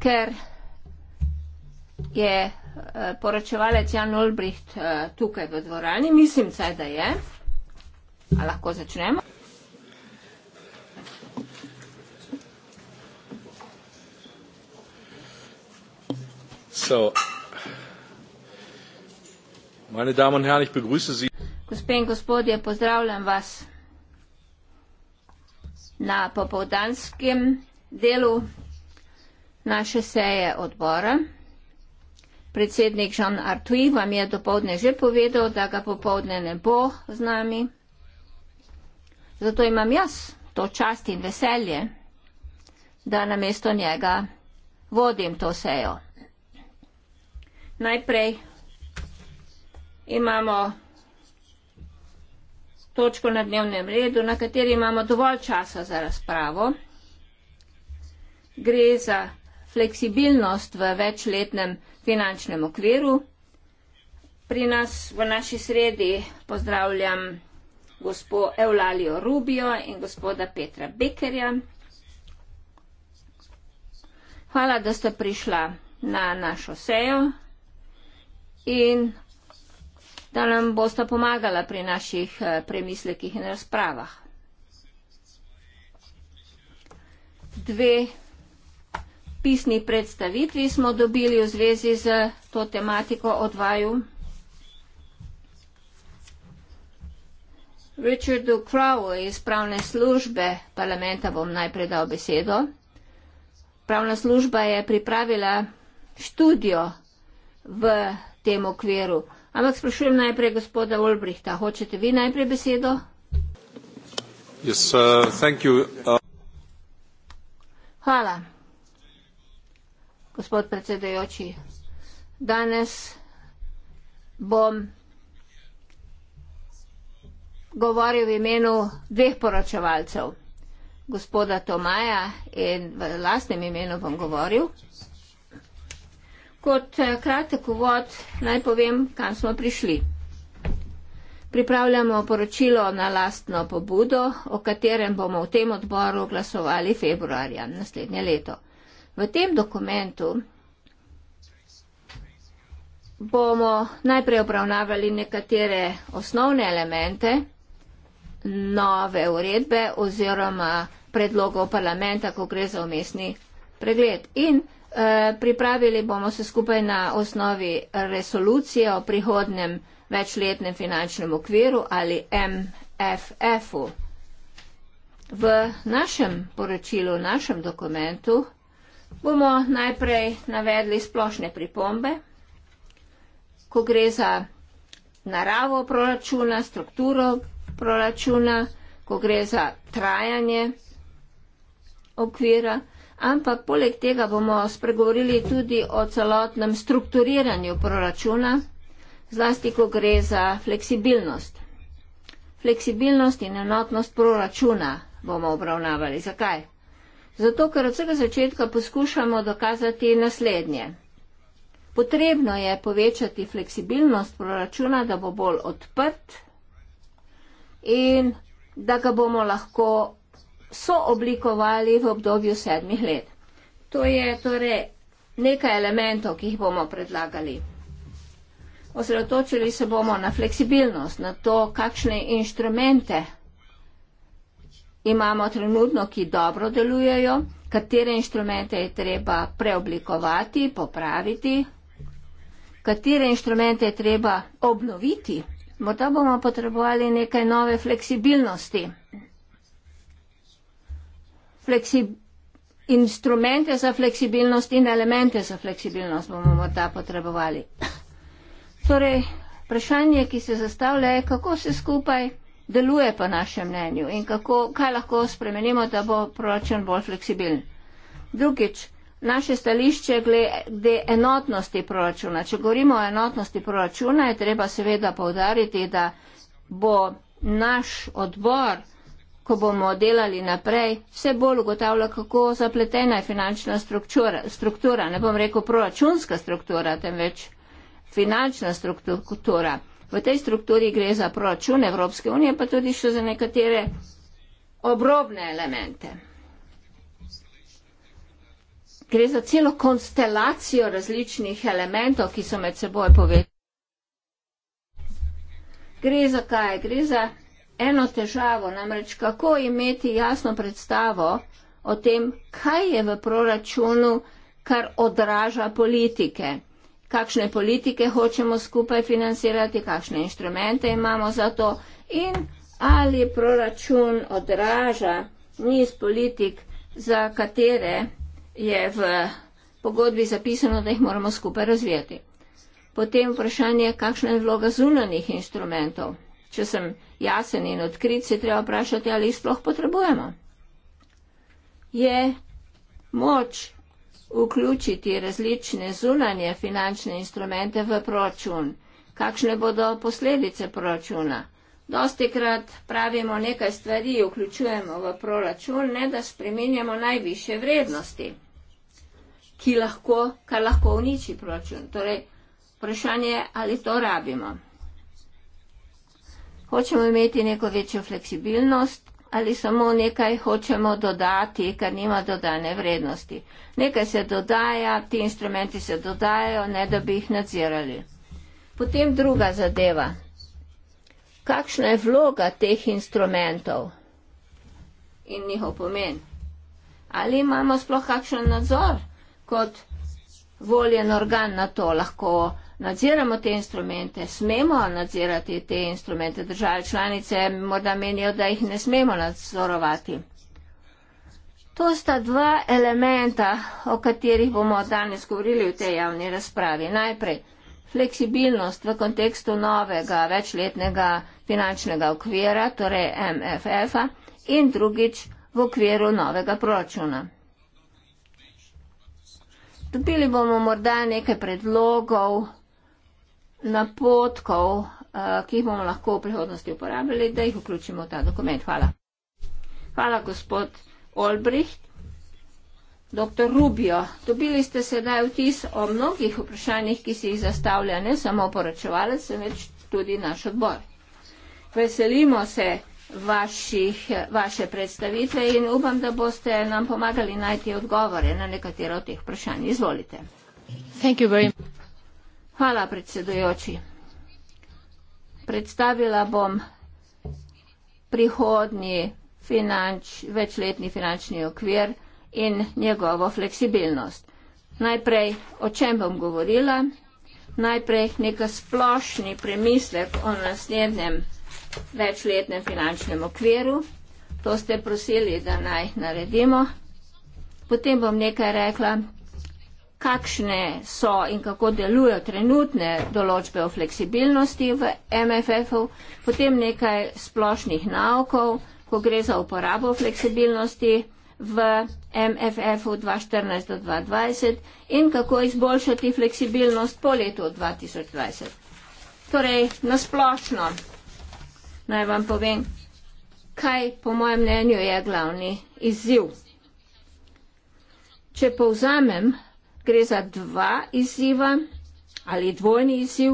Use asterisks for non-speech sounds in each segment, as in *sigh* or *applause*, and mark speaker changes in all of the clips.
Speaker 1: Ker je eh, poročevalec Jan Olbricht eh, tukaj v dvorani, mislim, caj, da je. A lahko začnemo?
Speaker 2: So, meine Damen und Herren, ich begrüße Sie.
Speaker 1: Gospe in gospodje, pozdravljam vas na popovdanskem delu naše seje odbora. Predsednik Jean Artui vam je dopovdne že povedal, da ga popovdne ne bo z nami. Zato imam jaz to čast in veselje, da namesto njega vodim to sejo. Najprej imamo točko na dnevnem redu, na kateri imamo dovolj časa za razpravo. Gre za fleksibilnost v večletnem finančnem okviru. Pri nas v naši sredi pozdravljam gospo Eulalijo Rubijo in gospoda Petra Bekerja. Hvala, da ste prišla na našo sejo in da nam bosta pomagala pri naših eh, premislekih in razpravah. Dve pisni predstavitvi smo dobili v zvezi z to tematiko od vaju. Richardu Crowe iz pravne službe parlamenta bom najprej dal besedo. Pravna služba je pripravila študijo v tem okviru. Ampak sprašujem najprej gospoda Ulbrihta. Hočete vi najprej besedo?
Speaker 2: Yes, uh, you, uh.
Speaker 1: Hvala. Gospod predsedajoči, danes bom govoril v imenu dveh poročevalcev, gospoda Tomaja in v lastnem imenu bom govoril. Kot eh, kratek uvod naj povem, kam smo prišli. Pripravljamo poročilo na lastno pobudo, o katerem bomo v tem odboru glasovali februarja naslednje leto. V tem dokumentu bomo najprej obravnavali nekatere osnovne elemente nove uredbe oziroma predlogov parlamenta, ko gre za umestni pregled in Eh, pripravili bomo se skupaj na osnovi resolucije o prihodnem večletnem finančnem okviru ali MFF-u. V našem poročilu, v našem dokumentu bomo najprej navedli splošne pripombe, ko gre za naravo proračuna, strukturo proračuna, ko gre za trajanje okvira ampak poleg tega bomo spregovorili tudi o celotnem strukturiranju proračuna, zlasti ko gre za fleksibilnost. Fleksibilnost in enotnost proračuna bomo obravnavali. Zakaj? Zato, ker od vsega začetka poskušamo dokazati naslednje. Potrebno je povečati fleksibilnost proračuna, da bo bolj odprt in da ga bomo lahko so oblikovali v obdobju sedmih let. To je torej nekaj elementov, ki jih bomo predlagali. Osredotočili se bomo na fleksibilnost, na to, kakšne inštrumente imamo trenutno, ki dobro delujejo, katere inštrumente je treba preoblikovati, popraviti, katere inštrumente je treba obnoviti. Morda bomo potrebovali nekaj nove fleksibilnosti instrumente za fleksibilnost in elemente za fleksibilnost bomo morda potrebovali. Torej, vprašanje, ki se zastavlja, je, kako se skupaj deluje po našem mnenju in kako, kaj lahko spremenimo, da bo proračun bolj fleksibilen. Drugič, naše stališče glede enotnosti proračuna. Če govorimo o enotnosti proračuna, je treba seveda povdariti, da bo naš odbor ko bomo delali naprej, vse bolj ugotavlja, kako zapletena je finančna struktura, struktura ne bom rekel proračunska struktura, temveč finančna struktura. V tej strukturi gre za proračun Evropske unije, pa tudi še za nekatere obrobne elemente. Gre za celo konstelacijo različnih elementov, ki so med seboj povezani. Gre za kaj? Gre za eno težavo, namreč kako imeti jasno predstavo o tem, kaj je v proračunu, kar odraža politike, kakšne politike hočemo skupaj financirati, kakšne inštrumente imamo za to in ali proračun odraža niz politik, za katere je v pogodbi zapisano, da jih moramo skupaj razvijati. Potem vprašanje, kakšna je vloga zunanih instrumentov če sem jasen in odkrit, se treba vprašati, ali jih sploh potrebujemo. Je moč vključiti različne zunanje finančne instrumente v proračun? Kakšne bodo posledice proračuna? Dosti krat pravimo nekaj stvari, vključujemo v proračun, ne da spremenjamo najviše vrednosti, lahko, kar lahko uniči proračun. Torej, vprašanje je, ali to rabimo hočemo imeti neko večjo fleksibilnost ali samo nekaj hočemo dodati, kar nima dodane vrednosti. Nekaj se dodaja, ti instrumenti se dodajajo, ne da bi jih nadzirali. Potem druga zadeva. Kakšna je vloga teh instrumentov in njihov pomen? Ali imamo sploh kakšen nadzor kot voljen organ na to lahko? nadziramo te instrumente, smemo nadzirati te instrumente. Države članice morda menijo, da jih ne smemo nadzorovati. To sta dva elementa, o katerih bomo danes govorili v tej javni razpravi. Najprej fleksibilnost v kontekstu novega večletnega finančnega okvira, torej MFF-a, in drugič v okviru novega proračuna. Dobili bomo morda nekaj predlogov, napotkov, eh, ki jih bomo lahko v prihodnosti uporabljali, da jih vključimo v ta dokument. Hvala. Hvala, gospod Olbricht. Dr. Rubio, dobili ste sedaj vtis o mnogih vprašanjih, ki si jih zastavlja ne samo poročevalec, temveč tudi naš odbor. Veselimo se vaših, vaše predstavitve in upam, da boste nam pomagali najti odgovore na nekatera od teh vprašanj. Izvolite. Hvala, predsedujoči. Predstavila bom prihodnji finanč, večletni finančni okvir in njegovo fleksibilnost. Najprej, o čem bom govorila? Najprej neka splošni premislek o naslednjem večletnem finančnem okviru. To ste prosili, da naj naredimo. Potem bom nekaj rekla kakšne so in kako delujejo trenutne določbe o fleksibilnosti v MFF-u, potem nekaj splošnih naukov, ko gre za uporabo fleksibilnosti v MFF-u 2014 do 2020 in kako izboljšati fleksibilnost po letu 2020. Torej, nasplošno naj vam povem, kaj po mojem mnenju je glavni izziv. Če povzamem, gre za dva izziva ali dvojni izziv.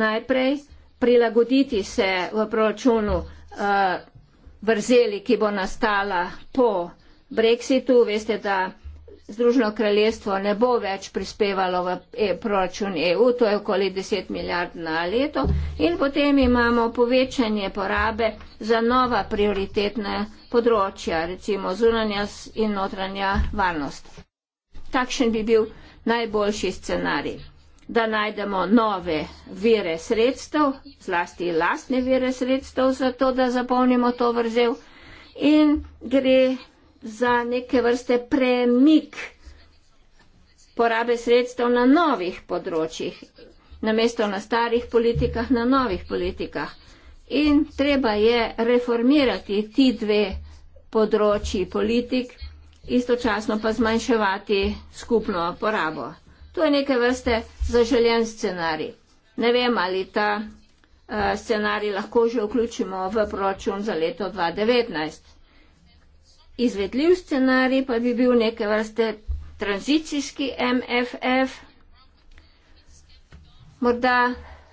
Speaker 1: Najprej prilagoditi se v proračunu uh, vrzeli, ki bo nastala po Brexitu. Veste, da Združeno kraljestvo ne bo več prispevalo v e proračun EU, to je okoli 10 milijard na leto. In potem imamo povečanje porabe za nova prioritetna področja, recimo zunanja in notranja varnost takšen bi bil najboljši scenarij, da najdemo nove vire sredstev, zlasti lastne vire sredstev za to, da zapolnimo to vrzel in gre za neke vrste premik porabe sredstev na novih področjih, namesto na starih politikah, na novih politikah. In treba je reformirati ti dve področji politik, istočasno pa zmanjševati skupno porabo. To je neke vrste zaželjen scenarij. Ne vem, ali ta uh, scenarij lahko že vključimo v proračun za leto 2019. Izvedljiv scenarij pa bi bil neke vrste tranzicijski MFF. Morda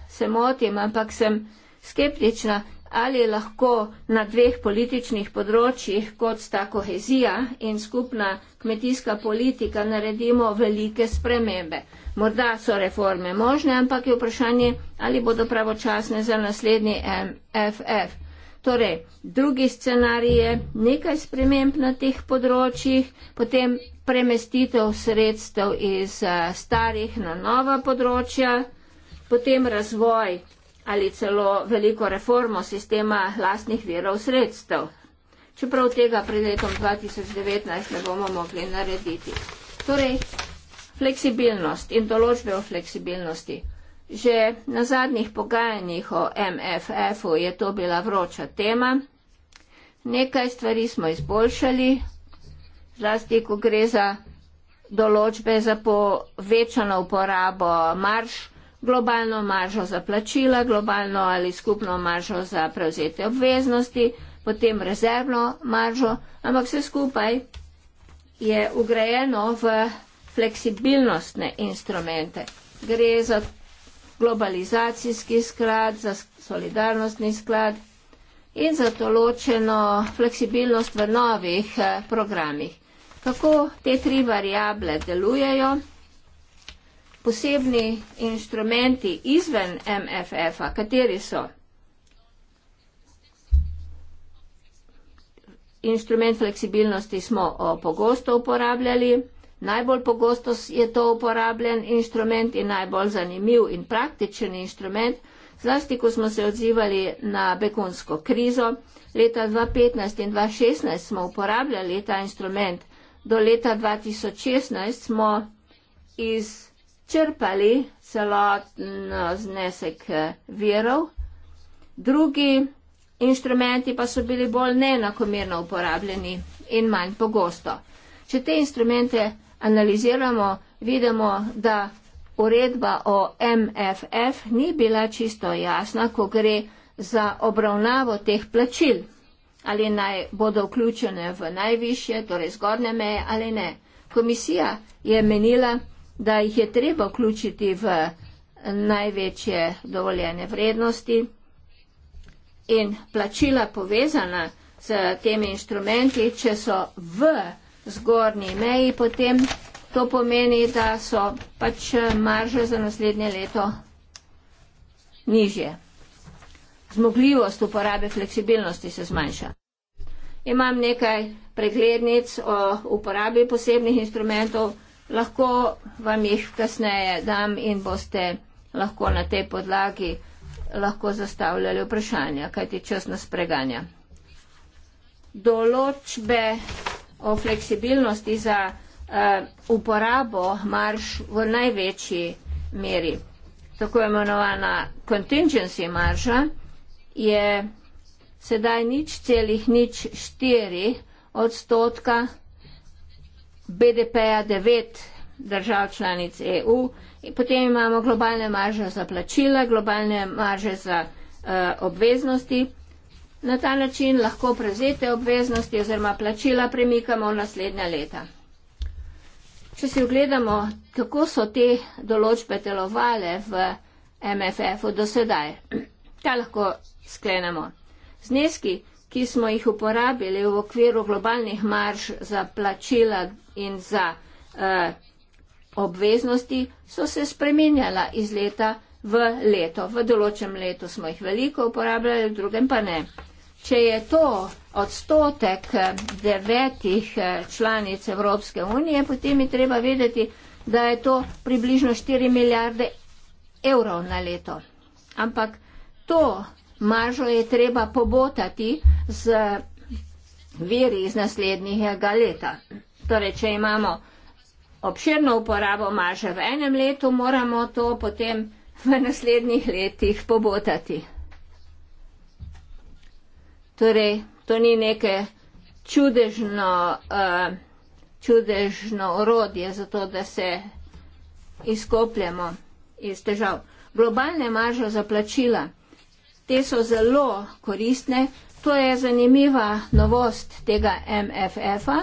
Speaker 1: se motim, ampak sem skeptična, ali lahko na dveh političnih področjih, kot sta kohezija in skupna kmetijska politika, naredimo velike spremembe. Morda so reforme možne, ampak je vprašanje, ali bodo pravočasne za naslednji MFF. Torej, drugi scenarij je nekaj sprememb na teh področjih, potem premestitev sredstev iz eh, starih na nova področja, potem razvoj ali celo veliko reformo sistema lastnih virov sredstev. Čeprav tega pred letom 2019 ne bomo mogli narediti. Torej, fleksibilnost in določbe o fleksibilnosti. Že na zadnjih pogajanjih o MFF-u je to bila vroča tema. Nekaj stvari smo izboljšali, zlasti ko gre za določbe za povečano uporabo marš, globalno maržo za plačila, globalno ali skupno maržo za prevzete obveznosti, potem rezervno maržo, ampak vse skupaj je ugrajeno v fleksibilnostne instrumente. Gre za globalizacijski sklad, za solidarnostni sklad in za določeno fleksibilnost v novih eh, programih. Kako te tri variable delujejo? posebni inštrumenti izven MFF-a, kateri so? Inštrument fleksibilnosti smo pogosto uporabljali, najbolj pogosto je to uporabljen inštrument in najbolj zanimiv in praktičen inštrument, zlasti ko smo se odzivali na begunsko krizo. Leta 2015 in 2016 smo uporabljali ta inštrument, do leta 2016 smo iz črpali celoten eh, znesek eh, virov, drugi inštrumenti pa so bili bolj neenakomerno uporabljeni in manj pogosto. Če te instrumente analiziramo, vidimo, da uredba o MFF ni bila čisto jasna, ko gre za obravnavo teh plačil, ali naj bodo vključene v najvišje, torej zgornje meje ali ne. Komisija je menila, da jih je treba vključiti v največje dovoljene vrednosti in plačila povezana s temi inštrumenti, če so v zgornji meji, potem to pomeni, da so pač marže za naslednje leto nižje. Zmogljivost uporabe fleksibilnosti se zmanjša. Imam nekaj preglednic o uporabi posebnih instrumentov lahko vam jih kasneje dam in boste lahko na tej podlagi lahko zastavljali vprašanja, kajti čas nas preganja. Določbe o fleksibilnosti za uh, uporabo marš v največji meri, tako imenovana contingency marža, je sedaj nič celih nič štiri odstotka BDP-ja devet držav članic EU, potem imamo globalne marže za plačila, globalne marže za uh, obveznosti. Na ta način lahko prevzete obveznosti oziroma plačila premikamo v naslednja leta. Če si ogledamo, kako so te določbe delovale v MFF-u do sedaj, kaj lahko sklenemo? Zneski ki smo jih uporabili v okviru globalnih marž za plačila in za eh, obveznosti, so se spreminjala iz leta v leto. V določenem letu smo jih veliko uporabljali, v drugem pa ne. Če je to odstotek eh, devetih eh, članic Evropske unije, potem je treba vedeti, da je to približno 4 milijarde evrov na leto. Ampak to, Mažo je treba pobotati z viri iz naslednjega leta. Torej, če imamo obširno uporabo maže v enem letu, moramo to potem v naslednjih letih pobotati. Torej, to ni neke čudežno, uh, čudežno orodje za to, da se izkopljamo iz težav. Globalne maže za plačila te so zelo koristne. To je zanimiva novost tega MFF-a.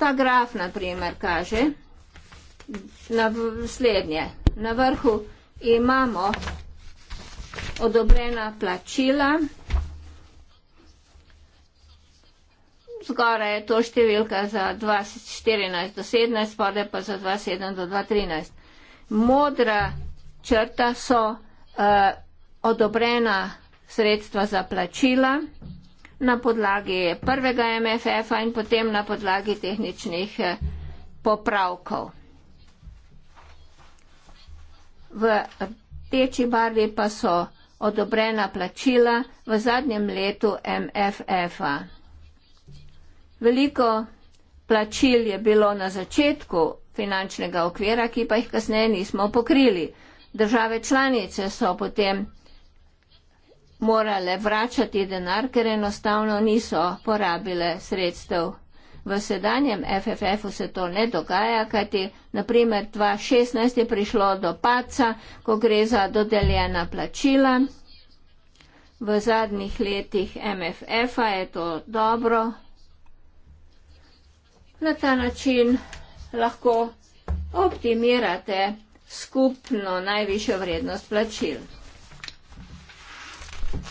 Speaker 1: Ta graf, na primer, kaže naslednje. Na vrhu imamo odobrena plačila, zgoraj je to številka za 2014 do 2017, spode pa za 2017 do 2013. Modra črta so uh, odobrena sredstva za plačila na podlagi prvega MFF-a in potem na podlagi tehničnih eh, popravkov. V teči barvi pa so odobrena plačila v zadnjem letu MFF-a. Veliko plačil je bilo na začetku finančnega okvira, ki pa jih kasneje nismo pokrili. Države članice so potem morale vračati denar, ker enostavno niso porabile sredstev. V sedanjem FFF-u se to ne dogaja, kajti naprimer 2016 je prišlo do paca, ko gre za dodeljena plačila. V zadnjih letih MFF-a je to dobro. Na ta način lahko optimirate skupno najvišjo vrednost plačil.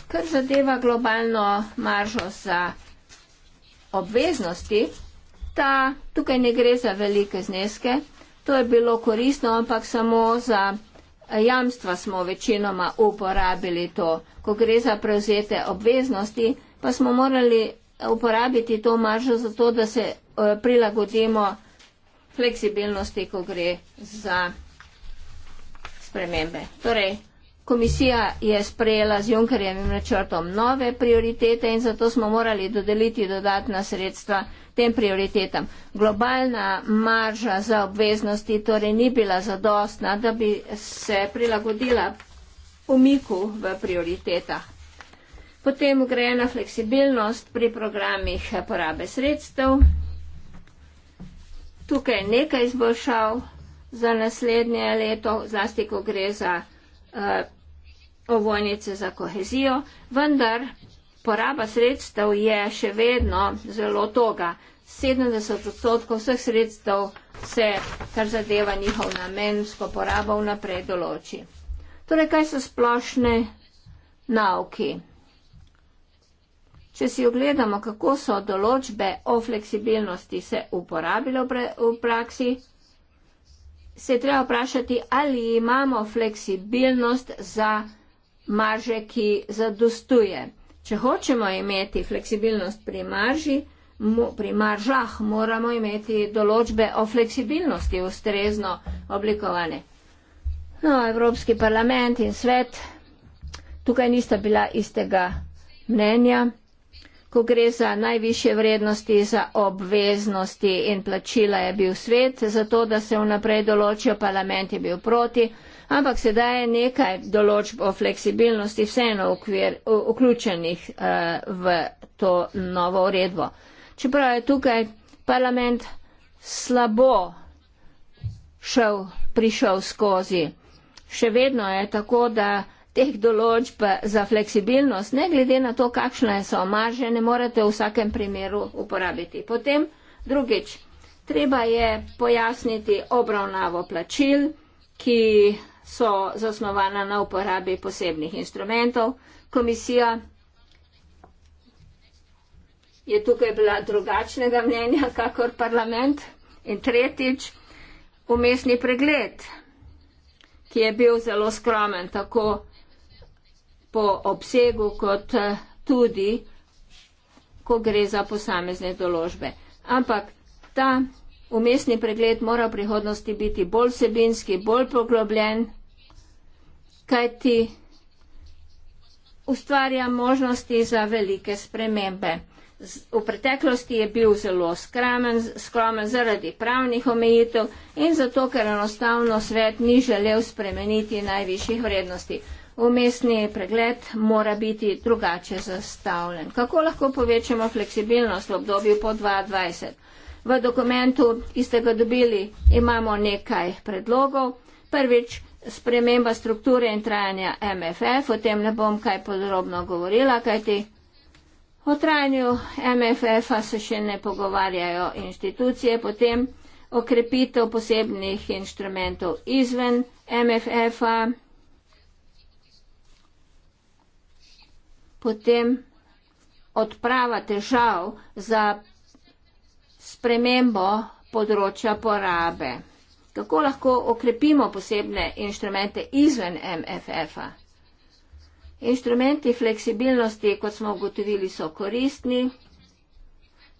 Speaker 1: Kar zadeva globalno maržo za obveznosti, ta tukaj ne gre za velike zneske, to je bilo koristno, ampak samo za eh, jamstva smo večinoma uporabili to. Ko gre za prevzete obveznosti, pa smo morali eh, uporabiti to maržo za to, da se eh, prilagodimo fleksibilnosti, ko gre za spremembe. Torej, komisija je sprejela z Junkerjevim načrtom nove prioritete in zato smo morali dodeliti dodatna sredstva tem prioritetam. Globalna marža za obveznosti torej ni bila zadostna, da bi se prilagodila umiku v prioritetah. Potem gre na fleksibilnost pri programih porabe sredstev. Tukaj je nekaj izboljšav, za naslednje leto, zlasti ko gre za uh, ovojnice za kohezijo, vendar poraba sredstev je še vedno zelo toga. 70 odstotkov vseh sredstev se, kar zadeva njihov namensko porabo, vnaprej določi. Torej, kaj so splošne nauki? Če si ogledamo, kako so določbe o fleksibilnosti se uporabile v, pre, v praksi, se je treba vprašati, ali imamo fleksibilnost za marže, ki zadostuje. Če hočemo imeti fleksibilnost pri marži, pri maržah moramo imeti določbe o fleksibilnosti ustrezno oblikovane. No, Evropski parlament in svet tukaj nista bila istega mnenja ko gre za najviše vrednosti za obveznosti in plačila je bil svet, zato da se vnaprej določijo, parlament je bil proti, ampak sedaj je nekaj določb o fleksibilnosti vseeno ukvir, vključenih eh, v to novo uredbo. Čeprav je tukaj parlament slabo šel, prišel skozi. Še vedno je tako, da teh določb za fleksibilnost, ne glede na to, kakšne so marže, ne morete v vsakem primeru uporabiti. Potem drugič, treba je pojasniti obravnavo plačil, ki so zasnovana na uporabi posebnih instrumentov. Komisija je tukaj bila drugačnega mnenja, kakor parlament. In tretjič, umestni pregled, ki je bil zelo skromen, tako po obsegu, kot eh, tudi, ko gre za posamezne določbe. Ampak ta umestni pregled mora v prihodnosti biti bolj sebinski, bolj poglobljen, kajti ustvarja možnosti za velike spremembe. V preteklosti je bil zelo skromen, skromen zaradi pravnih omejitev in zato, ker enostavno svet ni želel spremeniti najvišjih vrednosti. Umestni pregled mora biti drugače zastavljen. Kako lahko povečamo fleksibilnost v obdobju po 2020? V dokumentu, ki ste ga dobili, imamo nekaj predlogov. Prvič, sprememba strukture in trajanja MFF, o tem ne bom kaj podrobno govorila, kajti o trajanju MFF-a se še ne pogovarjajo inštitucije, potem okrepitev posebnih inštrumentov izven MFF-a, potem odprava težav za spremembo področja porabe. Kako lahko okrepimo posebne inštrumente izven MFF-a? Inštrumenti fleksibilnosti, kot smo ugotovili, so koristni.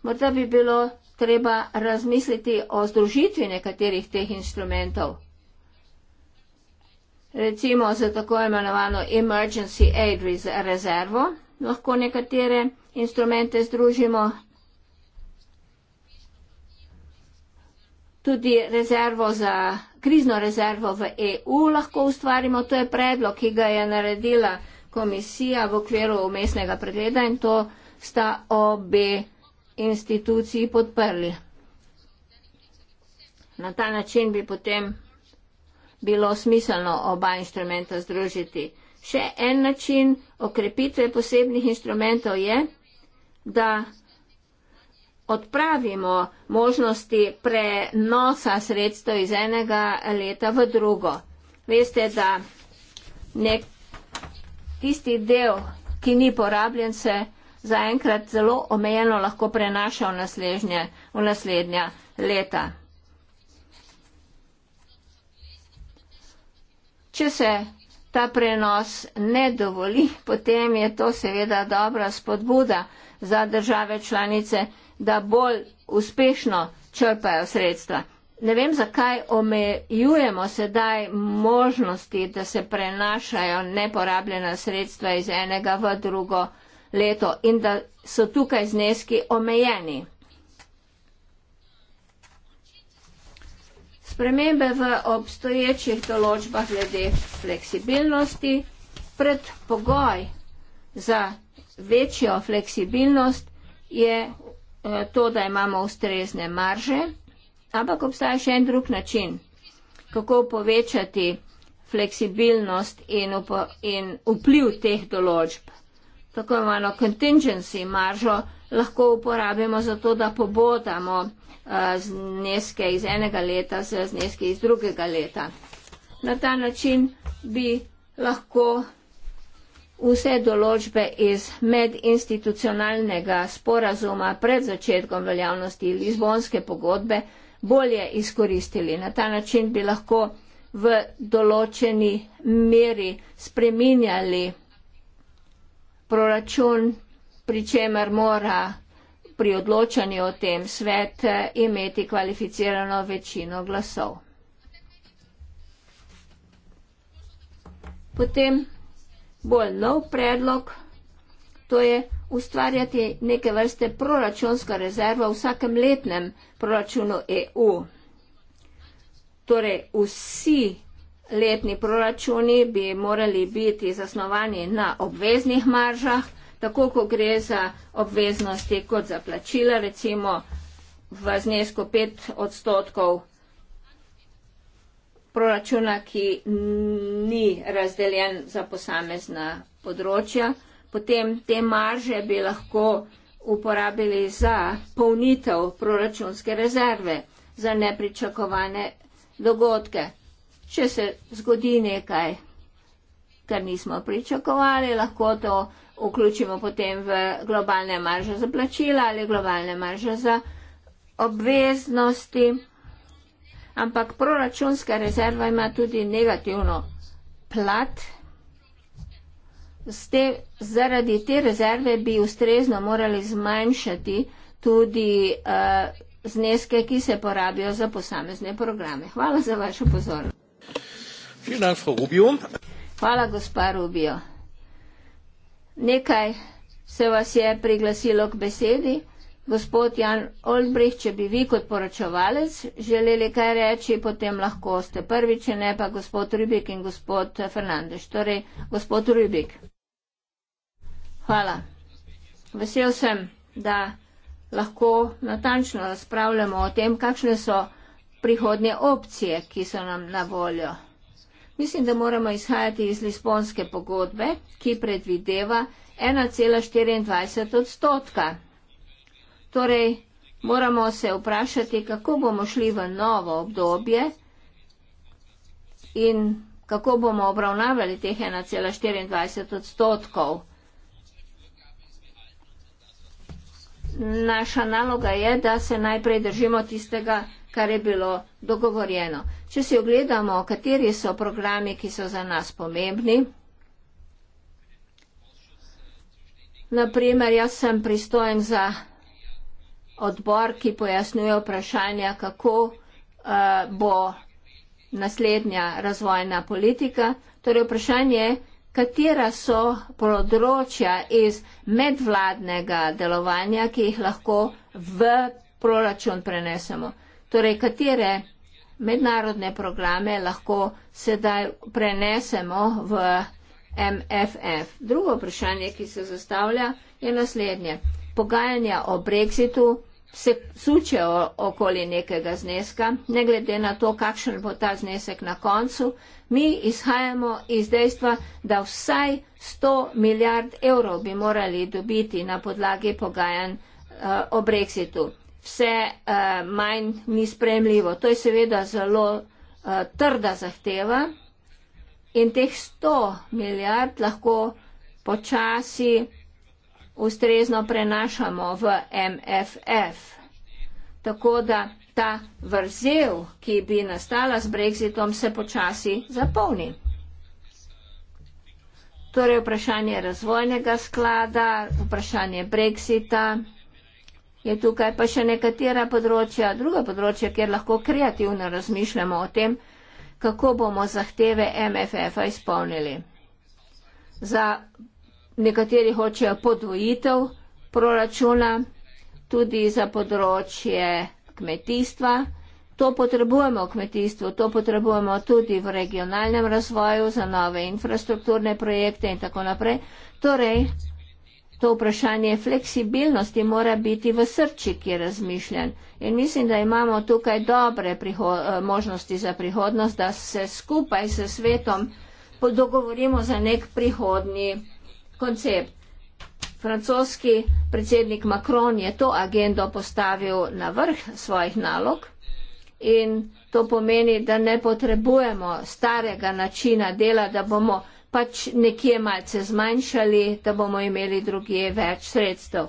Speaker 1: Morda bi bilo treba razmisliti o združitvi nekaterih teh inštrumentov recimo za tako imenovano emergency aid rezervo, lahko nekatere instrumente združimo. Tudi rezervo za krizno rezervo v EU lahko ustvarimo. To je predlog, ki ga je naredila komisija v okviru umestnega pregleda in to sta obe instituciji podprli. Na ta način bi potem bilo smiselno oba instrumenta združiti. Še en način okrepitve posebnih instrumentov je, da odpravimo možnosti prenosa sredstev iz enega leta v drugo. Veste, da nek tisti del, ki ni porabljen, se zaenkrat zelo omejeno lahko prenaša v naslednja leta. Če se ta prenos ne dovoli, potem je to seveda dobra spodbuda za države članice, da bolj uspešno črpajo sredstva. Ne vem, zakaj omejujemo sedaj možnosti, da se prenašajo neporabljena sredstva iz enega v drugo leto in da so tukaj zneski omejeni. spremembe v obstoječih določbah glede fleksibilnosti. Predpogoj za večjo fleksibilnost je eh, to, da imamo ustrezne marže, ampak obstaja še en drug način, kako povečati fleksibilnost in, upo, in vpliv teh določb. Tako imamo contingency maržo, lahko uporabimo za to, da pobodamo Eh, zneske iz enega leta z zneske iz drugega leta. Na ta način bi lahko vse določbe iz medinstitucionalnega sporazuma pred začetkom veljavnosti Lizbonske pogodbe bolje izkoristili. Na ta način bi lahko v določeni meri spreminjali proračun, pri čemer mora pri odločanju o tem svet eh, imeti kvalificirano večino glasov. Potem bolj nov predlog, to je ustvarjati neke vrste proračunska rezerva v vsakem letnem proračunu EU. Torej vsi letni proračuni bi morali biti zasnovani na obveznih maržah, tako ko gre za obveznosti kot za plačila, recimo v znesku 5 odstotkov proračuna, ki ni razdeljen za posamezna področja, potem te marže bi lahko uporabili za polnitev proračunske rezerve, za nepričakovane dogodke. Če se zgodi nekaj kar nismo pričakovali, lahko to vključimo potem v globalne marže za plačila ali globalne marže za obveznosti. Ampak proračunska rezerva ima tudi negativno plat. Te, zaradi te rezerve bi ustrezno morali zmanjšati tudi uh, zneske, ki se porabijo za posamezne programe. Hvala za vašo pozornost.
Speaker 2: Vielen Dank, Frau Rubio.
Speaker 1: Hvala, gospa Rubijo. Nekaj se vas je priglasilo k besedi. Gospod Jan Olbrih, če bi vi kot poročevalec želeli kaj reči, potem lahko ste prvi, če ne pa gospod Rubik in gospod Fernandeš. Torej, gospod Rubik. Hvala. Vesel sem, da lahko natančno razpravljamo o tem, kakšne so prihodnje opcije, ki so nam na voljo. Mislim, da moramo izhajati iz Lisbonske pogodbe, ki predvideva 1,24 odstotka. Torej, moramo se vprašati, kako bomo šli v novo obdobje in kako bomo obravnavali teh 1,24 odstotkov. Naša naloga je, da se najprej držimo tistega, kar je bilo dogovorjeno. Če si ogledamo, kateri so programi, ki so za nas pomembni, naprimer, jaz sem pristojen za odbor, ki pojasnuje vprašanja, kako uh, bo naslednja razvojna politika. Torej, vprašanje je, katera so področja iz medvladnega delovanja, ki jih lahko v proračun prenesemo. Torej, katere mednarodne programe lahko sedaj prenesemo v MFF? Drugo vprašanje, ki se zastavlja, je naslednje. Pogajanja o brexitu se sučejo okoli nekega zneska, ne glede na to, kakšen bo ta znesek na koncu. Mi izhajamo iz dejstva, da vsaj 100 milijard evrov bi morali dobiti na podlagi pogajanj eh, o brexitu vse uh, manj ni spremljivo. To je seveda zelo uh, trda zahteva in teh 100 milijard lahko počasi ustrezno prenašamo v MFF. Tako da ta vrzel, ki bi nastala s brexitom, se počasi zapolni. Torej vprašanje razvojnega sklada, vprašanje brexita je tukaj pa še nekatera področja, druga področja, kjer lahko kreativno razmišljamo o tem, kako bomo zahteve MFF-a izpolnili. Za nekateri hočejo podvojitev proračuna, tudi za področje kmetijstva. To potrebujemo v kmetijstvu, to potrebujemo tudi v regionalnem razvoju za nove infrastrukturne projekte in tako naprej. Torej, to vprašanje fleksibilnosti mora biti v srčiki razmišljen. In mislim, da imamo tukaj dobre eh, možnosti za prihodnost, da se skupaj s svetom dogovorimo za nek prihodni koncept. Francoski predsednik Macron je to agendo postavil na vrh svojih nalog in to pomeni, da ne potrebujemo starega načina dela, da bomo pač nekje malce zmanjšali, da bomo imeli drugje več sredstev.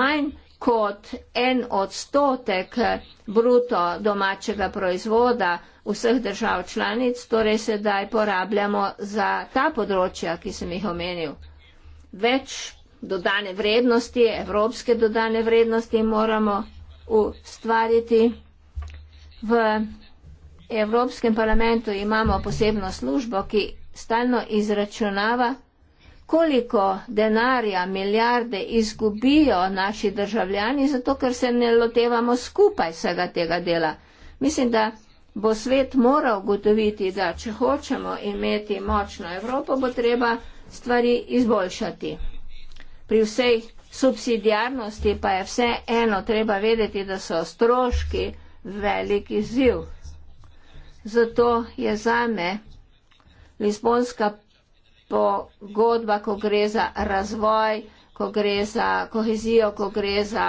Speaker 1: Manj kot en odstotek bruto domačega proizvoda vseh držav članic, torej sedaj porabljamo za ta področja, ki sem jih omenil. Več dodane vrednosti, evropske dodane vrednosti moramo ustvariti. V Evropskem parlamentu imamo posebno službo, ki stalno izračunava, koliko denarja, milijarde izgubijo naši državljani, zato ker se ne lotevamo skupaj vsega tega dela. Mislim, da bo svet moral gotoviti, da če hočemo imeti močno Evropo, bo treba stvari izboljšati. Pri vsej subsidijarnosti pa je vse eno, treba vedeti, da so stroški velik izziv. Zato je za me Lizbonska pogodba, ko gre za razvoj, ko gre za kohezijo, ko gre za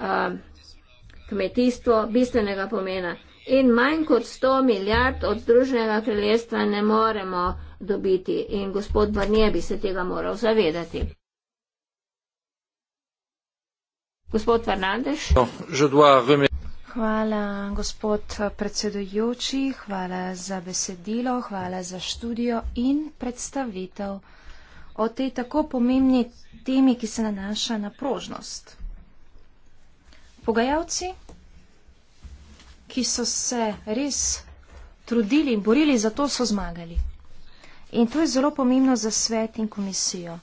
Speaker 1: um, kmetijstvo, bistvenega pomena. In manj kot 100 milijard od Združenega kraljestva ne moremo dobiti in gospod Barnier bi se tega moral zavedati.
Speaker 3: Gospod Fernandez. No, Hvala, gospod predsedujoči, hvala za besedilo, hvala za študijo in predstavitev o tej tako pomembni temi, ki se nanaša na prožnost. Pogajalci, ki so se res trudili in borili, zato so zmagali. In to je zelo pomembno za svet in komisijo.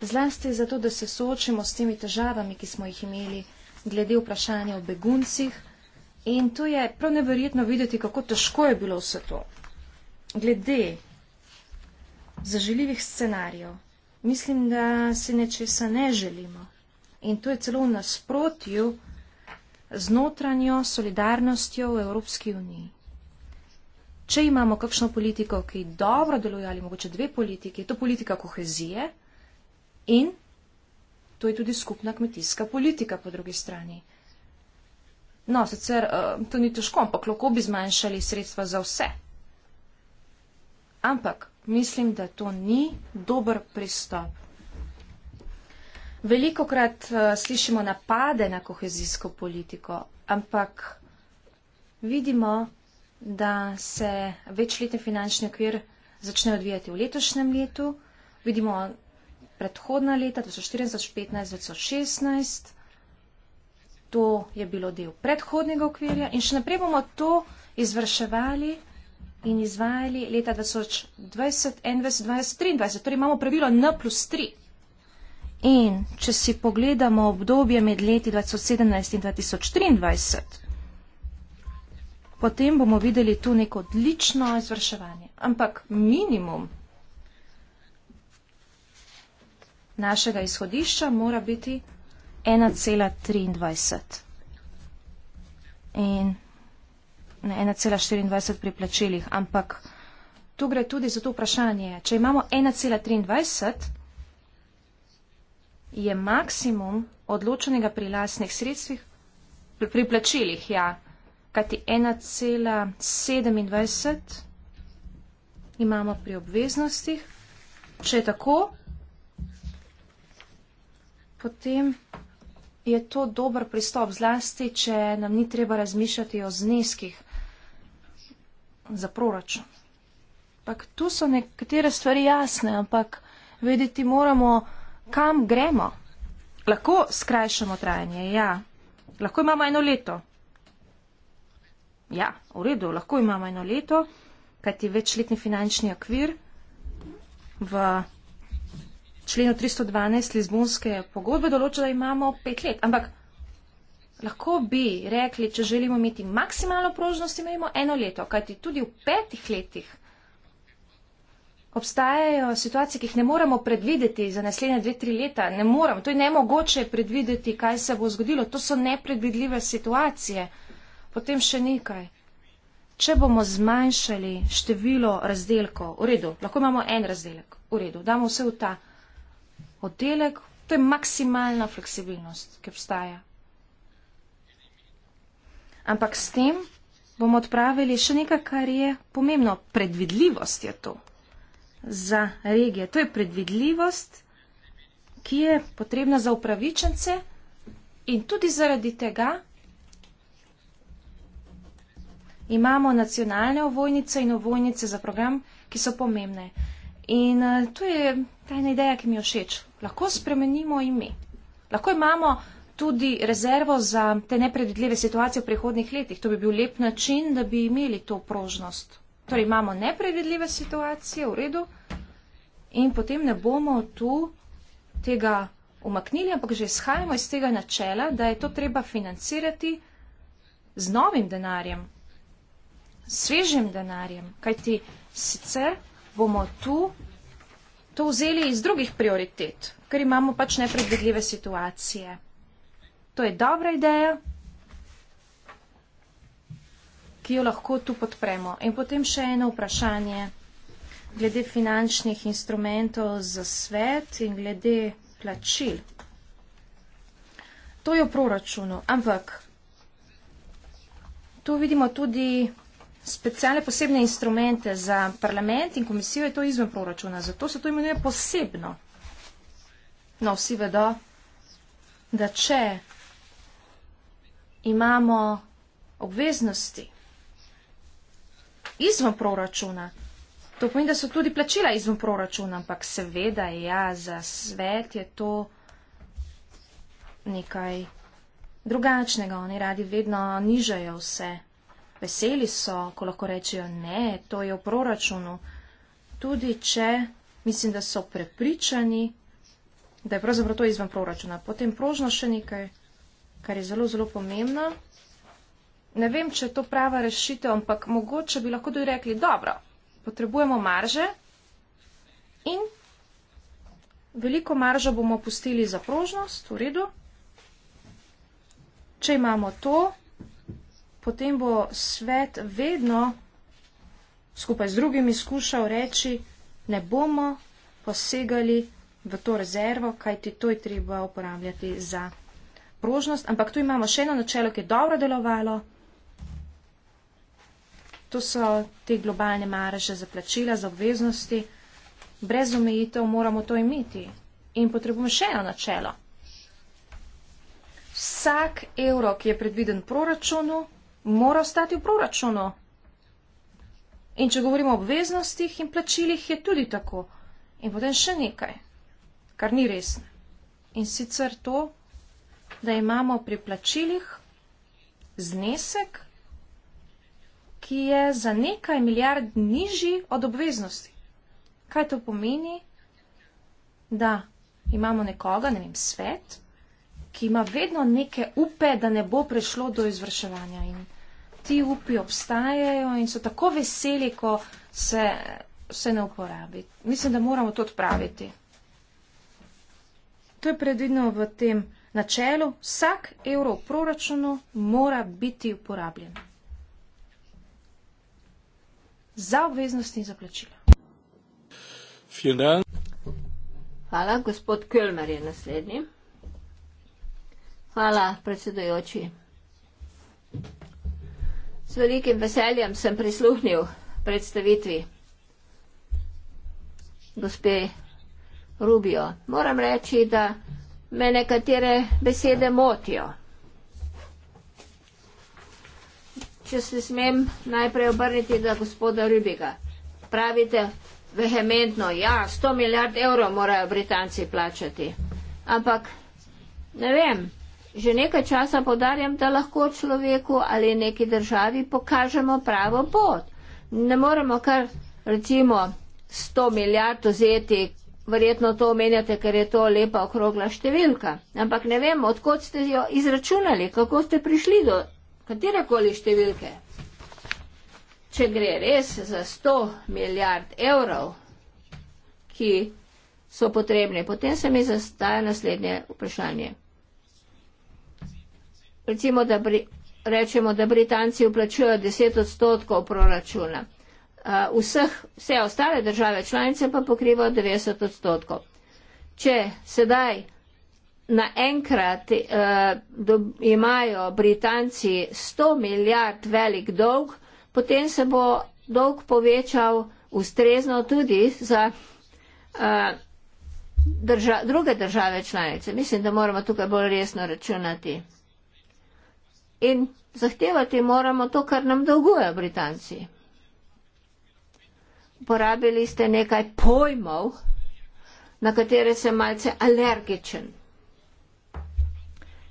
Speaker 3: Zlasti zato, da se soočimo s temi težavami, ki smo jih imeli glede vprašanja o beguncih In to je prav neverjetno videti, kako težko je bilo vse to. Glede zaželjivih scenarijev, mislim, da si nečesa ne želimo. In to je celo v nasprotju z notranjo solidarnostjo v Evropski uniji. Če imamo kakšno politiko, ki dobro deluje, ali mogoče dve politiki, je to politika kohezije in to je tudi skupna kmetijska politika po drugi strani. No, sicer eh, to ni težko, ampak lahko bi zmanjšali sredstva za vse. Ampak mislim, da to ni dober pristop. Veliko krat eh, slišimo napade na kohezijsko politiko, ampak vidimo, da se večletni finančni okvir začne odvijati v letošnjem letu. Vidimo predhodna leta, to so 2014-2015-2016 to je bilo del predhodnega okvirja in še naprej bomo to izvrševali in izvajali leta 2020, 2021, 2023. Torej imamo pravilo N plus 3. In če si pogledamo obdobje med leti 2017 in 2023, potem bomo videli tu neko odlično izvrševanje. Ampak minimum našega izhodišča mora biti 1,23 in na 1,24 pri plačilih, ampak tu gre tudi za to vprašanje. Če imamo 1,23, je maksimum odločenega pri lasnih sredstvih, pri, pri plačilih, ja, kajti 1,27 imamo pri obveznostih. Če je tako, potem je to dober pristop, zlasti, če nam ni treba razmišljati o zneskih za proračun. Pak, tu so nekatere stvari jasne, ampak vedeti moramo, kam gremo. Lahko skrajšamo trajanje, ja. Lahko imamo eno leto. Ja, v redu, lahko imamo eno leto, kajti večletni finančni okvir v členu 312 Lizbonske pogodbe določa, da imamo pet let. Ampak lahko bi rekli, če želimo imeti maksimalno prožnost, imamo eno leto, kajti tudi v petih letih. Obstajajo situacije, ki jih ne moremo predvideti za naslednje dve, tri leta. Ne morem, to je nemogoče predvideti, kaj se bo zgodilo. To so nepredvidljive situacije. Potem še nekaj. Če bomo zmanjšali število razdelkov, v redu, lahko imamo en razdelek, v redu, damo vse v ta oddelek. To je maksimalna fleksibilnost, ki obstaja. Ampak s tem bomo odpravili še nekaj, kar je pomembno. Predvidljivost je to za regije. To je predvidljivost, ki je potrebna za upravičence in tudi zaradi tega imamo nacionalne ovojnice in ovojnice za program, ki so pomembne. In eh, to je ta ena ideja, ki mi jo všeč lahko spremenimo ime. Lahko imamo tudi rezervo za te nepredvidljive situacije v prihodnih letih. To bi bil lep način, da bi imeli to prožnost. Torej imamo nepredvidljive situacije v redu in potem ne bomo tu tega umaknili, ampak že izhajamo iz tega načela, da je to treba financirati z novim denarjem, svežim denarjem, kajti sicer bomo tu to vzeli iz drugih prioritet, ker imamo pač nepredvidljive situacije. To je dobra ideja, ki jo lahko tu podpremo. In potem še eno vprašanje glede finančnih instrumentov za svet in glede plačil. To je v proračunu, ampak tu vidimo tudi specialne posebne instrumente za parlament in komisijo je to izven proračuna, zato se to imenuje posebno. No, vsi vedo, da če imamo obveznosti izven proračuna, to pomeni, da so tudi plačila izven proračuna, ampak seveda je ja, za svet je to nekaj drugačnega. Oni radi vedno nižajo vse veseli so, ko lahko rečejo ne, to je v proračunu. Tudi če mislim, da so prepričani, da je pravzaprav to izven proračuna. Potem prožno še nekaj, kar je zelo, zelo pomembno. Ne vem, če je to prava rešitev, ampak mogoče bi lahko tudi rekli, dobro, potrebujemo marže in veliko maržo bomo pustili za prožnost, v redu. Če imamo to, potem bo svet vedno skupaj z drugimi skušal reči, ne bomo posegali v to rezervo, kajti to je treba uporabljati za prožnost. Ampak tu imamo še eno načelo, ki je dobro delovalo. To so te globalne marže za plačila, za obveznosti. Brez omejitev moramo to imeti. In potrebujemo še eno načelo. Vsak evro, ki je predviden v proračunu, mora ostati v proračunu. In če govorimo o obveznostih in plačilih, je tudi tako. In potem še nekaj, kar ni res. In sicer to, da imamo pri plačilih znesek, ki je za nekaj milijard nižji od obveznosti. Kaj to pomeni? Da imamo nekoga, ne vem, svet, ki ima vedno neke upe, da ne bo prišlo do izvrševanja. In ti upi obstajajo in so tako veseli, ko se, se ne uporabi. Mislim, da moramo to odpraviti. To je predvidno v tem načelu. Vsak evro v proračunu mora biti uporabljen. Za obveznosti in za plačila.
Speaker 1: Hvala, gospod Kölmer je naslednji. Hvala, predsedujoči. S velikim veseljem sem prisluhnil predstavitvi gospe Rubijo. Moram reči, da me nekatere besede motijo. Če se smem najprej obrniti za gospoda Rubiga, pravite vehementno, ja, 100 milijard evrov morajo Britanci plačati. Ampak ne vem, Že nekaj časa podarjam, da lahko človeku ali neki državi pokažemo pravo pot. Ne moremo kar recimo 100 milijard vzeti, verjetno to omenjate, ker je to lepa okrogla številka. Ampak ne vem, odkot ste jo izračunali, kako ste prišli do katerekoli številke. Če gre res za 100 milijard evrov, ki so potrebne, potem se mi zastaja naslednje vprašanje recimo, da bri, rečemo, da Britanci uplačujo 10 odstotkov proračuna. Vseh, vse ostale države članice pa pokrivajo 90 odstotkov. Če sedaj naenkrat eh, do, imajo Britanci 100 milijard velik dolg, potem se bo dolg povečal ustrezno tudi za eh, drža, druge države članice. Mislim, da moramo tukaj bolj resno računati in zahtevati moramo to, kar nam dolgujejo Britanci. Porabili ste nekaj pojmov, na katere sem malce alergičen.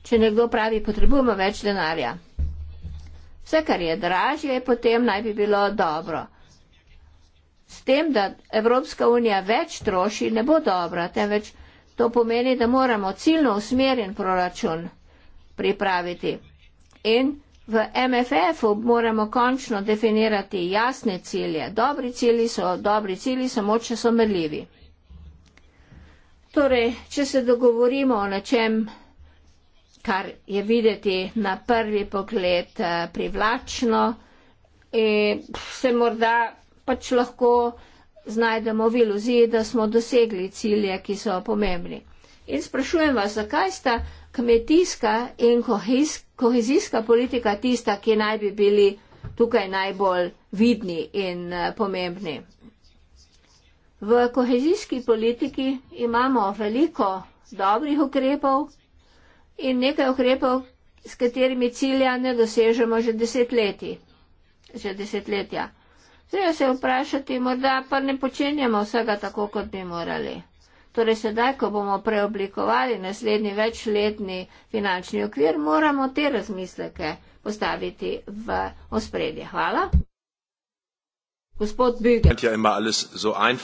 Speaker 1: Če nekdo pravi, potrebujemo več denarja. Vse, kar je dražje, potem naj bi bilo dobro. S tem, da Evropska unija več troši, ne bo dobra, temveč to pomeni, da moramo ciljno usmerjen proračun pripraviti in v MFF-u moramo končno definirati jasne cilje. Dobri cilji so dobri cilji, samo če so merljivi. Torej, če se dogovorimo o nečem, kar je videti na prvi pogled eh, privlačno, e, se morda pač lahko znajdemo v iluziji, da smo dosegli cilje, ki so pomembni. In sprašujem vas, zakaj sta kmetijska in kohez, kohezijska politika tista, ki naj bi bili tukaj najbolj vidni in eh, pomembni. V kohezijski politiki imamo veliko dobrih ukrepov in nekaj ukrepov, s katerimi cilja ne dosežemo že, desetleti, že desetletja. Zdaj se vprašati, morda pa ne počenjamo vsega tako, kot bi morali. Torej sedaj, ko bomo preoblikovali naslednji večletni finančni okvir, moramo te razmisleke postaviti v ospredje. Hvala. Gospod Bügel. Ja,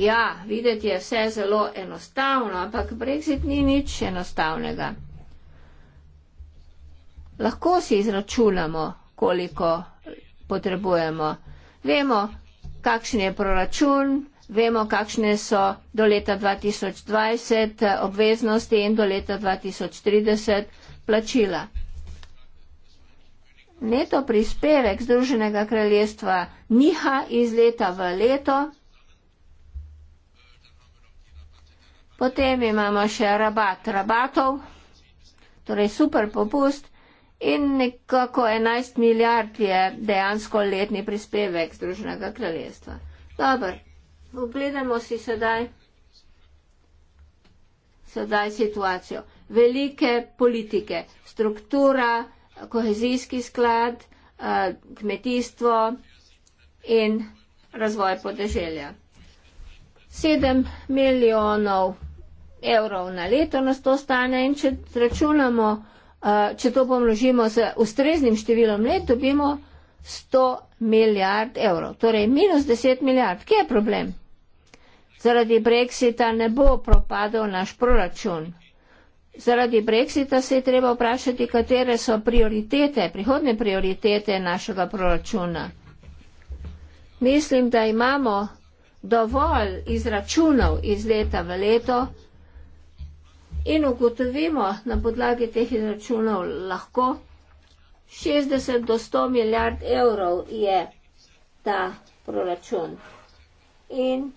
Speaker 1: ja, videti je vse zelo enostavno, ampak brexit ni nič enostavnega. Lahko si izračunamo, koliko potrebujemo. Vemo, kakšen je proračun, vemo, kakšne so do leta 2020 eh, obveznosti in do leta 2030 plačila. Neto prispevek Združenega kraljestva niha iz leta v leto. Potem imamo še rabat rabatov, torej super popust in nekako 11 milijard je dejansko letni prispevek Združenega kraljestva. Dobro, Pogledajmo si sedaj, sedaj situacijo. Velike politike, struktura, kohezijski sklad, eh, kmetijstvo in razvoj podeželja. 7 milijonov evrov na leto nas to stane in če računamo, eh, če to pomnožimo z ustreznim številom let, dobimo 100 milijard evrov. Torej minus 10 milijard. Kje je problem? Zaradi brexita ne bo propadel naš proračun. Zaradi brexita se je treba vprašati, katere so prioritete, prihodne prioritete našega proračuna. Mislim, da imamo dovolj izračunov iz leta v leto in ugotovimo na podlagi teh izračunov lahko 60 do 100 milijard evrov je ta proračun. In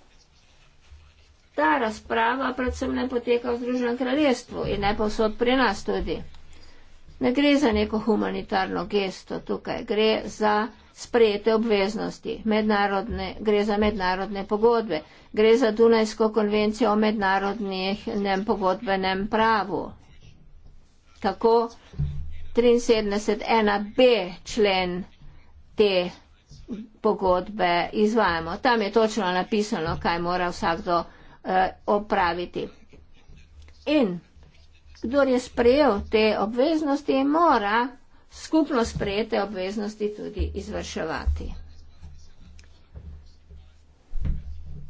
Speaker 1: ta razprava predvsem ne poteka v Združenem kraljestvu in ne posod pri nas tudi. Ne gre za neko humanitarno gesto tukaj, gre za sprejete obveznosti, gre za mednarodne pogodbe, gre za Dunajsko konvencijo o mednarodnem pogodbenem pravu. Tako 73.1b člen te pogodbe izvajamo. Tam je točno napisano, kaj mora vsakdo eh, opraviti. In kdor je sprejel te obveznosti, mora skupno sprejete obveznosti tudi izvrševati.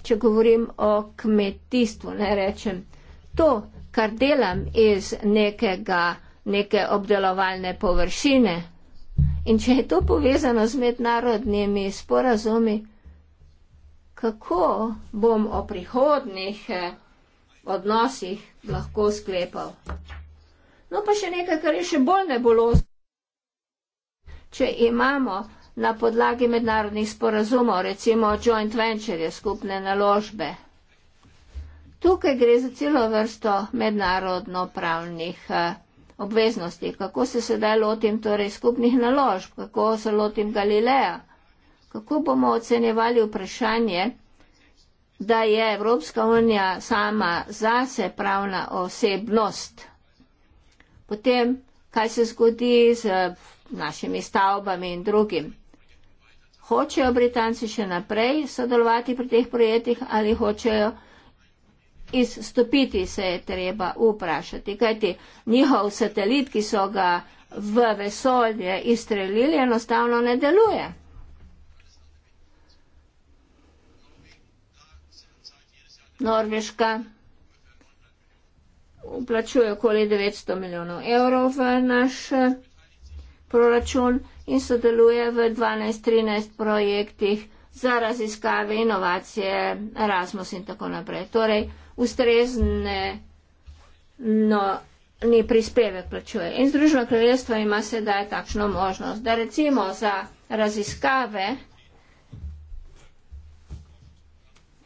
Speaker 1: Če govorim o kmetijstvu, ne rečem, to, kar delam iz nekega, neke obdelovalne površine in če je to povezano z mednarodnimi sporazumi, kako bom o prihodnih eh, odnosih lahko sklepal. No pa še nekaj, kar je še bolj nebolozno. Če imamo na podlagi mednarodnih sporazumov, recimo joint venture, skupne naložbe, tukaj gre za celo vrsto mednarodno pravnih eh, obveznosti. Kako se sedaj lotim torej skupnih naložb, kako se lotim Galileja? kako bomo ocenjevali vprašanje, da je Evropska unija sama zase pravna osebnost. Potem, kaj se zgodi z našimi stavbami in drugim. Hočejo Britanci še naprej sodelovati pri teh projektih ali hočejo izstopiti, se je treba vprašati. Kajti njihov satelit, ki so ga v vesolje izstrelili, enostavno ne deluje. Norveška uplačuje okoli 900 milijonov evrov v naš eh, proračun in sodeluje v 12-13 projektih za raziskave, inovacije, Erasmus in tako naprej. Torej, ustrezne no, ni prispevek plačuje. In Združeno kraljestvo ima sedaj takšno možnost, da recimo za raziskave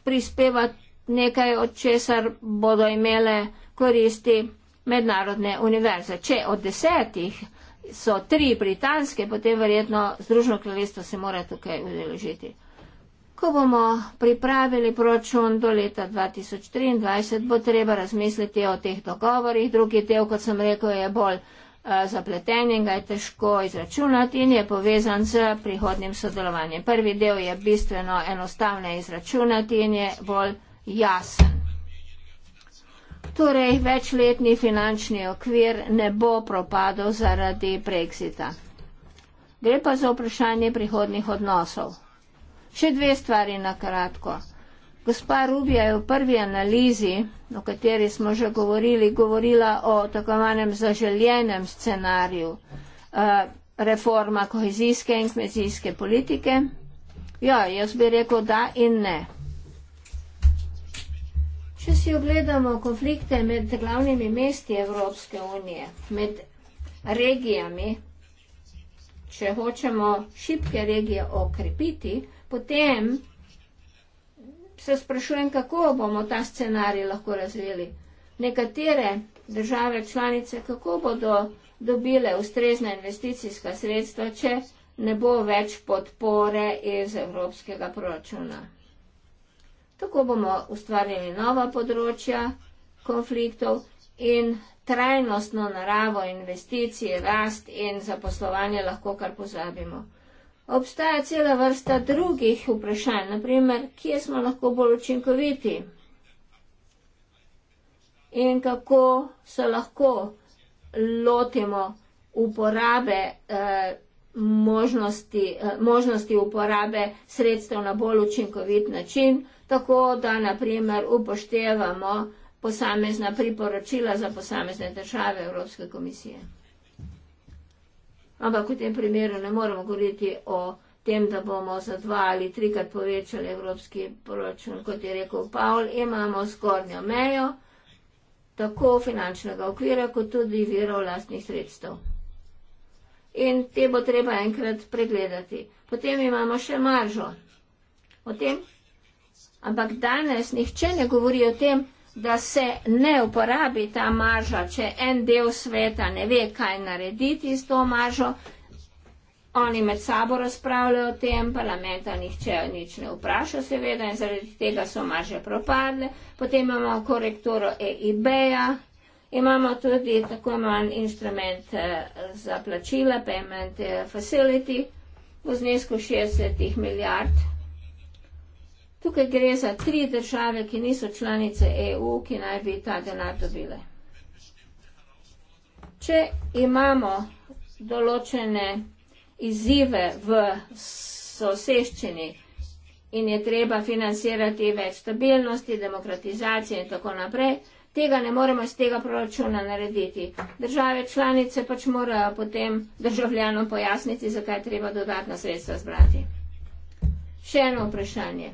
Speaker 1: prispeva nekaj, od česar bodo imele koristi mednarodne univerze. Če od desetih so tri britanske, potem verjetno Združeno kraljestvo se mora tukaj udeležiti. Ko bomo pripravili proračun do leta 2023, bo treba razmisliti o teh dogovorih. Drugi del, kot sem rekel, je bolj eh, zapleten in ga je težko izračunati in je povezan z prihodnim sodelovanjem. Prvi del je bistveno enostavne izračunati in je bolj jasen. Torej, večletni finančni okvir ne bo propadel zaradi Brexita. Gre pa za vprašanje prihodnih odnosov. Še dve stvari na kratko. Gospa Rubija je v prvi analizi, o kateri smo že govorili, govorila o tako imenem zaželjenem scenariju eh, reforma kohezijske in kmezijske politike. Ja, jaz bi rekel da in ne. Če si ogledamo konflikte med glavnimi mesti Evropske unije, med regijami, če hočemo šibke regije okrepiti, potem se sprašujem, kako bomo ta scenarij lahko razvili. Nekatere države članice, kako bodo dobile ustrezna investicijska sredstva, če ne bo več podpore iz evropskega proračuna. Tako bomo ustvarjali nova področja konfliktov in trajnostno naravo investicij, rast in zaposlovanje lahko kar pozabimo. Obstaja cela vrsta drugih vprašanj, naprimer, kje smo lahko bolj učinkoviti in kako se lahko lotimo uporabe eh, možnosti, eh, možnosti uporabe sredstev na bolj učinkovit način tako da naprimer upoštevamo posamezna priporočila za posamezne države Evropske komisije. Ampak v tem primeru ne moremo govoriti o tem, da bomo za dva ali trikrat povečali evropski proračun, kot je rekel Paul, imamo zgornjo mejo tako finančnega okvira, kot tudi virov lastnih sredstev. In te bo treba enkrat pregledati. Potem imamo še maržo. O tem Ampak danes nihče ne govori o tem, da se ne uporabi ta marža, če en del sveta ne ve, kaj narediti s to maržo. Oni med sabo razpravljajo o tem, parlamenta nihče nič ne vpraša, seveda, in zaradi tega so marže propadle. Potem imamo korektoro EIB-ja, imamo tudi tako imenovan instrument eh, za plačila, payment eh, facility v znesku 60 milijard. Tukaj gre za tri države, ki niso članice EU, ki naj bi ta denar dobile. Če imamo določene izzive v soseščini in je treba financirati več stabilnosti, demokratizacije in tako naprej, tega ne moremo iz tega proračuna narediti. Države članice pač morajo potem državljanom pojasniti, zakaj je treba dodatna sredstva zbrati. Še eno vprašanje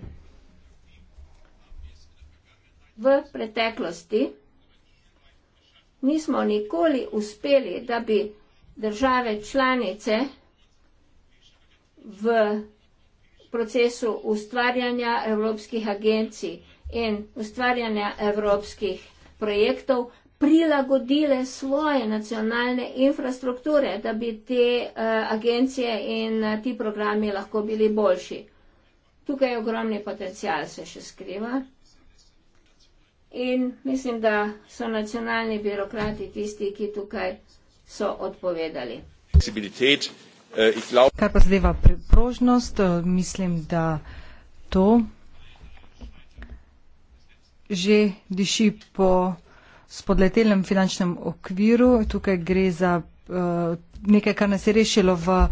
Speaker 1: v preteklosti, nismo nikoli uspeli, da bi države članice v procesu ustvarjanja evropskih agencij in ustvarjanja evropskih projektov prilagodile svoje nacionalne infrastrukture, da bi te uh, agencije in uh, ti programi lahko bili boljši. Tukaj je ogromni potencial, se še skriva. In mislim, da so nacionalni birokrati tisti, ki tukaj so
Speaker 4: odpovedali. Eh, kar pa zdajva prožnost, eh, mislim, da to že diši po spodletelnem finančnem okviru. Tukaj gre za uh, nekaj, kar nas je rešilo v uh,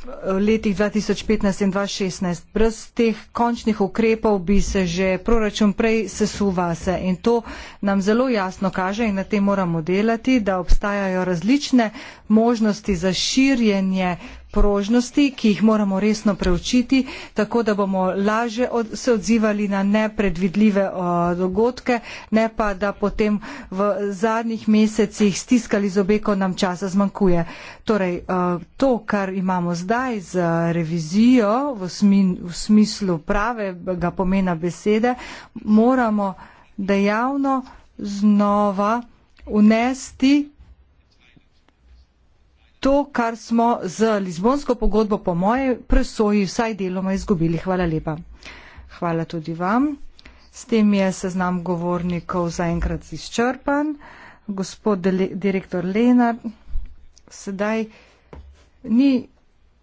Speaker 4: v letih 2015 in 2016. Brez teh končnih ukrepov bi se že proračun prej sesuval se in to nam zelo jasno kaže in na tem moramo delati, da obstajajo različne možnosti za širjenje prožnosti, ki jih moramo resno preučiti, tako da bomo laže od, se odzivali na nepredvidljive o, dogodke, ne pa da potem v zadnjih mesecih stiskali z obeko nam časa zmanjkuje. Torej, o, to, kar imamo zdaj z revizijo v, smin, v smislu pravega pomena besede, moramo dejavno znova unesti to, kar smo z Lizbonsko pogodbo po moje presoji vsaj deloma izgubili. Hvala lepa. Hvala tudi vam. S tem je seznam govornikov zaenkrat izčrpan. Gospod direktor Lenar, sedaj ni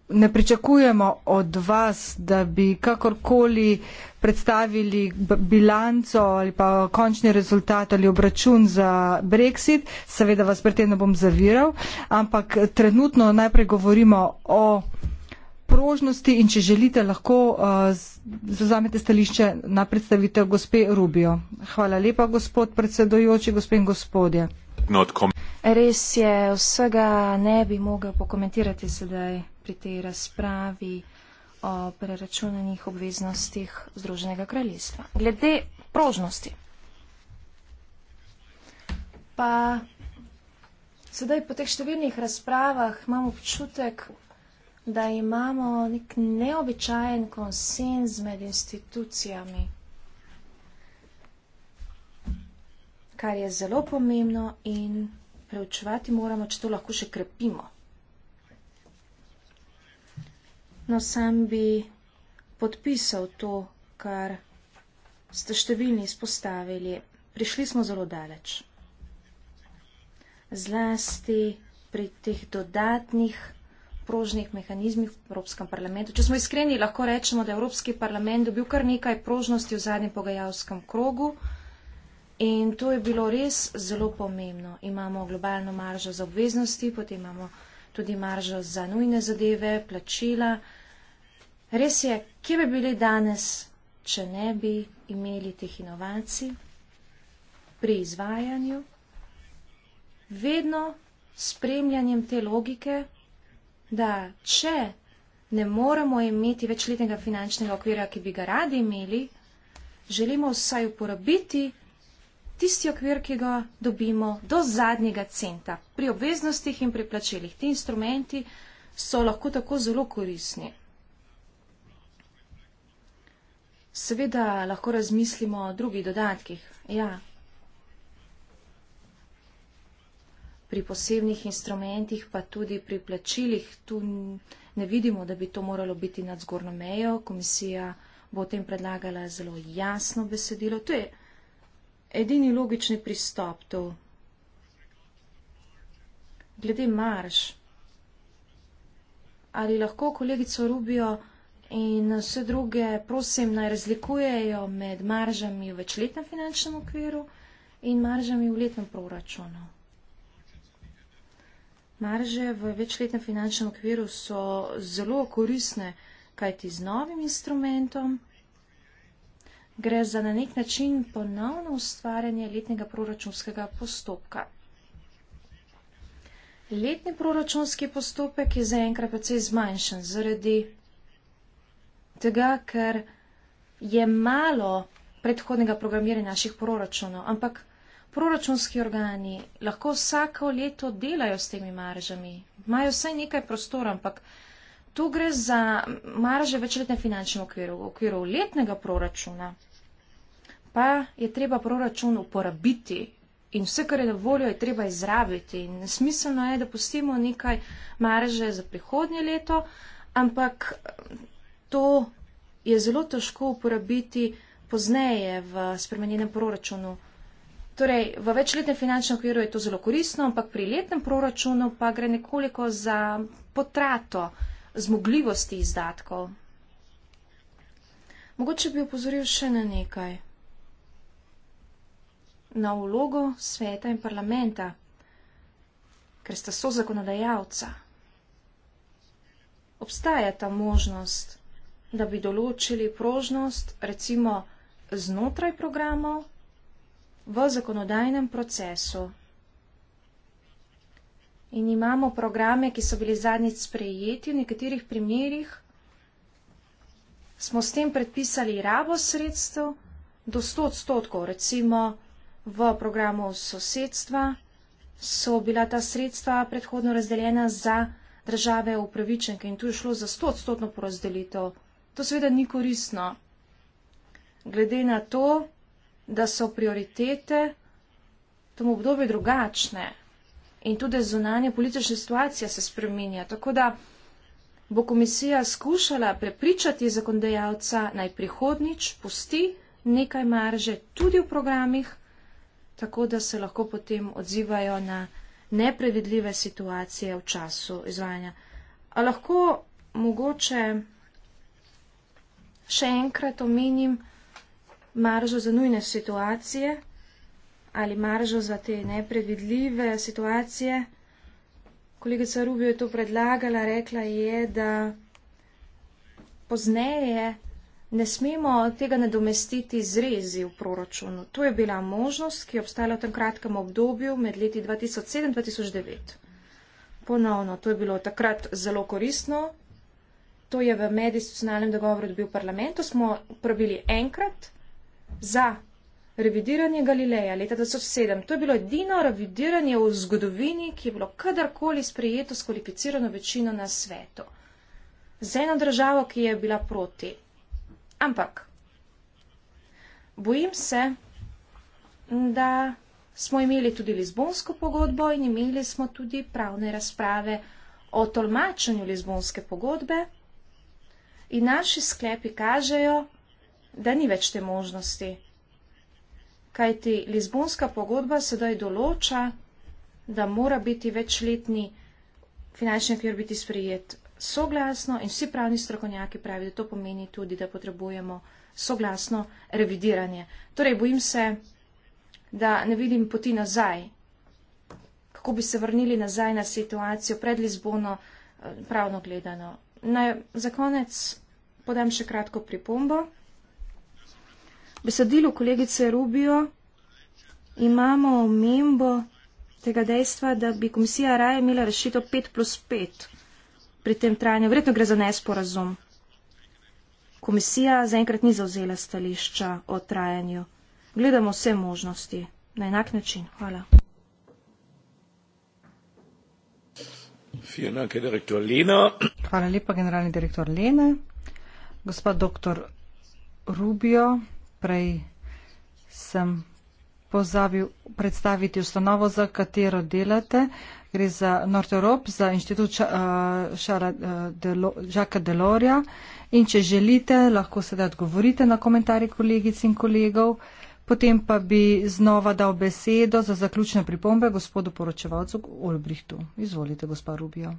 Speaker 4: ne pričakujemo od vas, da bi kakorkoli predstavili bilanco ali pa končni rezultat ali obračun za Brexit. Seveda vas pred tem ne bom zaviral, ampak trenutno najprej govorimo o prožnosti in če želite, lahko uh, zazamete stališče na predstavitev gospe Rubio. Hvala lepa, gospod predsedojoči, gospe in gospodje. Res je,
Speaker 3: vsega ne bi mogel pokomentirati sedaj pri tej razpravi o preračunanih obveznostih Združenega kraljestva. Glede prožnosti. Pa sedaj po teh številnih razpravah imam občutek, da imamo nek neobičajen konsens med institucijami, kar je zelo pomembno in preučevati moramo, če to lahko še krepimo. No, sam bi podpisal to, kar ste številni izpostavili. Prišli smo zelo daleč. Zlasti pri teh dodatnih prožnih mehanizmih v Evropskem parlamentu. Če smo iskreni, lahko rečemo, da je Evropski parlament dobil kar nekaj prožnosti v zadnjem pogajalskem krogu. In to je bilo res zelo pomembno. Imamo globalno maržo za obveznosti, potem imamo tudi maržo za nujne zadeve, plačila. Res je, kje bi bili danes, če ne bi imeli teh inovacij pri izvajanju, vedno spremljanjem te logike, da če ne moremo imeti večletnega finančnega okvira, ki bi ga radi imeli, želimo vsaj uporabiti tisti okvir, ki ga dobimo do zadnjega centa. Pri obveznostih in pri plačilih ti instrumenti so lahko tako zelo korisni. Seveda lahko razmislimo o drugih dodatkih, ja. Pri posebnih instrumentih, pa tudi pri plačilih, tu ne vidimo, da bi to moralo biti nad zgornjo mejo. Komisija bo o tem predlagala zelo jasno besedilo. To je edini logični pristop tu. Glede marš, ali lahko kolegico Rubijo In vse druge, prosim, naj razlikujejo med maržami v večletnem finančnem okviru in maržami v letnem proračunu. Marže v večletnem finančnem okviru so zelo koristne, kajti z novim instrumentom gre za na nek način ponovno ustvarjanje letnega proračunskega postopka. Letni proračunski postopek je zaenkrat precej zmanjšan zaradi tega, ker je malo predhodnega programiranja naših proračunov, ampak proračunski organi lahko vsako leto delajo s temi maržami, imajo vsaj nekaj prostora, ampak tu gre za marže večletne finančne okviru, okviru letnega proračuna, pa je treba proračun uporabiti in vse, kar je na voljo, je treba izrabiti. In smiselno je, da pustimo nekaj marže za prihodnje leto, ampak to je zelo težko uporabiti pozneje v spremenjenem proračunu. Torej, v večletnem finančnem okviru je to zelo koristno, ampak pri letnem proračunu pa gre nekoliko za potrato zmogljivosti izdatkov. Mogoče bi upozoril še na nekaj. Na vlogo sveta in parlamenta, ker sta so zakonodajalca. Obstaja ta možnost, da bi določili prožnost, recimo znotraj programov, v zakonodajnem procesu. In imamo programe, ki so bili zadnjič sprejeti, v nekaterih primerjih smo s tem predpisali rabo sredstev do 100 odstotkov, recimo v programu sosedstva so bila ta sredstva predhodno razdeljena za države upravičenke in tu je šlo za 100 odstotno porazdelitev To seveda ni koristno, glede na to, da so prioritete v tem obdobju drugačne in tudi zunanje politične situacije se spreminja. Tako da bo komisija skušala prepričati zakondejavca naj prihodnič pusti nekaj marže tudi v programih, tako da se lahko potem odzivajo na nepredvidljive situacije v času izvajanja. A lahko mogoče še enkrat omenim maržo za nujne situacije ali maržo za te nepredvidljive situacije. Kolegica Rubio je to predlagala, rekla je, da pozneje ne smemo tega nadomestiti zrezi v proračunu. To je bila možnost, ki je obstajala v tem kratkem obdobju med leti 2007-2009. Ponovno, to je bilo takrat zelo koristno, to je v medinstitucionalnem dogovoru dobil parlamentu, smo uporabili enkrat za revidiranje Galileja leta 2007. To je bilo edino revidiranje v zgodovini, ki je bilo kadarkoli sprejeto s kvalificirano večino na svetu. Z eno državo, ki je bila proti. Ampak, bojim se, da smo imeli tudi Lizbonsko pogodbo in imeli smo tudi pravne razprave o tolmačenju Lizbonske pogodbe in naši sklepi kažejo, da ni več te možnosti. Kajti Lizbonska pogodba sedaj določa, da mora biti večletni finančni okvir biti sprejet soglasno in vsi pravni strokovnjaki pravijo, da to pomeni tudi, da potrebujemo soglasno revidiranje. Torej, bojim se, da ne vidim poti nazaj, kako bi se vrnili nazaj na situacijo pred Lizbono, eh, pravno gledano. Na, za konec podam še kratko pripombo. Besedilo kolegice Rubijo imamo omembo tega dejstva, da bi komisija raje imela rešitev 5 plus 5 pri tem trajanju. Verjetno gre za nesporazum. Komisija zaenkrat ni zauzela stališča o trajanju. Gledamo vse možnosti na enak način. Hvala.
Speaker 2: Vielen Dank, Herr Direktor Lena.
Speaker 4: Hvala lepa, generalni direktor Lene. Gospod doktor Rubio, prej sem pozabil predstaviti ustanovo, za katero delate. Gre za North Europe, za inštitut Žaka uh, uh, Delorja. In če želite, lahko sedaj odgovorite na komentarje kolegic in kolegov. Potem pa bi znova dal besedo za zaključne pripombe gospodu poročevalcu Olbrihtu. Izvolite, gospa Rubio.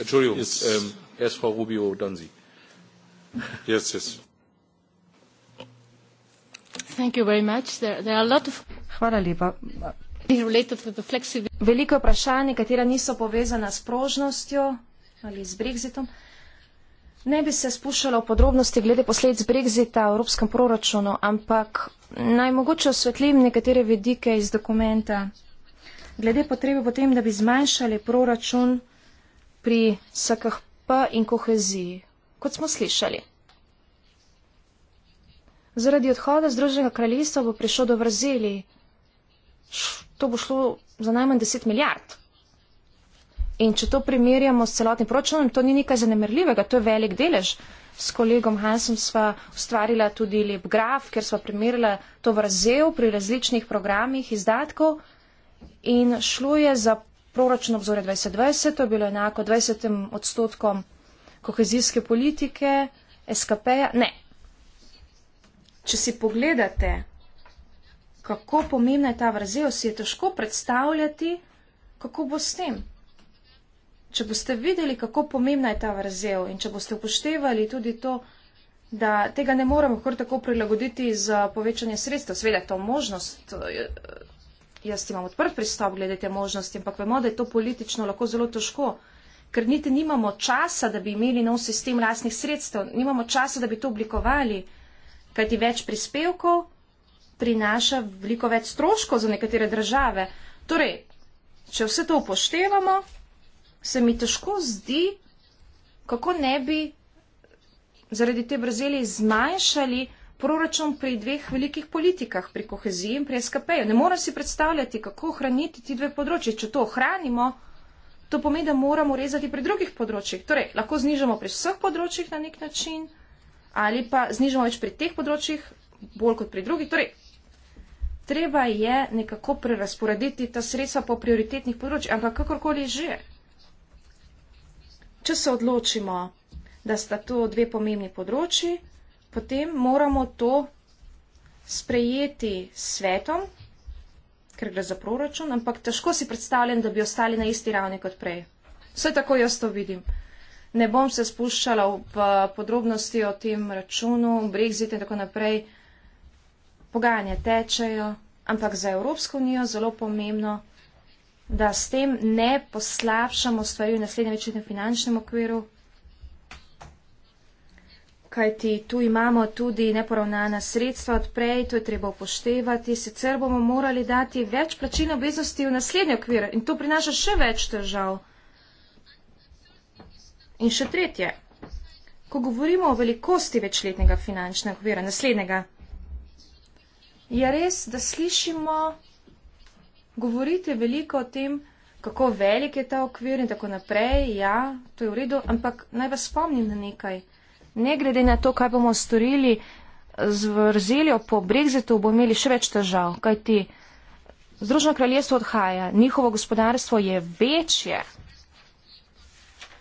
Speaker 2: Ähm,
Speaker 4: Hvala lepa.
Speaker 3: Veliko vprašanj, katera niso povezana s prožnostjo ali z brexitom. Ne bi se spuščala v podrobnosti glede posledic Brexita v evropskem proračunu, ampak naj mogoče osvetlim nekatere vidike iz dokumenta. Glede potrebe potem, da bi zmanjšali proračun pri SKH in koheziji, kot smo slišali. Zaradi odhoda Združenega kraljestva bo prišlo do vrzeli. To bo šlo za najmanj 10 milijard. In če to primerjamo s celotnim proračunom, to ni nekaj zanemrljivega, to je velik delež. S kolegom Hansom sva ustvarila tudi lep graf, ker sva primerjala to vrzel pri različnih programih izdatkov in šlo je za proračun obzore 2020, to je bilo enako 20 odstotkom kohezijske politike, SKP-ja, ne. Če si pogledate, kako pomembna je ta vrzel, si je težko predstavljati, kako bo s tem če boste videli, kako pomembna je ta vrzel in če boste upoštevali tudi to, da tega ne moremo kar tako prilagoditi za povečanje sredstev. Sveda je to možnost, eh, jaz imam odprt pristop glede te možnosti, ampak vemo, da je to politično lahko zelo težko, ker niti nimamo časa, da bi imeli nov sistem lastnih sredstev, nimamo časa, da bi to oblikovali, kajti več prispevkov prinaša veliko več stroškov za nekatere države. Torej, če vse to upoštevamo, se mi težko zdi, kako ne bi zaradi te brzeli zmanjšali proračun pri dveh velikih politikah, pri koheziji in pri SKP-ju. Ne morem si predstavljati, kako ohraniti ti dve področji. Če to ohranimo, to pomeni, da moramo rezati pri drugih področjih. Torej, lahko znižamo pri vseh področjih na nek način ali pa znižamo več pri teh področjih, bolj kot pri drugih. Torej, treba je nekako prerasporediti ta sredstva po prioritetnih področjih, ampak kakorkoli že če se odločimo, da sta to dve pomembni področji, potem moramo to sprejeti svetom, ker gre za proračun, ampak težko si predstavljam, da bi ostali na isti ravni kot prej. Vse tako jaz to vidim. Ne bom se spuščala v podrobnosti o tem računu, brexit in tako naprej. Pogajanja tečejo, ampak za Evropsko unijo zelo pomembno, da s tem ne poslabšamo stvari v naslednjem večjem finančnem okviru, kajti tu imamo tudi neporavnana sredstva odprej, to je treba upoštevati, sicer bomo morali dati več plačilne obveznosti v naslednji okvir in to prinaša še več težav. In še tretje, ko govorimo o velikosti večletnega finančnega okvira, naslednjega, je res, da slišimo, govorite veliko o tem, kako velik je ta okvir in tako naprej. Ja, to je v redu, ampak naj vas spomnim na nekaj. Ne glede na to, kaj bomo storili z vrzeljo po Brexitu, bomo imeli še več težav, kajti Združeno kraljestvo odhaja, njihovo gospodarstvo je večje.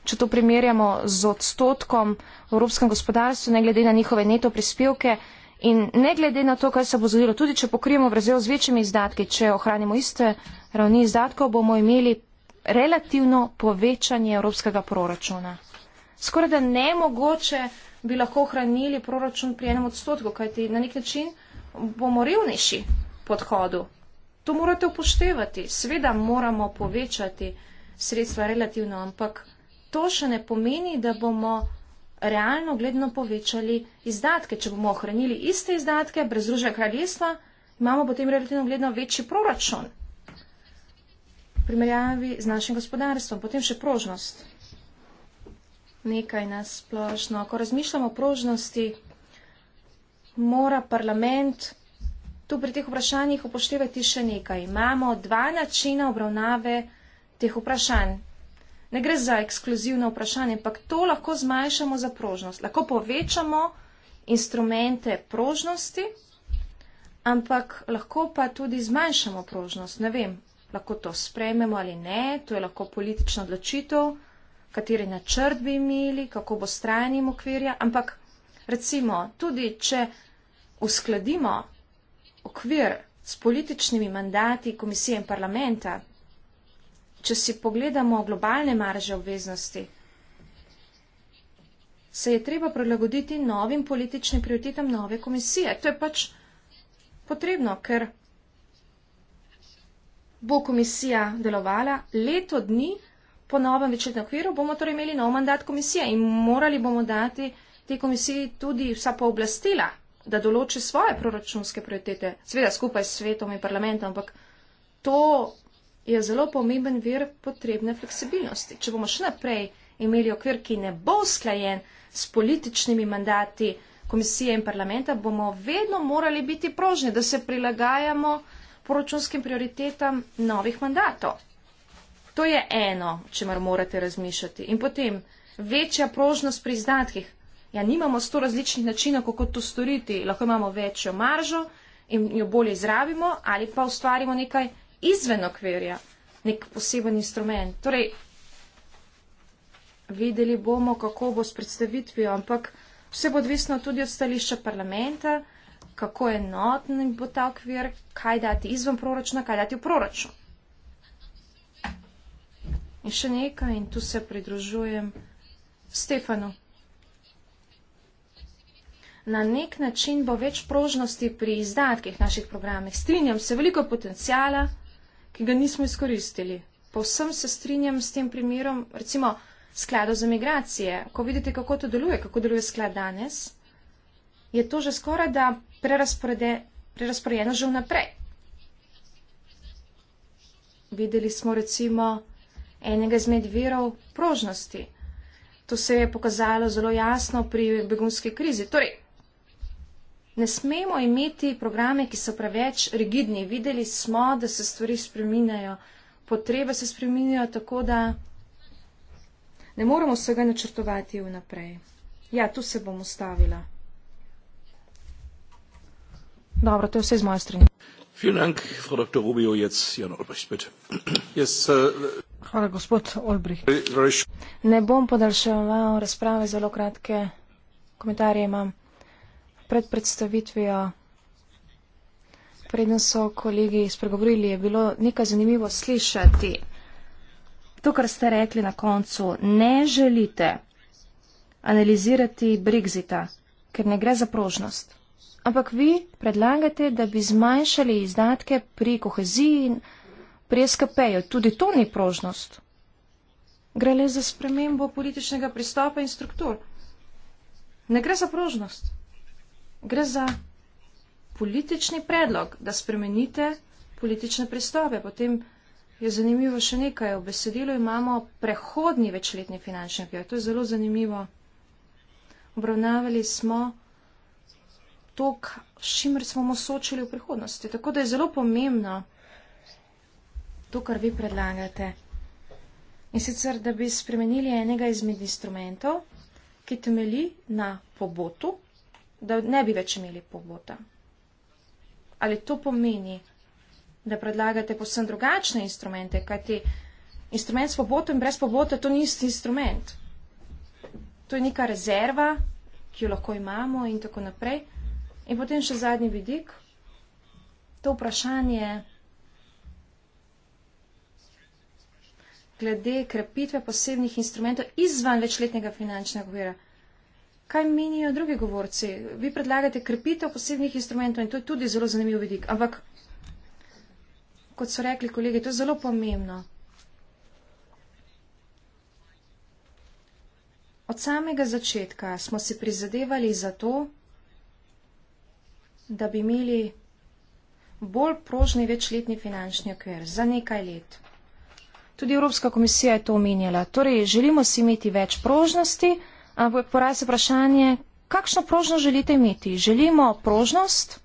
Speaker 3: Če to primerjamo z odstotkom v evropskem gospodarstvu, ne glede na njihove neto prispevke, In ne glede na to, kaj se bo zgodilo, tudi če pokrijemo vrzel z večjimi izdatki, če ohranimo iste ravni izdatkov, bomo imeli relativno povečanje evropskega proračuna. Skoraj da nemogoče bi lahko ohranili proračun pri enem odstotku, kajti na nek način bomo revnejši podhodu. To morate upoštevati. Sveda moramo povečati sredstva relativno, ampak to še ne pomeni, da bomo realno gledno povečali izdatke. Če bomo ohranili iste izdatke brez Združenega kraljestva, imamo potem relativno gledno večji proračun v primerjavi z našim gospodarstvom. Potem še prožnost. Nekaj nas splošno. Ko razmišljamo o prožnosti, mora parlament tu pri teh vprašanjih upoštevati še nekaj. Imamo dva načina obravnave teh vprašanj ne gre za ekskluzivno vprašanje, ampak to lahko zmanjšamo za prožnost. Lahko povečamo instrumente prožnosti, ampak lahko pa tudi zmanjšamo prožnost. Ne vem, lahko to sprememo ali ne, to je lahko politična odločitev, kateri načrt bi imeli, kako bo stranjim okvirja, ampak recimo tudi, če uskladimo okvir s političnimi mandati komisije in parlamenta, če si pogledamo globalne marže obveznosti, se je treba prilagoditi novim političnim prioritetam nove komisije. To je pač potrebno, ker bo komisija delovala leto dni po novem večetnem okviru, bomo torej imeli nov mandat komisije in morali bomo dati te komisiji tudi vsa pooblastila, da določi svoje proračunske prioritete, seveda skupaj s svetom in parlamentom, ampak to je zelo pomemben vir potrebne fleksibilnosti. Če bomo še naprej imeli okvir, ki ne bo usklajen s političnimi mandati komisije in parlamenta, bomo vedno morali biti prožni, da se prilagajamo poročunskim prioritetam novih mandatov. To je eno, če mar morate razmišljati. In potem večja prožnost pri izdatkih. Ja, nimamo sto različnih načinov, kako to storiti. Lahko imamo večjo maržo in jo bolje izrabimo ali pa ustvarimo nekaj izven okvirja nek poseben instrument. Torej, videli bomo, kako bo s predstavitvijo, ampak vse bo odvisno tudi od stališča parlamenta, kako enoten bo ta okvir, kaj dati izven proračuna, kaj dati v proračun. In še nekaj, in tu se pridružujem Stefanu. Na nek način bo več prožnosti pri izdatkih naših programih. Strinjam se, veliko potencijala ki ga nismo izkoristili. Povsem se strinjam s tem primerom, recimo skladu za migracije. Ko vidite, kako to deluje, kako deluje sklad danes, je to že skoraj da prerasporedeno že vnaprej. Videli smo recimo enega izmed verov prožnosti. To se je pokazalo zelo jasno pri begunski krizi. Torej, ne smemo imeti programe, ki so preveč rigidni. Videli smo, da se stvari spreminjajo, potrebe se spreminjajo, tako da ne moramo vsega načrtovati vnaprej. Ja, tu se bom ustavila. Dobro, to je vse iz moje strani. *clears throat*
Speaker 2: Äh,
Speaker 3: Hvala, gospod Olbricht. Ne bom podaljševal razprave, zelo kratke komentarje imam pred predstavitvijo, preden so kolegi spregovorili, je bilo nekaj zanimivo slišati. To, kar ste rekli na koncu, ne želite analizirati Brexita, ker ne gre za prožnost. Ampak vi predlagate, da bi zmanjšali izdatke pri koheziji in pri SKP-ju. Tudi to ni prožnost. Gre le za spremembo političnega pristopa in struktur. Ne gre za prožnost gre za politični predlog, da spremenite politične pristope. Potem je zanimivo še nekaj. V besedilu imamo prehodni večletni finančni okvir. To je zelo zanimivo. Obravnavali smo to, s čimer smo mu sočili v prihodnosti. Tako da je zelo pomembno to, kar vi predlagate. In sicer, da bi spremenili enega izmed instrumentov, ki temeli na pobotu, da ne bi več imeli pobota. Ali to pomeni, da predlagate posebno drugačne instrumente, kajti instrument s pobotom in brez pobota to ni isti instrument. To je neka rezerva, ki jo lahko imamo in tako naprej. In potem še zadnji vidik, to vprašanje glede krepitve posebnih instrumentov izvan večletnega finančnega vira kaj menijo drugi govorci. Vi predlagate krepitev posebnih instrumentov in to je tudi zelo zanimiv vidik. Ampak, kot so rekli kolegi, to je zelo pomembno. Od samega začetka smo si prizadevali za to, da bi imeli bolj prožni večletni finančni okvir za nekaj let. Tudi Evropska komisija je to omenjala. Torej, želimo si imeti več prožnosti, Ampak poraja se vprašanje, kakšno prožnost želite imeti? Želimo prožnost,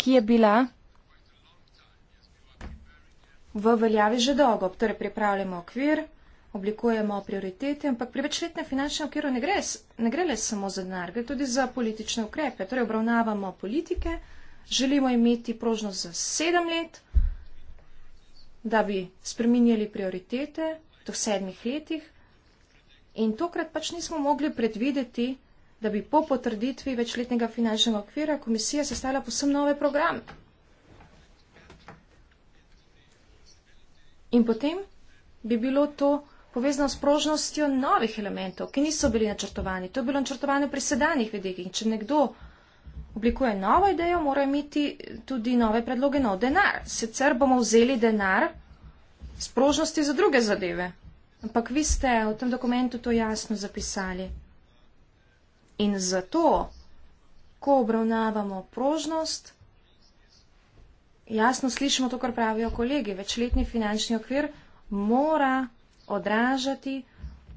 Speaker 3: ki je bila v veljavi že dolgo. Torej pripravljamo okvir, oblikujemo prioritete, ampak pri večletnem finančnem okviru ne gre, ne gre le samo za denar, gre tudi za politične ukrepe. Torej obravnavamo politike, želimo imeti prožnost za sedem let, da bi spreminjali prioritete v sedmih letih. In tokrat pač nismo mogli predvideti, da bi po potrditvi večletnega finančnega okvira komisija sestavila posebno nove programe. In potem bi bilo to povezano s prožnostjo novih elementov, ki niso bili načrtovani. To je bilo načrtovano pri sedanjih vedekih. Če nekdo oblikuje novo idejo, mora imeti tudi nove predloge, nov denar. Sicer bomo vzeli denar sprožnosti za druge zadeve. Ampak vi ste v tem dokumentu to jasno zapisali. In zato, ko obravnavamo prožnost, jasno slišimo to, kar pravijo kolegi. Večletni finančni okvir mora odražati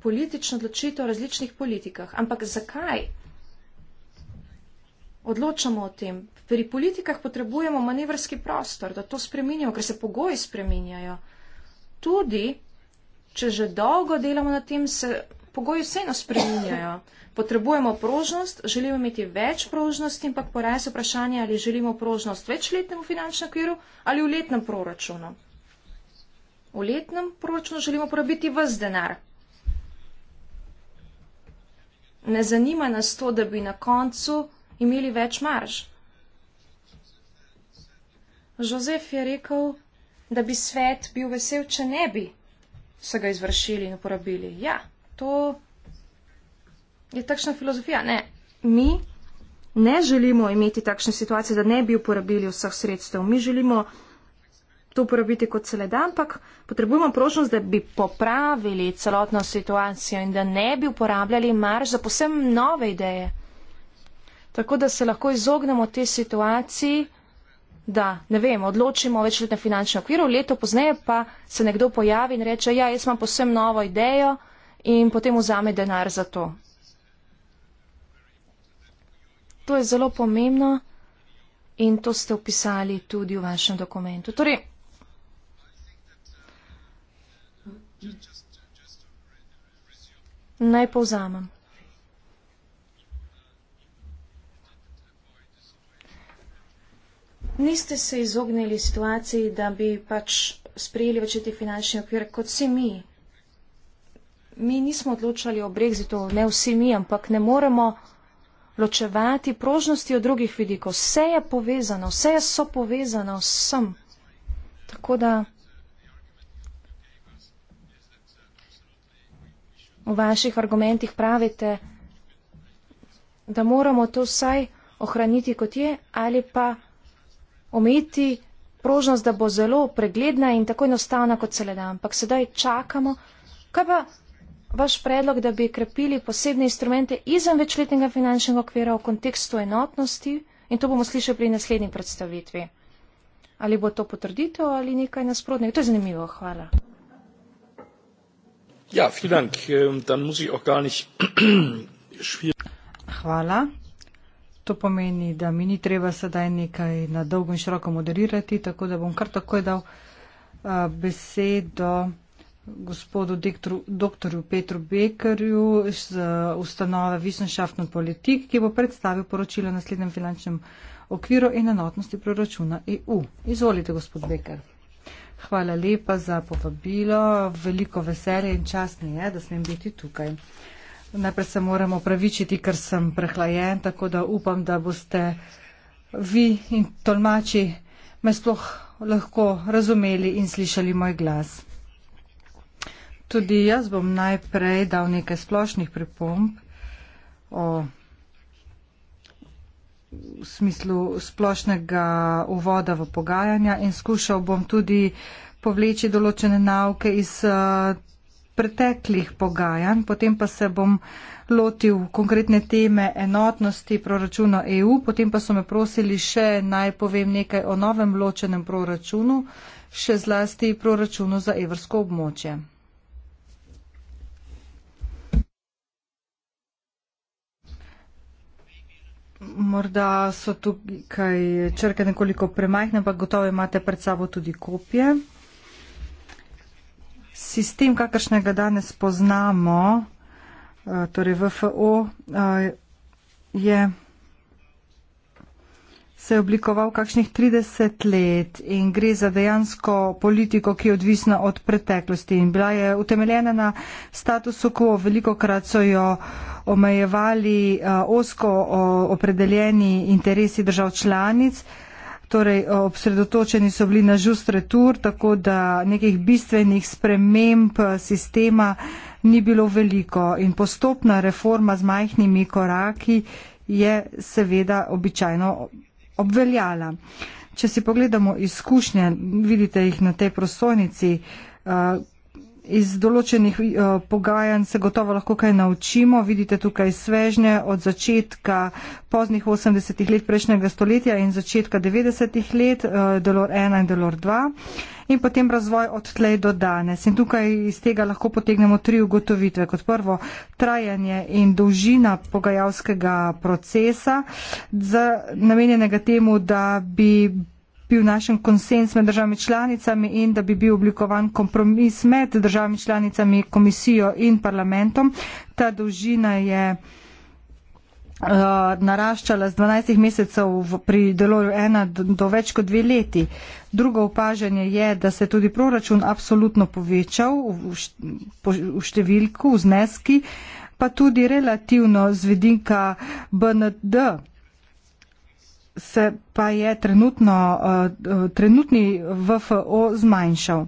Speaker 3: politično odločitev o različnih politikah. Ampak zakaj odločamo o tem? Pri politikah potrebujemo manevrski prostor, da to spremenjamo, ker se pogoji spremenjajo. Tudi če že dolgo delamo na tem, se pogoji vseeno spreminjajo. Potrebujemo prožnost, želimo imeti več prožnosti, ampak poraja se vprašanje, ali želimo prožnost večletnemu finančnemu okviru ali v letnem proračunu. V letnem proračunu želimo porabiti vse denar. Ne zanima nas to, da bi na koncu imeli več marž. Jozef je rekel, da bi svet bil vesel, če ne bi so ga izvršili in uporabili. Ja, to je takšna filozofija. Ne, mi ne želimo imeti takšne situacije, da ne bi uporabili vseh sredstev. Mi želimo to uporabiti kot se le da, ampak potrebujemo prožnost, da bi popravili celotno situacijo in da ne bi uporabljali marž za posebno nove ideje. Tako da se lahko izognemo te situacije da, ne vem, odločimo večletne finančne okvire, leto pozneje pa se nekdo pojavi in reče, ja, jaz imam posem novo idejo in potem vzame denar za to. To je zelo pomembno in to ste opisali tudi v vašem dokumentu. Torej, naj povzamem. niste se izognili situaciji, da bi pač sprejeli več te finančne okvire kot vsi mi. Mi nismo odločali o brexitu, ne vsi mi, ampak ne moremo ločevati prožnosti od drugih vidikov. Vse je povezano, vse je sopovezano s vsem. Tako da v vaših argumentih pravite, da moramo to vsaj ohraniti kot je ali pa omejiti prožnost, da bo zelo pregledna in tako enostavna kot se le da. Ampak sedaj čakamo. Kaj pa vaš predlog, da bi krepili posebne instrumente izven večletnega finančnega okvira v kontekstu enotnosti? In to bomo slišali pri naslednji predstavitvi. Ali bo to potrditev ali nekaj nasprotnega? To je zanimivo. Hvala.
Speaker 2: Ja, vielen Dank. Ähm, dann muss ich auch gar nicht *clears throat*
Speaker 4: Hvala. To pomeni, da mi ni treba sedaj nekaj na dolgo in široko moderirati, tako da bom kar takoj dal eh, besedo gospodu dr. Petru Bekerju z eh, ustanove Wissenschaften Politik, ki bo predstavil poročilo o naslednjem finančnem okviru in enotnosti proračuna EU. Izvolite, gospod Beker. Hvala lepa za povabilo. Veliko veselje in čast mi je, da smem biti tukaj. Uh, Najprej se moram opravičiti, ker sem prehlajen, tako da upam, da boste vi in tolmači me sploh lahko razumeli in slišali moj glas. Tudi jaz bom najprej dal nekaj splošnih pripomb o v smislu splošnega uvoda v pogajanja in skušal bom tudi povleči določene nauke iz eh, preteklih pogajanj, potem pa se bom lotil konkretne teme enotnosti proračuna EU, potem pa so me prosili še naj povem nekaj o novem ločenem proračunu, še zlasti proračunu za evrsko območje. Morda so tukaj črke nekoliko premajhne, ampak gotovo imate pred sabo tudi kopije sistem, kakršnega danes poznamo, eh, torej VFO, eh, je se je oblikoval kakšnih 30 let in gre za dejansko politiko, ki je odvisna od preteklosti in bila je utemeljena na statusu quo. Veliko krat so jo omejevali eh, osko opredeljeni interesi držav članic, torej obsredotočeni so bili na žustretur, tako da nekih bistvenih sprememb eh, sistema ni bilo veliko in postopna reforma z majhnimi koraki je seveda običajno obveljala. Če si pogledamo izkušnje, vidite jih na tej prosojnici, eh, iz določenih uh, pogajanj se gotovo lahko kaj naučimo. Vidite tukaj svežnje od začetka poznih 80-ih let prejšnjega stoletja in začetka 90-ih let, uh, delor 1 in delor 2. In potem razvoj od tlej do danes. In tukaj iz tega lahko potegnemo tri ugotovitve. Kot prvo, trajanje in dolžina pogajalskega procesa, namenjenega temu, da bi bil našen konsens med državami članicami in da bi bil oblikovan kompromis med državami članicami, komisijo in parlamentom. Ta dolžina je eh, naraščala z 12 mesecev pri deloju ena do več kot dve leti. Drugo opažanje je, da se je tudi proračun absolutno povečal v številku, v zneski, pa tudi relativno z vedinka BND se pa je trenutno, eh, trenutni VFO zmanjšal.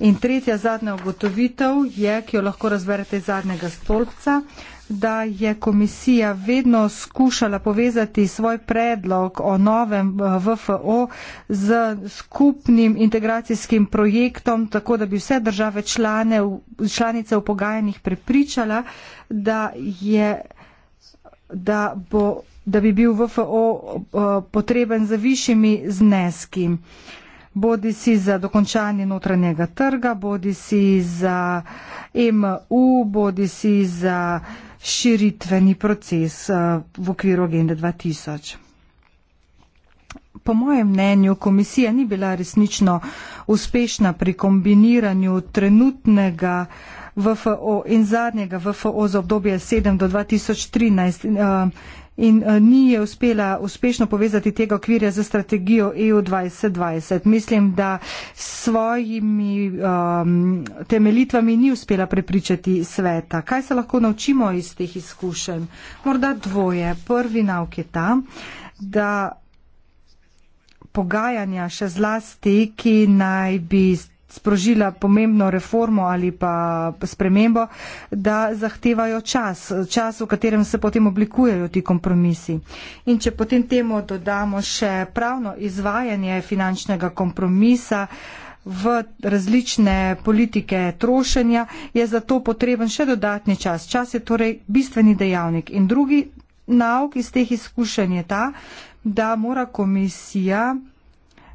Speaker 4: In tretja zadnja ugotovitev je, ki jo lahko razberete iz zadnjega stolpca, da je komisija vedno skušala povezati svoj predlog o novem eh, VFO z skupnim integracijskim projektom, tako da bi vse države člane, članice v pogajanjih prepričala, da, je, da bo da bi bil VFO potreben za višjimi zneski, bodi si za dokončanje notranjega trga, bodi si za MU, bodi si za širitveni proces eh, v okviru Agende 2000. Po mojem mnenju komisija ni bila resnično uspešna pri kombiniranju trenutnega VFO in zadnjega VFO za obdobje 7 do 2013 in eh, ni je uspela uspešno povezati tega okvirja za strategijo EU 2020. Mislim, da svojimi um, temelitvami ni uspela prepričati sveta. Kaj se lahko naučimo iz teh izkušenj? Morda dvoje. Prvi nauk je ta, da pogajanja še zlasti, ki naj bi sprožila pomembno reformo ali pa spremembo, da zahtevajo čas, čas, v katerem se potem oblikujejo ti kompromisi. In če potem temu dodamo še pravno izvajanje finančnega kompromisa v različne politike trošenja, je zato potreben še dodatni čas. Čas je torej bistveni dejavnik. In drugi nauk iz teh izkušenj je ta, da mora komisija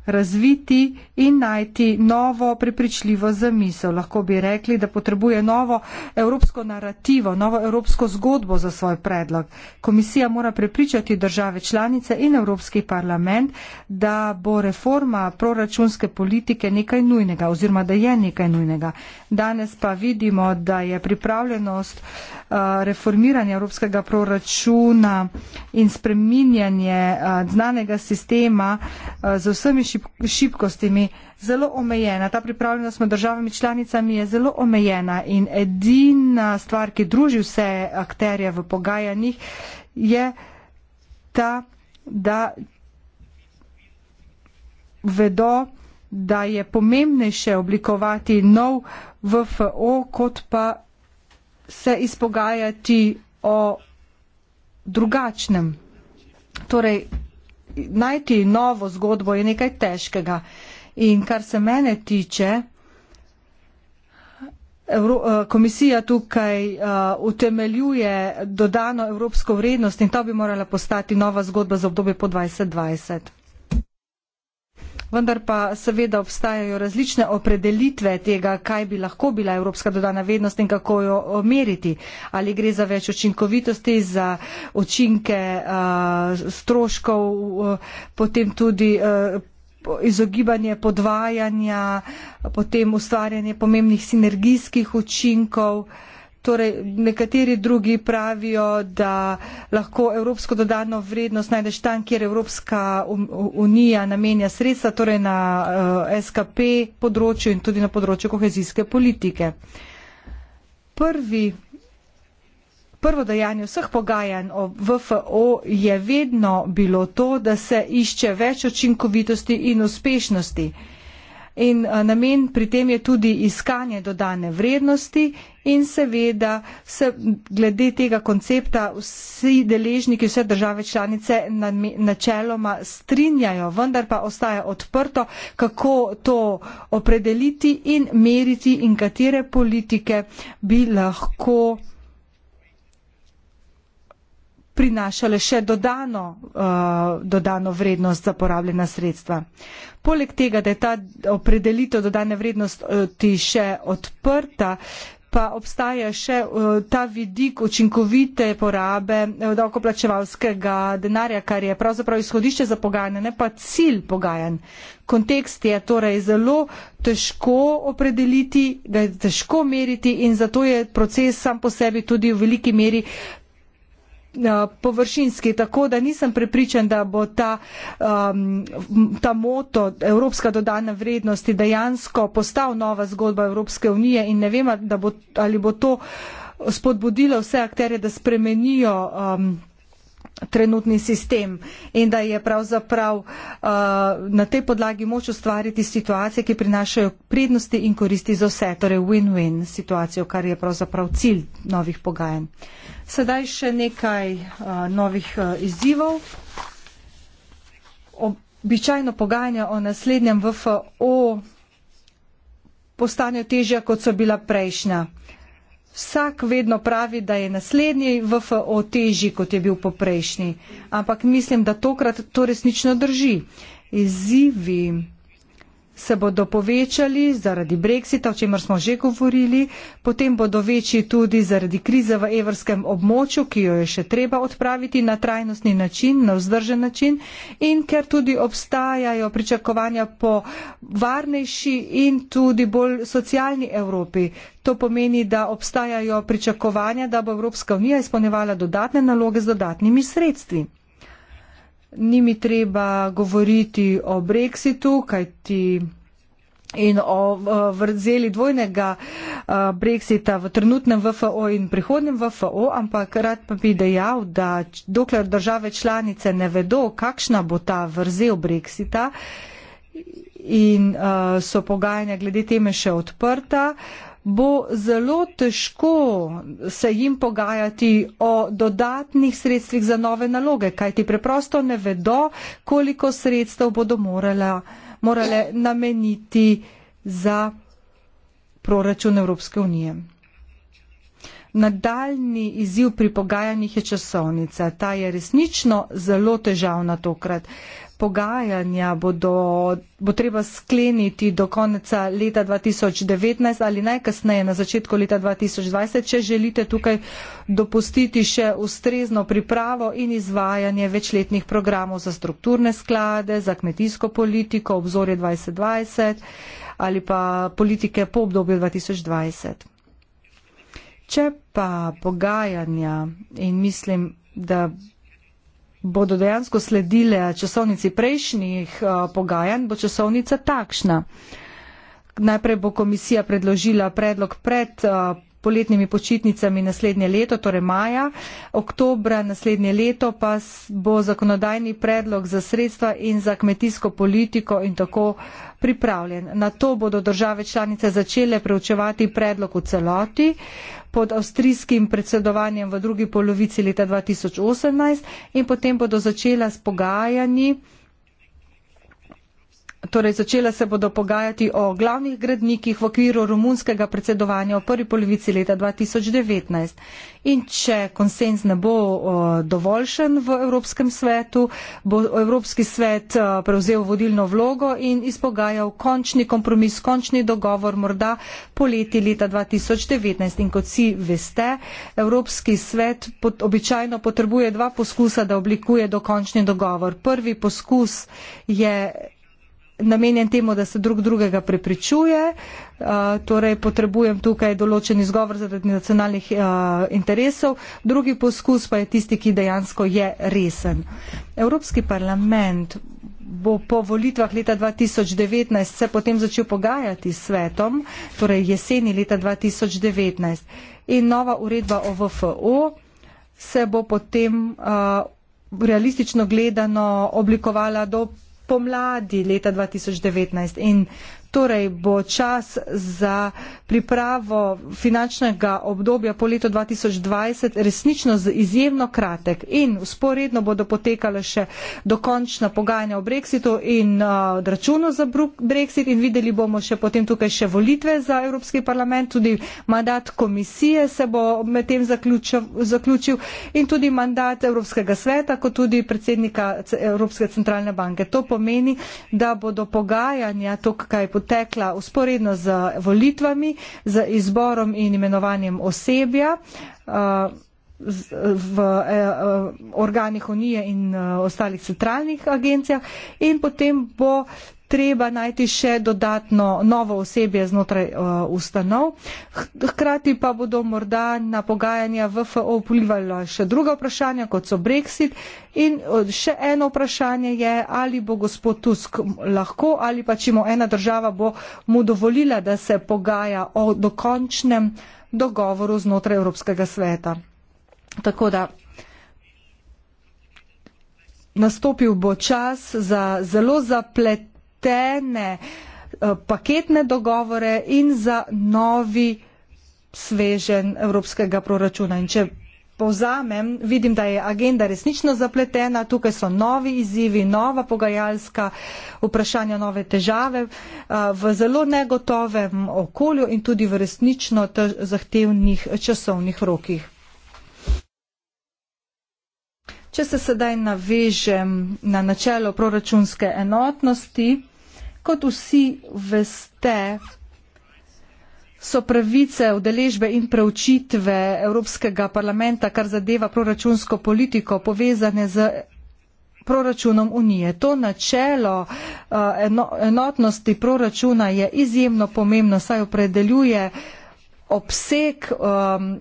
Speaker 4: razviti in najti novo prepričljivo zamisel. Lahko bi rekli, da potrebuje novo evropsko narativo, novo evropsko zgodbo za svoj predlog. Komisija mora prepričati države članice in Evropski parlament, da bo reforma proračunske politike nekaj nujnega oziroma da je nekaj nujnega. Danes pa vidimo, da je pripravljenost uh, Eh, reformiranje evropskega proračuna in spreminjanje eh, znanega sistema eh, z vsemi šibkostimi zelo omejena. Ta pripravljenost med državami članicami je zelo omejena in edina stvar, ki druži vse akterje v pogajanjih, je ta, da vedo, da je pomembnejše oblikovati nov VFO kot pa se izpogajati o drugačnem. Torej, najti novo zgodbo je nekaj težkega. In kar se mene tiče, Evro, eh, komisija tukaj uh, utemeljuje dodano evropsko vrednost in to bi morala postati nova zgodba za obdobje po 2020 vendar pa seveda obstajajo različne opredelitve tega, kaj bi lahko bila evropska dodana vednost in kako jo meriti. Ali gre za več učinkovitosti, za učinke uh, stroškov, uh, potem tudi. Uh, izogibanje podvajanja, potem ustvarjanje pomembnih sinergijskih učinkov. Uh, Torej, nekateri drugi pravijo, da lahko evropsko dodano vrednost najdeš tam, kjer Evropska unija namenja sredstva, torej na uh, eh, SKP področju in tudi na področju kohezijske politike. Prvi, prvo dejanje vseh pogajanj o VFO je vedno bilo to, da se išče več očinkovitosti in uspešnosti. Uh, in eh, namen pri tem je tudi iskanje dodane vrednosti in seveda se glede tega koncepta vsi deležniki, vse države članice načeloma strinjajo, vendar pa ostaje odprto, kako to opredeliti in meriti in katere politike bi lahko prinašale še dodano, uh, dodano vrednost za porabljena sredstva. Poleg tega, da je ta opredelitev dodane vrednosti še odprta, pa obstaja še eh, ta vidik učinkovite porabe eh, davkoplačevalskega denarja, kar je pravzaprav izhodišče za pogajanje, ne pa cilj pogajanj. Kontekst je torej zelo težko opredeliti, ga je težko meriti in zato je proces sam po sebi tudi v veliki meri Eh, površinski, tako da nisem prepričan, da bo ta, um, ta moto Evropska dodana vrednost dejansko postal nova zgodba Evropske unije in ne vem, bo, ali bo to spodbudilo vse akterje, da spremenijo. Um, trenutni sistem in da je pravzaprav uh, na tej podlagi moč ustvariti situacije, ki prinašajo prednosti in koristi za vse, torej win-win situacijo, kar je pravzaprav cilj novih pogajanj. Sedaj še nekaj uh, novih uh, izzivov. Običajno pogajanja o naslednjem VFO postanejo težja, kot so bila prejšnja. Uh, Vsak vedno pravi, da je naslednji VFO težji, kot je bil poprejšnji. Ampak mislim, da tokrat to resnično drži. Izzivi se bodo povečali zaradi brexita, o čemer smo že govorili, potem bodo večji tudi zaradi krize v evrskem območju, ki jo je še treba odpraviti na trajnostni način, na vzdržen način in ker tudi obstajajo pričakovanja po varnejši in tudi bolj socialni Evropi. To pomeni, da obstajajo pričakovanja, da bo Evropska unija izpolnjevala dodatne naloge z dodatnimi sredstvi ni mi treba govoriti o Brexitu, kaj ti in o vrzeli dvojnega Brexita v trenutnem VFO in prihodnem VFO, ampak rad pa bi dejal, da dokler države članice ne vedo, kakšna bo ta vrzel Brexita in so pogajanja glede teme še odprta, bo zelo težko se jim pogajati o dodatnih sredstvih za nove naloge, kajti preprosto ne vedo, koliko sredstev bodo morale, morale nameniti za proračun Evropske unije. Nadaljni izziv pri pogajanjih je časovnica. Ta je resnično zelo težavna tokrat. Uh, pogajanja bodo, bo treba skleniti do konca leta 2019 ali najkasneje na začetku leta 2020, če želite tukaj dopustiti še ustrezno pripravo in izvajanje večletnih programov za strukturne sklade, za kmetijsko politiko, obzorje 2020 ali pa politike po obdobju 2020. Če pa pogajanja in mislim, da bodo dejansko sledile časovnici prejšnjih eh, pogajanj, bo časovnica takšna. Najprej bo komisija predložila predlog pred eh, poletnimi počitnicami naslednje leto, torej maja, oktobra naslednje leto pa bo zakonodajni predlog za sredstva in za kmetijsko politiko in tako naprej pripravljen. Na to bodo države članice začele preučevati predlog v celoti pod avstrijskim predsedovanjem v drugi polovici leta 2018 in potem bodo začela s pogajanji Torej, začela se bodo pogajati o glavnih gradnikih v okviru rumunskega predsedovanja v prvi polovici leta 2019. In če konsens ne bo dovoljšen v Evropskem svetu, bo Evropski svet prevzel vodilno vlogo in izpogajal končni kompromis, končni dogovor morda poleti leta 2019. In kot vsi veste, Evropski svet pot, običajno potrebuje dva poskusa, da oblikuje dokončni dogovor. Prvi poskus je namenjen temu, da se drug drugega prepričuje, eh, torej potrebujem tukaj določen izgovor zaradi nacionalnih eh, interesov, drugi poskus pa je tisti, ki dejansko je resen. Evropski parlament bo po volitvah leta 2019 se potem začel pogajati s svetom, torej jeseni leta 2019. In nova uredba o VFO se bo potem uh, realistično gledano oblikovala do pomladi leta 2019 in torej bo čas za pripravo finančnega obdobja po letu 2020 resnično izjemno kratek in usporedno bodo potekala še dokončna pogajanja o Brexitu in uh, računu za Brexit in videli bomo še potem tukaj še volitve za Evropski parlament, tudi mandat komisije se bo med tem zaključil, zaključil in tudi mandat Evropskega sveta, kot tudi predsednika Evropske centralne banke. To pomeni, da bodo pogajanja tukaj potekala potekla usporedno z volitvami, z izborom in imenovanjem osebja eh, v eh, eh, organih Unije in ostalih centralnih agencijah in potem bo treba najti še dodatno novo osebje znotraj uh, ustanov. Hkrati pa bodo morda na pogajanja VFO vplivala še druga vprašanja, kot so Brexit. In eh, še eno vprašanje je, ali bo gospod Tusk lahko ali pa čemu ena država bo mu dovolila, da se pogaja o dokončnem dogovoru znotraj Evropskega sveta. Tako da nastopil bo čas za zelo zapleten napletene eh, paketne dogovore in za novi svežen evropskega proračuna. In če povzamem, vidim, da je agenda resnično zapletena, tukaj so novi izzivi, nova pogajalska vprašanja, nove težave eh, v zelo negotovem okolju in tudi v resnično zahtevnih časovnih rokih. Če se sedaj navežem na načelo proračunske enotnosti, Kot vsi veste, so pravice udeležbe in preučitve Evropskega parlamenta, kar zadeva proračunsko politiko, povezane z proračunom Unije. To načelo eh, enotnosti proračuna je izjemno pomembno, saj opredeljuje obseg um,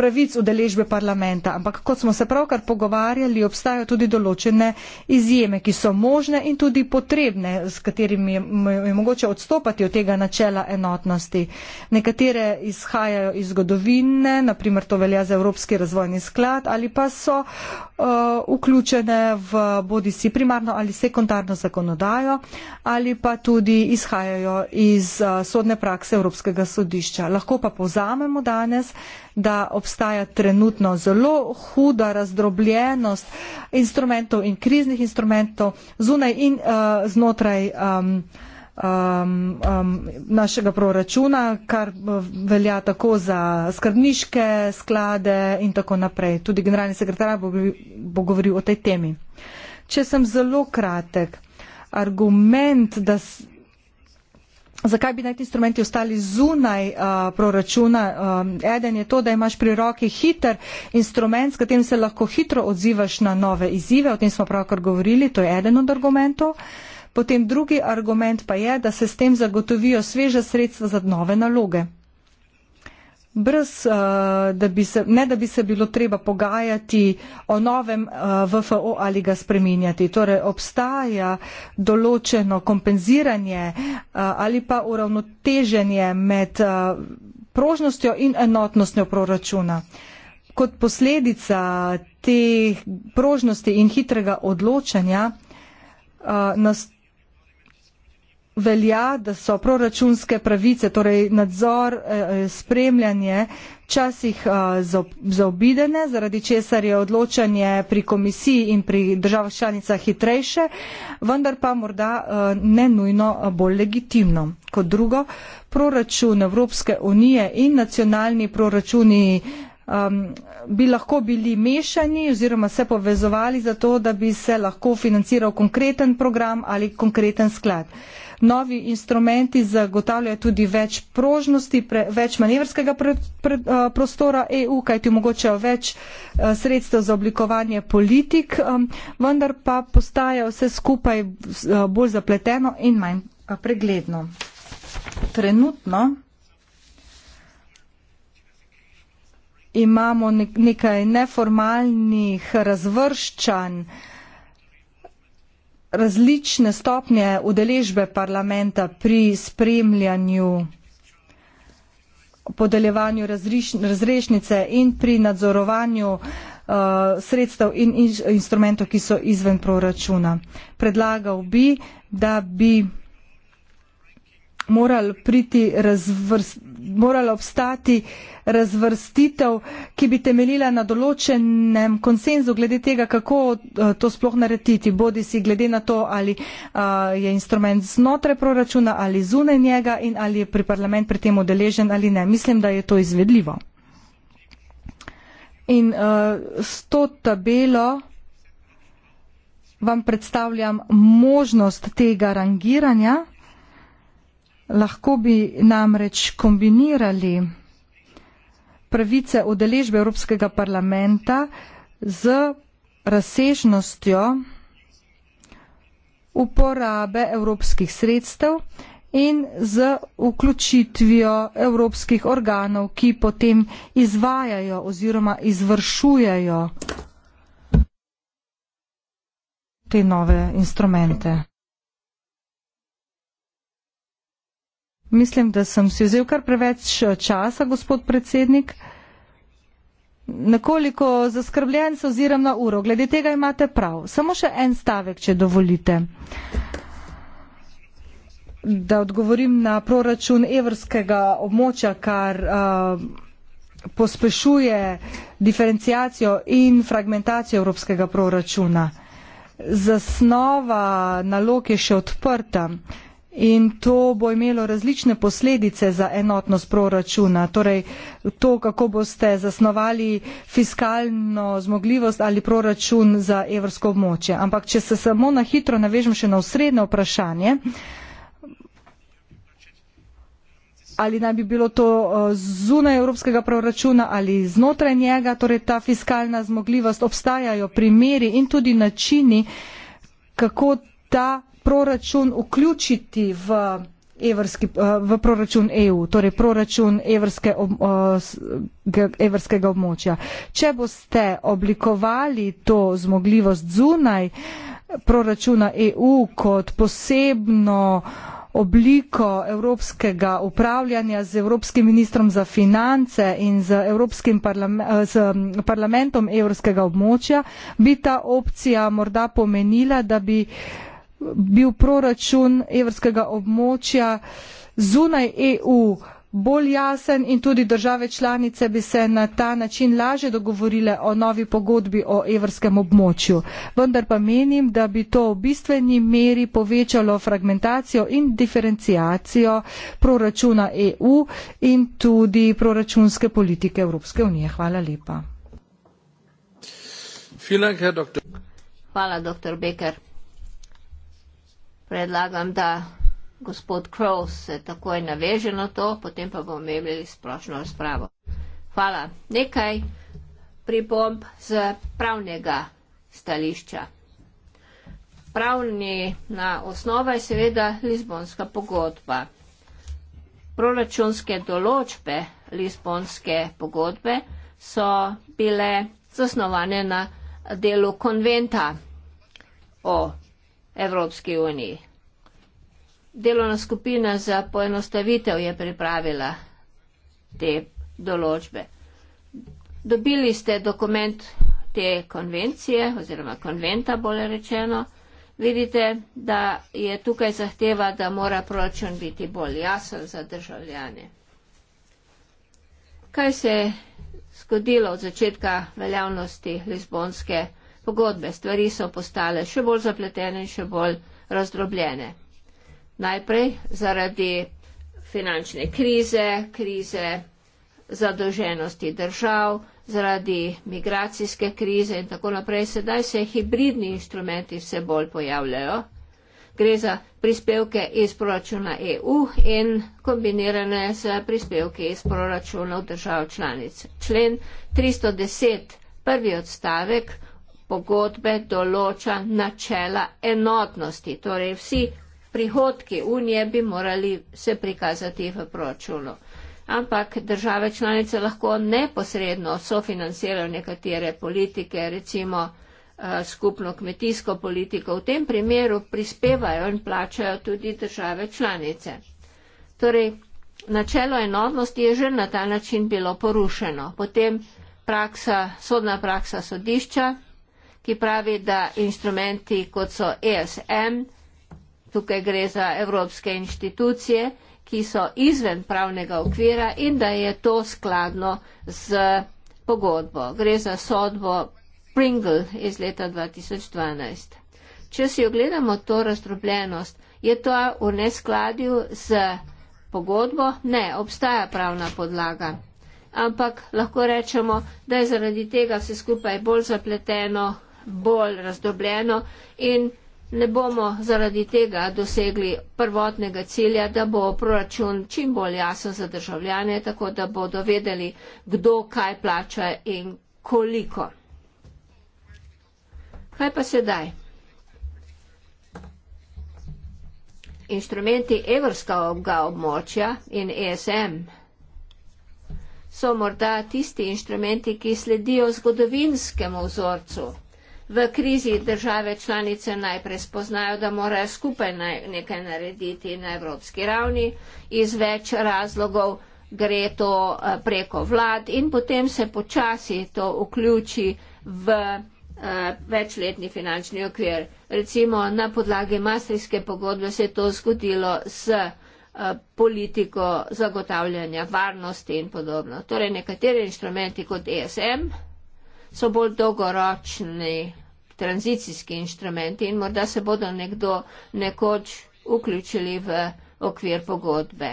Speaker 4: pravic udeležbe parlamenta, ampak kot smo se pravkar pogovarjali, obstajajo tudi določene izjeme, ki so možne in tudi potrebne, s katerimi je mogoče odstopati od tega načela enotnosti. Nekatere izhajajo iz zgodovine, naprimer to velja za Evropski razvojni sklad, ali pa so uh, vključene v bodi si primarno ali sekundarno zakonodajo, ali pa tudi izhajajo iz uh, sodne prakse Evropskega sodišča. Lahko pa povzamemo danes, da obstaja trenutno zelo huda razdrobljenost instrumentov in kriznih instrumentov zunaj in uh, znotraj um, um, um, našega proračuna, kar eh, velja tako za skrbniške sklade in tako naprej. Tudi generalni sekretar bo, bo govoril o tej temi. Če sem zelo kratek, argument, da Zakaj bi naj ti instrumenti ostali zunaj uh, proračuna? Um, eden je to, da imaš pri roki hiter instrument, s katerim se lahko hitro odzivaš na nove izzive. O tem smo pravkar govorili, to je eden od argumentov. Potem drugi argument pa je, da se s tem zagotovijo sveže sredstva za nove naloge brez eh, da bi se, ne da bi se bilo treba pogajati o novem eh, VFO ali ga spreminjati. Torej obstaja določeno kompenziranje eh, ali pa uravnoteženje med prožnostjo in enotnostjo proračuna. Kot posledica te prožnosti in hitrega odločanja nastopi velja, da so proračunske pravice, torej nadzor, eh, eh, spremljanje, včasih eh, zaobidene, zaradi česar je odločanje pri komisiji in pri državah članicah hitrejše, vendar pa morda ne nujno bolj legitimno. Kot drugo, proračun Evropske unije in nacionalni proračuni Um, bi lahko bili mešani oziroma se povezovali za to, da bi se lahko financiral konkreten program ali konkreten sklad. Uh, Novi instrumenti zagotavljajo tudi več prožnosti, pre, več manevrskega pre, pre, eh, prostora EU, kajti omogočajo več eh, sredstev za oblikovanje politik, vendar pa postaja vse skupaj eh, bolj zapleteno in manj pregledno. Trenutno imamo nekaj neformalnih razvrščanj, različne stopnje udeležbe parlamenta pri spremljanju podeljevanju razrešnice in pri nadzorovanju uh, sredstev in inš, instrumentov, ki so izven proračuna. Predlagal bi, da bi moral priti razvrst morala obstati razvrstitev, ki bi temeljila na določenem konsenzu glede tega, kako eh, to sploh narediti, bodi si glede na to, ali eh, je instrument znotraj proračuna ali zunaj njega in ali je pri parlament pri tem odeležen ali ne. Mislim, da je to izvedljivo. In eh, s to tabelo vam predstavljam možnost tega rangiranja. Lahko bi namreč kombinirali pravice odeležbe Evropskega parlamenta z razsežnostjo uporabe evropskih sredstev in z vključitvijo evropskih organov, ki potem izvajajo oziroma izvršujejo te nove instrumente. Mislim, da sem si vzel kar preveč eh, časa, gospod predsednik. Nekoliko zaskrbljen se oziram na uro. Glede tega imate prav. Samo še en stavek, če dovolite. Da odgovorim na proračun evrskega območja, kar uh, pospešuje diferencijacijo in fragmentacijo evropskega proračuna. Zasnova nalog je še odprta. Uh, In to bo imelo različne posledice za enotnost proračuna, torej to, kako boste zasnovali fiskalno zmogljivost ali proračun za evrsko območje. Ampak, če se samo na hitro navežem še na osrednje vprašanje, ali naj bi bilo to eh, zunaj evropskega proračuna ali znotraj njega, torej ta fiskalna zmogljivost, obstajajo primeri in tudi načini, kako ta proračun vključiti v, evrski, eh, v proračun EU, torej proračun evrske, eh, evrskega območja. Če boste oblikovali to zmogljivost zunaj proračuna EU kot posebno obliko evropskega upravljanja z Evropskim ministrom za finance in z, parlamen, eh, z mm, parlamentom evropskega območja, bi ta opcija morda pomenila, da bi bil proračun evrskega območja zunaj EU bolj jasen in tudi države članice bi se na ta način laže dogovorile o novi pogodbi o evrskem območju. Vendar pa menim, da bi to v bistveni meri povečalo fragmentacijo in diferencijacijo proračuna EU in tudi proračunske politike Evropske unije. Hvala lepa.
Speaker 1: Hvala, dr. Becker predlagam, da gospod Crow se takoj naveže na to, potem pa bomo imeli splošno razpravo. Hvala. Nekaj pripomb z pravnega stališča. Pravna osnova je seveda Lizbonska pogodba. Proračunske določbe Lizbonske pogodbe so bile zasnovane na delu konventa o Evropski uniji. Delovna skupina za poenostavitev je pripravila te določbe. Dobili ste dokument te konvencije oziroma konventa, bolje rečeno. Vidite, da je tukaj zahteva, da mora proračun biti bolj jasen za državljane. Kaj se je zgodilo od začetka veljavnosti Lizbonske konvencije? pogodbe. Stvari so postale še bolj zapletene in še bolj razdrobljene. Najprej zaradi finančne krize, krize zadolženosti držav, zaradi migracijske krize in tako naprej. Sedaj se hibridni inštrumenti vse bolj pojavljajo. Gre za prispevke iz proračuna EU in kombinirane z prispevke iz proračunov držav članic. Člen 310, prvi odstavek, pogodbe določa načela enotnosti, torej vsi prihodki unije bi morali se prikazati v proračunu. Ampak države članice lahko neposredno sofinancirajo nekatere politike, recimo eh, skupno kmetijsko politiko, v tem primeru prispevajo in plačajo tudi države članice. Torej, načelo enotnosti je že na ta način bilo porušeno. Potem praksa, sodna praksa sodišča ki pravi, da instrumenti kot so ESM, tukaj gre za evropske inštitucije, ki so izven pravnega okvira in da je to skladno z pogodbo. Gre za sodbo Pringle iz leta 2012. Če si ogledamo to razdrobljenost, je to v neskladju z pogodbo? Ne, obstaja pravna podlaga. Ampak lahko rečemo, da je zaradi tega vse skupaj bolj zapleteno, bolj razdobljeno in ne bomo zaradi tega dosegli prvotnega cilja, da bo proračun čim bolj jasen za državljane, tako da bodo vedeli, kdo kaj plača in koliko. Kaj pa sedaj? Inštrumenti evrskega območja in ESM so morda tisti inštrumenti, ki sledijo zgodovinskemu vzorcu v krizi države članice najprej spoznajo, da morajo skupaj nekaj narediti na evropski ravni. Iz več razlogov gre to eh, preko vlad in potem se počasi to vključi v eh, večletni finančni okvir. Recimo na podlagi Maastrichtske pogodbe se je to zgodilo s eh, politiko zagotavljanja varnosti in podobno. Torej nekateri inštrumenti kot ESM so bolj dolgoročni tranzicijski inštrumenti in morda se bodo nekdo nekoč vključili v okvir pogodbe.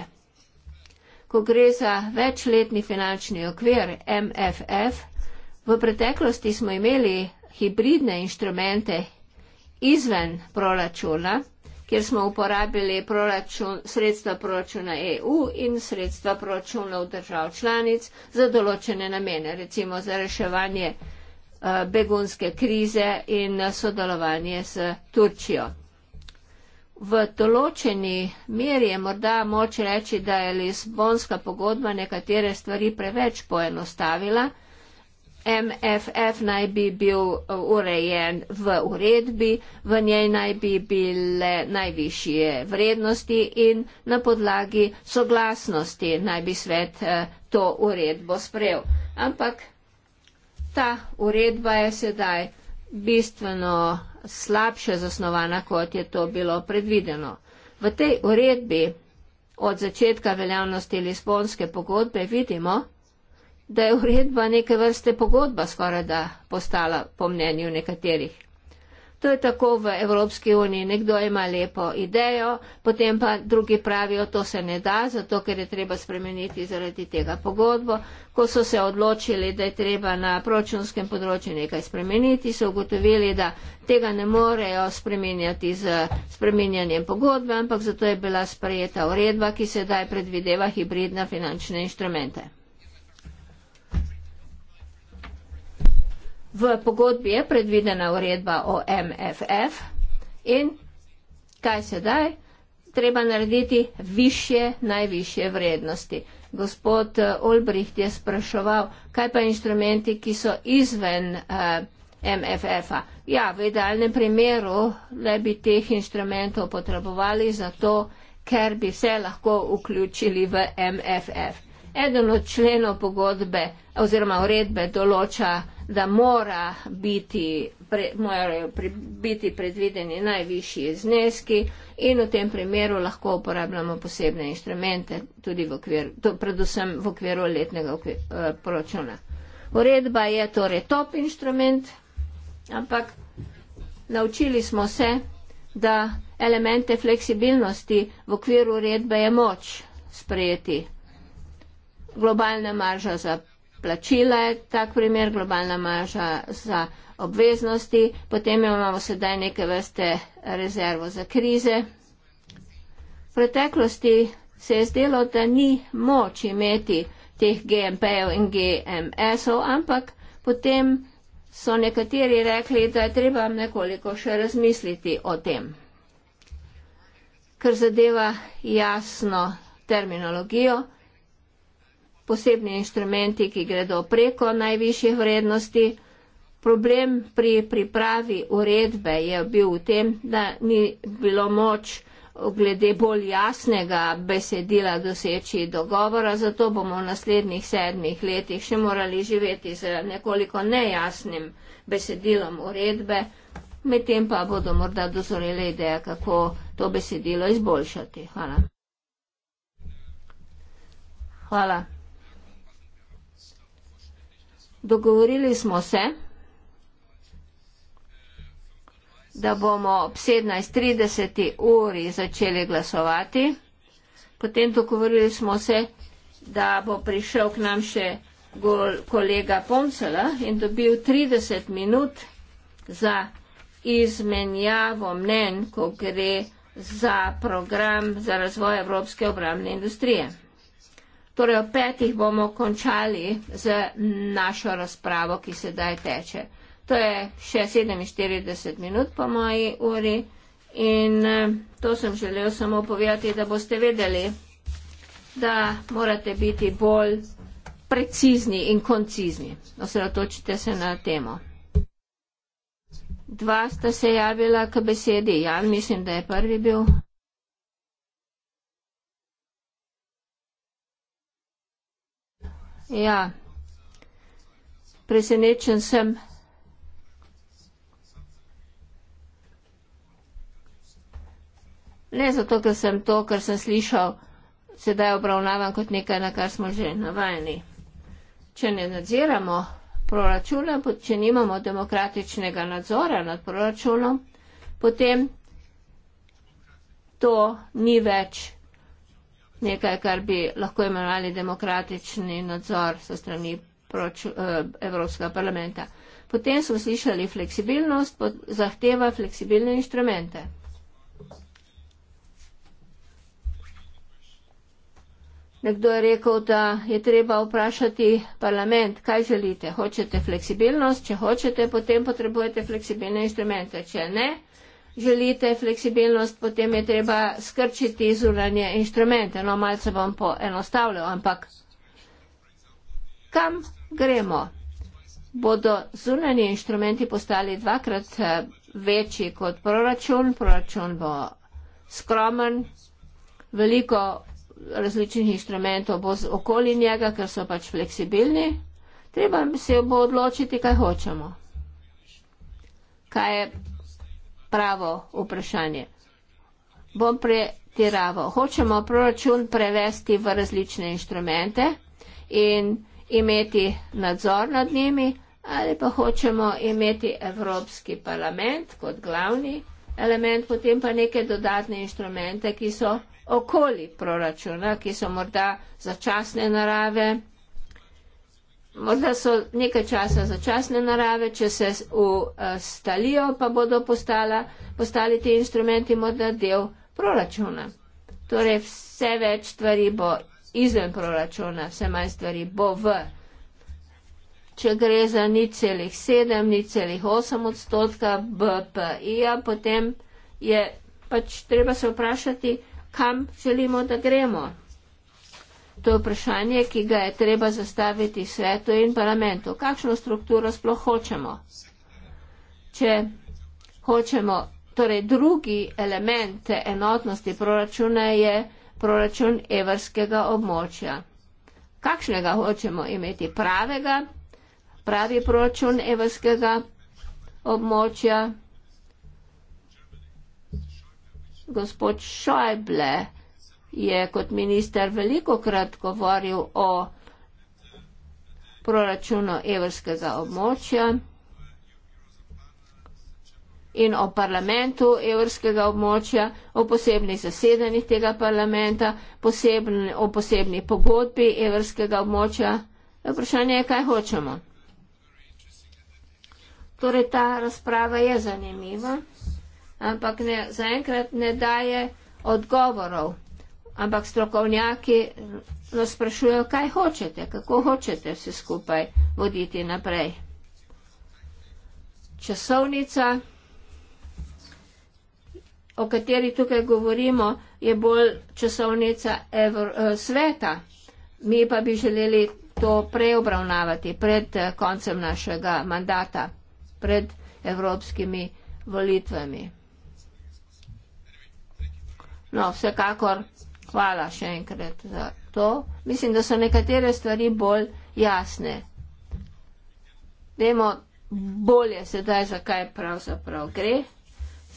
Speaker 1: Ko gre za večletni finančni okvir MFF, v preteklosti smo imeli hibridne inštrumente izven proračuna, kjer smo uporabili proračun, sredstva proračuna EU in sredstva proračunov držav članic za določene namene, recimo za reševanje Eh, begunske krize in sodelovanje s Turčijo. V določeni meri je morda moč reči, da je Lisbonska pogodba nekatere stvari preveč poenostavila. MFF naj bi bil eh, urejen v uredbi, v njej naj bi bile najvišje vrednosti in na podlagi soglasnosti naj bi svet eh, to uredbo sprejel. Ampak ta uredba je sedaj bistveno slabše zasnovana, kot je to bilo predvideno. V tej uredbi od začetka veljavnosti Lisbonske pogodbe vidimo, da je uredba neke vrste pogodba skoraj da postala po mnenju nekaterih. To je tako v Evropski uniji, nekdo ima lepo idejo, potem pa drugi pravijo, to se ne da, zato ker je treba spremeniti zaradi tega pogodbo. Ko so se odločili, da je treba na proračunskem področju nekaj spremeniti, so ugotovili, da tega ne morejo spremenjati z spremenjanjem pogodbe, ampak zato je bila sprejeta uredba, ki sedaj predvideva hibridna finančne inštrumente. V pogodbi je predvidena uredba o MFF in kaj sedaj? Treba narediti više, najviše vrednosti. Gospod eh, Olbricht je spraševal, kaj pa inštrumenti, ki so izven eh, MFF-a. Ja, v idealnem primeru le bi teh inštrumentov potrebovali zato, ker bi se lahko vključili v MFF. Eden od členov pogodbe oziroma uredbe določa, da mora biti, pre, morajo pri, biti predvideni najvišji zneski in v tem primeru lahko uporabljamo posebne inštrumente, tudi v okvir, to, predvsem v okviru letnega okvir, eh, poročuna. Uredba je torej top inštrument, ampak naučili smo se, da elemente fleksibilnosti v okviru uredbe je moč sprejeti. Globalna marža za plačila je tak primer, globalna marža za obveznosti, potem imamo sedaj neke vrste rezervo za krize. V preteklosti se je zdelo, da ni moč imeti teh GMP-ov in GMS-ov, ampak potem so nekateri rekli, da je treba nekoliko še razmisliti o tem. Ker zadeva jasno terminologijo, posebni inštrumenti, ki gredo preko najvišjih vrednosti. Problem pri pripravi uredbe je bil v tem, da ni bilo moč glede bolj jasnega besedila doseči dogovora, zato bomo v naslednjih sedmih letih še morali živeti z nekoliko nejasnim besedilom uredbe, medtem pa bodo morda dozorele ideje, kako to besedilo izboljšati. Hvala. Hvala. Dogovorili smo se, da bomo ob 17.30 uri začeli glasovati. Potem dogovorili smo se, da bo prišel k nam še kolega Poncela in dobil 30 minut za izmenjavo mnen, ko gre za program za razvoj evropske obramne industrije. Torej, ob petih bomo končali z našo razpravo, ki sedaj teče. To je še 47 minut po moji uri in eh, to sem želel samo povedati, da boste vedeli, da morate biti bolj precizni in koncizni. Osredotočite se na temo. Dva sta se javila k besedi. Jan, mislim, da je prvi bil. Ja, presenečen sem. Ne zato, ker sem to, kar sem slišal, sedaj obravnavan kot nekaj, na kar smo že navajeni. Če ne nadziramo proračuna, če nimamo demokratičnega nadzora nad proračunom, potem to ni več nekaj, kar bi lahko imenovali demokratični nadzor so strani proču, eh, Evropskega parlamenta. Potem smo slišali fleksibilnost, zahteva fleksibilne inštrumente. Nekdo je rekel, da je treba vprašati parlament, kaj želite. Hočete fleksibilnost, če hočete, potem potrebujete fleksibilne inštrumente. Če ne, želite fleksibilnost, potem je treba skrčiti zunanje inštrumente. No, malce bom poenostavljal, ampak kam gremo? Bodo zunanje inštrumenti postali dvakrat eh, večji kot proračun, proračun bo skromen, veliko različnih inštrumentov bo okoli njega, ker so pač fleksibilni. Treba se bo odločiti, kaj hočemo. Kaj je pravo vprašanje. Bom pretiraval. Hočemo proračun prevesti v različne inštrumente in imeti nadzor nad njimi ali pa hočemo imeti Evropski parlament kot glavni element, potem pa neke dodatne inštrumente, ki so okoli proračuna, ki so morda začasne narave. Morda so nekaj časa začasne narave, če se ustalijo, eh, pa bodo postala, postali ti instrumenti morda del proračuna. Torej vse več stvari bo izven proračuna, vse manj stvari bo v. Če gre za nič celih sedem, nič celih osem odstotka BPI-ja, potem je pač treba se vprašati, kam želimo, da gremo to je vprašanje, ki ga je treba zastaviti svetu in parlamentu. Kakšno strukturo sploh hočemo? Če hočemo, torej drugi element enotnosti proračuna je proračun evrskega območja. Kakšnega hočemo imeti pravega, pravi proračun evrskega območja? Gospod Šojble je kot minister veliko krat govoril o proračunu evrskega območja in o parlamentu evrskega območja, o posebnih zasedanjih tega parlamenta, posebn, o posebni pogodbi evrskega območja. Vprašanje je, kaj hočemo. Torej, ta razprava je zanimiva, ampak ne, zaenkrat ne daje odgovorov ampak strokovnjaki nas sprašujejo, kaj hočete, kako hočete vse skupaj voditi naprej. Časovnica, o kateri tukaj govorimo, je bolj časovnica evr, eh, sveta. Mi pa bi želeli to preobravnavati pred eh, koncem našega mandata, pred evropskimi volitvami. No, vsekakor Hvala še enkrat za to. Mislim, da so nekatere stvari bolj jasne. Vemo bolje sedaj, zakaj pravzaprav gre.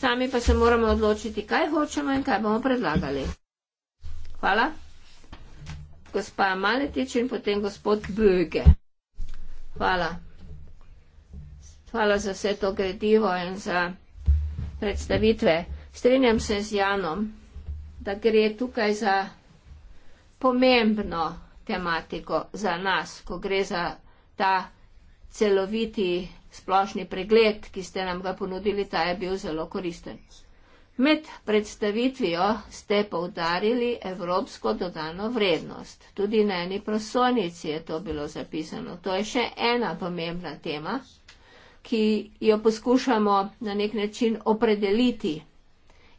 Speaker 1: Sami pa se moramo odločiti, kaj hočemo in kaj bomo predlagali. Hvala. Gospa Maletič in potem gospod Böge. Hvala. Hvala za vse to gradivo in za predstavitve. Strenjam se z Janom da gre tukaj za pomembno tematiko za nas, ko gre za ta celoviti splošni pregled, ki ste nam ga ponudili, ta je bil zelo koristen. Med predstavitvijo ste poudarili evropsko dodano vrednost. Tudi na eni prosonici je to bilo zapisano. To je še ena pomembna tema, ki jo poskušamo na nek način opredeliti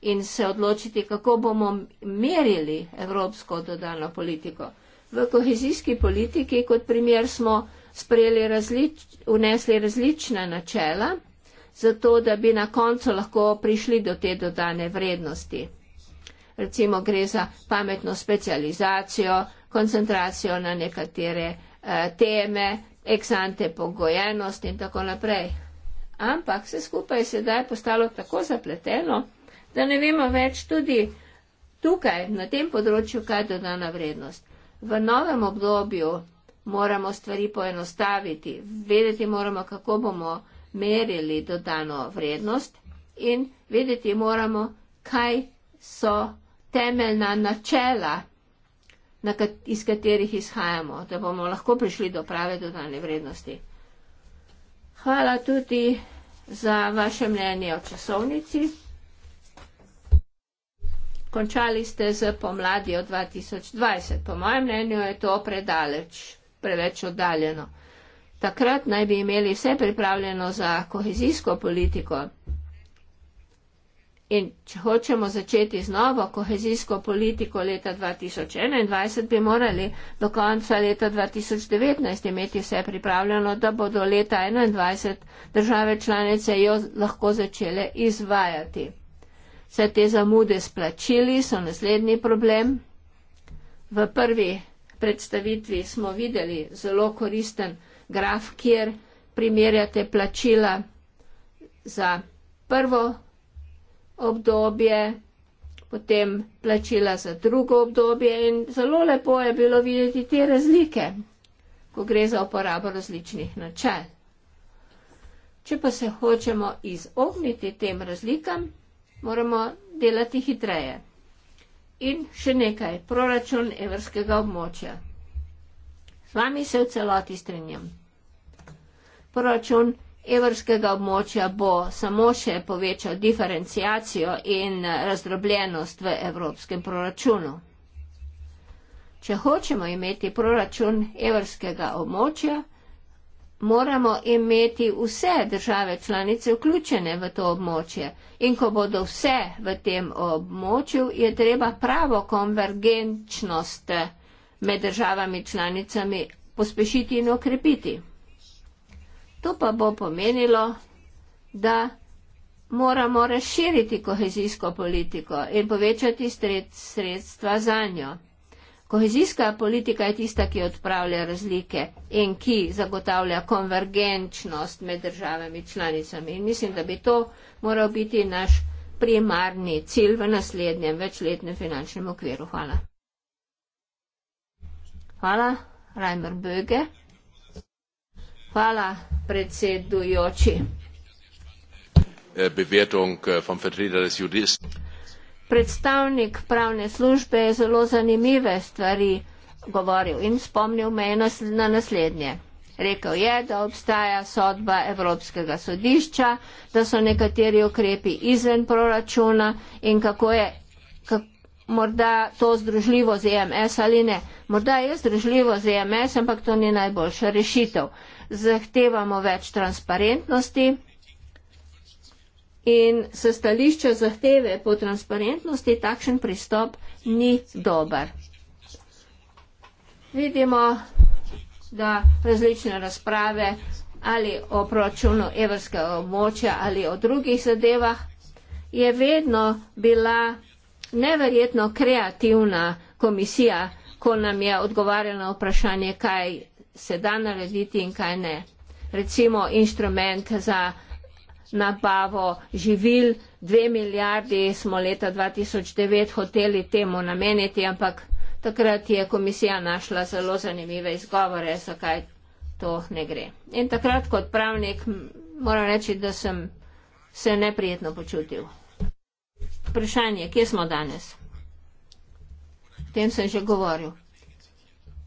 Speaker 1: in se odločiti, kako bomo merili evropsko dodano politiko. V kohezijski politiki, kot primer, smo sprejeli različ, unesli različna načela, zato da bi na koncu lahko prišli do te dodane vrednosti. Recimo gre za pametno specializacijo, koncentracijo na nekatere eh, teme, eksante pogojenost in tako naprej. Ampak vse skupaj je sedaj postalo tako zapleteno, da ne vemo več tudi tukaj, na tem področju, kaj dodana vrednost. V novem obdobju moramo stvari poenostaviti, vedeti moramo, kako bomo merili dodano vrednost in vedeti moramo, kaj so temeljna načela, na kat iz katerih izhajamo, da bomo lahko prišli do prave dodane vrednosti. Hvala tudi za vaše mnenje o časovnici končali ste z pomladjo 2020. Po mojem mnenju je to predaleč, preveč oddaljeno. Takrat naj bi imeli vse pripravljeno za kohezijsko politiko. In če hočemo začeti z novo kohezijsko politiko leta 2021, bi morali do konca leta 2019 imeti vse pripravljeno, da bodo leta 2021 države članice jo lahko začele izvajati. Vse te zamude splačili so naslednji problem. V prvi predstavitvi smo videli zelo koristen graf, kjer primerjate plačila za prvo obdobje, potem plačila za drugo obdobje in zelo lepo je bilo videti te razlike, ko gre za uporabo različnih načel. Če pa se hočemo izogniti tem razlikam, moramo delati hitreje. In še nekaj, proračun evrskega območja. Z vami se v celoti strinjam. Proračun evrskega območja bo samo še povečal diferencijacijo in razdrobljenost v evropskem proračunu. Če hočemo imeti proračun evrskega območja, moramo imeti vse države članice vključene v to območje. In ko bodo vse v tem območju, je treba pravo konvergenčnost med državami članicami pospešiti in okrepiti. To pa bo pomenilo, da moramo razširiti kohezijsko politiko in povečati sredstva za njo. Kohezijska politika je tista, ki odpravlja razlike in ki zagotavlja konvergenčnost med državami članicami. In mislim, da bi to moral biti naš primarni cilj v naslednjem večletnem finančnem okviru. Hvala. Hvala, Rajmer Böge. Hvala, predsedujoči.
Speaker 2: Bevetong eh, vom vertreter des judistov
Speaker 1: predstavnik pravne službe je zelo zanimive stvari govoril in spomnil me je na naslednje. Rekl je, da obstaja sodba Evropskega sodišča, da so nekateri ukrepi izven proračuna in kako je kako, morda to združljivo z EMS ali ne. Morda je združljivo z EMS, ampak to ni najboljša rešitev. Zahtevamo več transparentnosti, In se stališča zahteve po transparentnosti takšen pristop ni dober. Vidimo, da različne razprave ali o proračunu evrskega območja ali o drugih zadevah je vedno bila neverjetno kreativna komisija, ko nam je odgovarjala na vprašanje, kaj se da narediti in kaj ne. Recimo inštrument za nabavo živil. Dve milijardi smo leta 2009 hoteli temu nameniti, ampak takrat je komisija našla zelo zanimive izgovore, zakaj to ne gre. In takrat kot pravnik moram reči, da sem se neprijetno počutil. Vprašanje, kje smo danes? O tem sem že govoril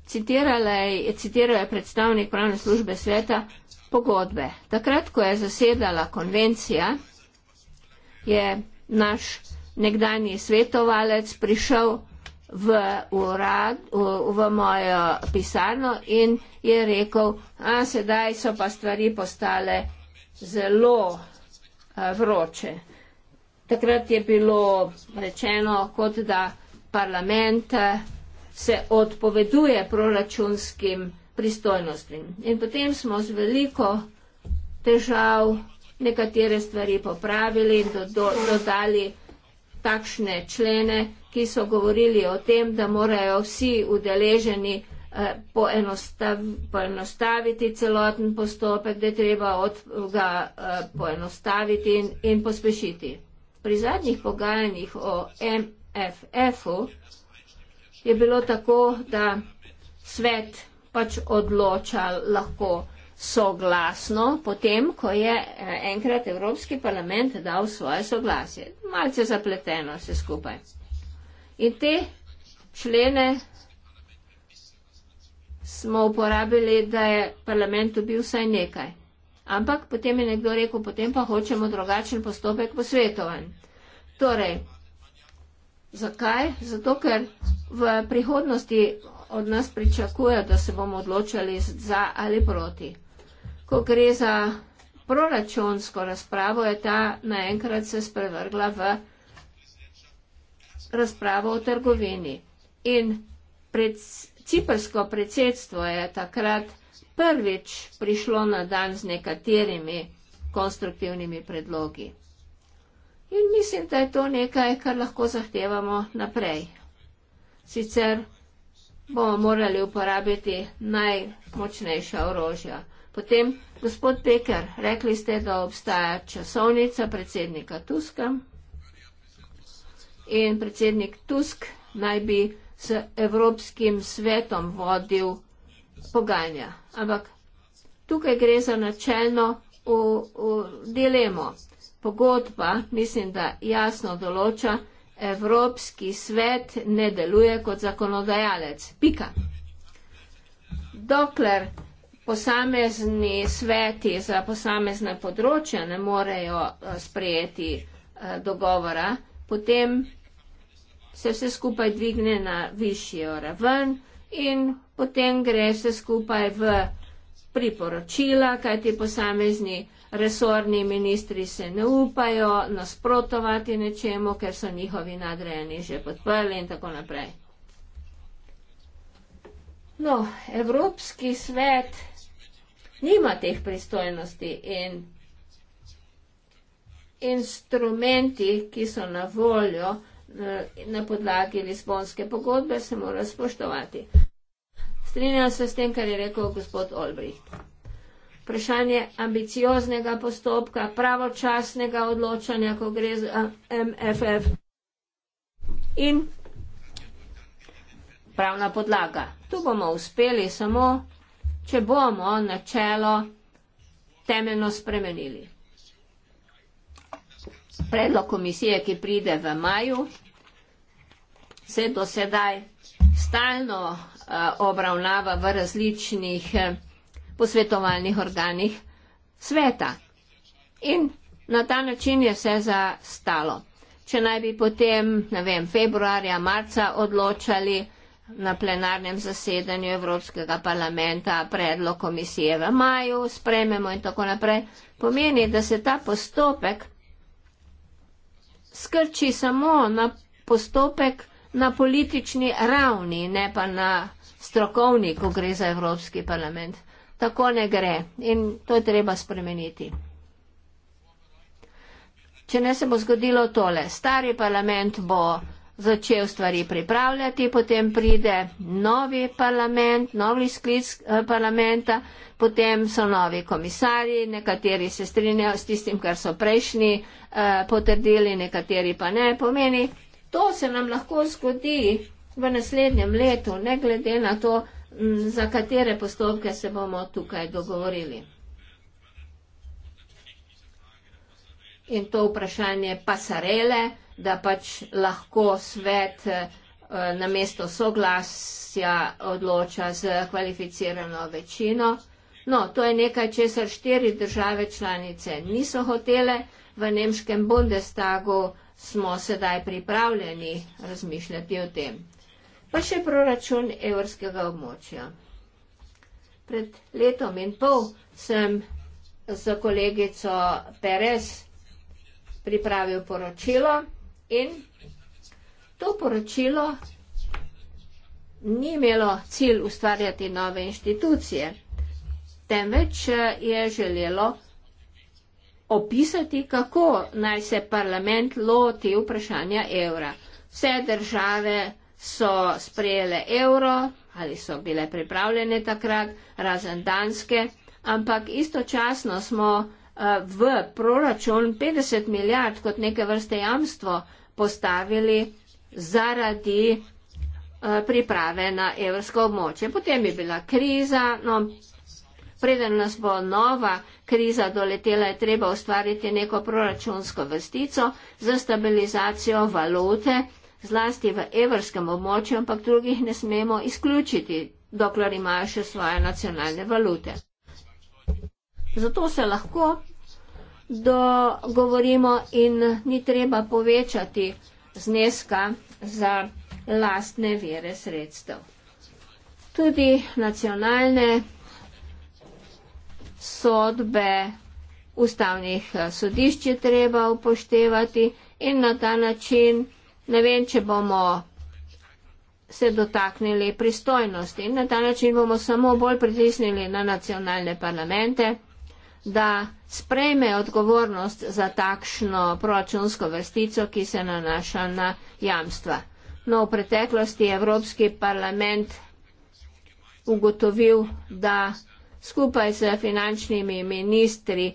Speaker 1: citiral je predstavnik pravne službe sveta pogodbe. Takrat, ko je zasedala konvencija, je naš nekdani svetovalec prišel v, urad, v, v mojo pisarno in je rekel, a sedaj so pa stvari postale zelo vroče. Takrat je bilo rečeno, kot da parlament se odpoveduje proračunskim pristojnostim. In potem smo z veliko težav nekatere stvari popravili in dodali takšne člene, ki so govorili o tem, da morajo vsi udeleženi eh, poenostaviti celoten postopek, da je treba od ga eh, poenostaviti in, in pospešiti. Pri zadnjih pogajanjih o MFF-u je bilo tako, da svet pač odloča lahko soglasno, potem, ko je eh, enkrat Evropski parlament dal svoje soglasje. Malce zapleteno se skupaj. In te člene smo uporabili, da je parlament dobil vsaj nekaj. Ampak potem je nekdo rekel, potem pa hočemo drugačen postopek posvetovanj. Torej, Zakaj? Zato, ker v prihodnosti od nas pričakujejo, da se bomo odločali za ali proti. Ko gre za proračunsko razpravo, je ta naenkrat se sprevrgla v razpravo o trgovini. In pred, ciprsko predsedstvo je takrat prvič prišlo na dan z nekaterimi konstruktivnimi predlogi. In mislim, da je to nekaj, kar lahko zahtevamo naprej. Sicer bomo morali uporabiti najmočnejša orožja. Potem, gospod Peker, rekli ste, da obstaja časovnica predsednika Tuska in predsednik Tusk naj bi s Evropskim svetom vodil pogajanja. Ampak tukaj gre za načelno v, v dilemo pogodba, mislim, da jasno določa, Evropski svet ne deluje kot zakonodajalec. Pika. Dokler posamezni sveti za posamezne področja ne morejo eh, sprejeti eh, dogovora, potem se vse skupaj dvigne na višjo raven in potem gre vse skupaj v priporočila, kajti posamezni resorni ministri se ne upajo nasprotovati nečemu, ker so njihovi nadrejeni že podprli in tako naprej. No, Evropski svet nima teh pristojnosti in instrumenti, ki so na voljo eh, na podlagi Lisbonske pogodbe, se mora spoštovati. Strinjam se s tem, kar je rekel gospod Olbricht vprašanje ambicioznega postopka, pravočasnega odločanja, ko gre za eh, MFF in pravna podlaga. Tu bomo uspeli samo, če bomo načelo temeljno spremenili. Predlog komisije, ki pride v maju, se do sedaj stalno uh, obravnava v različnih uh, posvetovalnih organih sveta. In na ta način je vse zastalo. Če naj bi potem, ne vem, februarja, marca odločali na plenarnem zasedanju Evropskega parlamenta predlog komisije v maju, sprememo in tako naprej, pomeni, da se ta postopek skrči samo na postopek na politični ravni, ne pa na strokovni, ko gre za Evropski parlament tako ne gre in to je treba spremeniti. Če ne se bo zgodilo tole, stari parlament bo začel stvari pripravljati, potem pride novi parlament, novi sklic eh, parlamenta, potem so novi komisarji, nekateri se strinjajo s tistim, kar so prejšnji eh, potrdili, nekateri pa ne. Pomeni, to se nam lahko zgodi v naslednjem letu, ne glede na to, za katere postopke se bomo tukaj dogovorili. In to vprašanje pasarele, da pač lahko svet eh, na mesto soglasja odloča z kvalificirano večino. No, to je nekaj, česar štiri države članice niso hotele, v nemškem Bundestagu smo sedaj pripravljeni razmišljati o tem pa še proračun evrskega območja. Pred letom in pol sem z kolegico Perez pripravil poročilo in to poročilo ni imelo cilj ustvarjati nove inštitucije, temveč eh, je želelo opisati, kako naj se parlament loti vprašanja evra. Vse države, vse države, so sprejele evro ali so bile pripravljene takrat, razen danske, ampak istočasno smo eh, v proračun 50 milijard kot neke vrste jamstvo postavili zaradi eh, priprave na evrsko območje. Potem je bila kriza, no, preden nas bo nova kriza doletela, je treba ustvariti neko proračunsko vrstico za stabilizacijo valute zlasti v evrskem območju, ampak drugih ne smemo izključiti, dokler imajo še svoje nacionalne valute. Zato se lahko dogovorimo in ni treba povečati zneska za lastne vere sredstev. Tudi nacionalne sodbe ustavnih sodišč je treba upoštevati in na ta način ne vem, če bomo se dotaknili pristojnosti. In na ta način bomo samo bolj pritisnili na nacionalne parlamente, da sprejme odgovornost za takšno proračunsko vrstico, ki se nanaša na jamstva. No, v preteklosti je Evropski parlament ugotovil, da skupaj s finančnimi ministri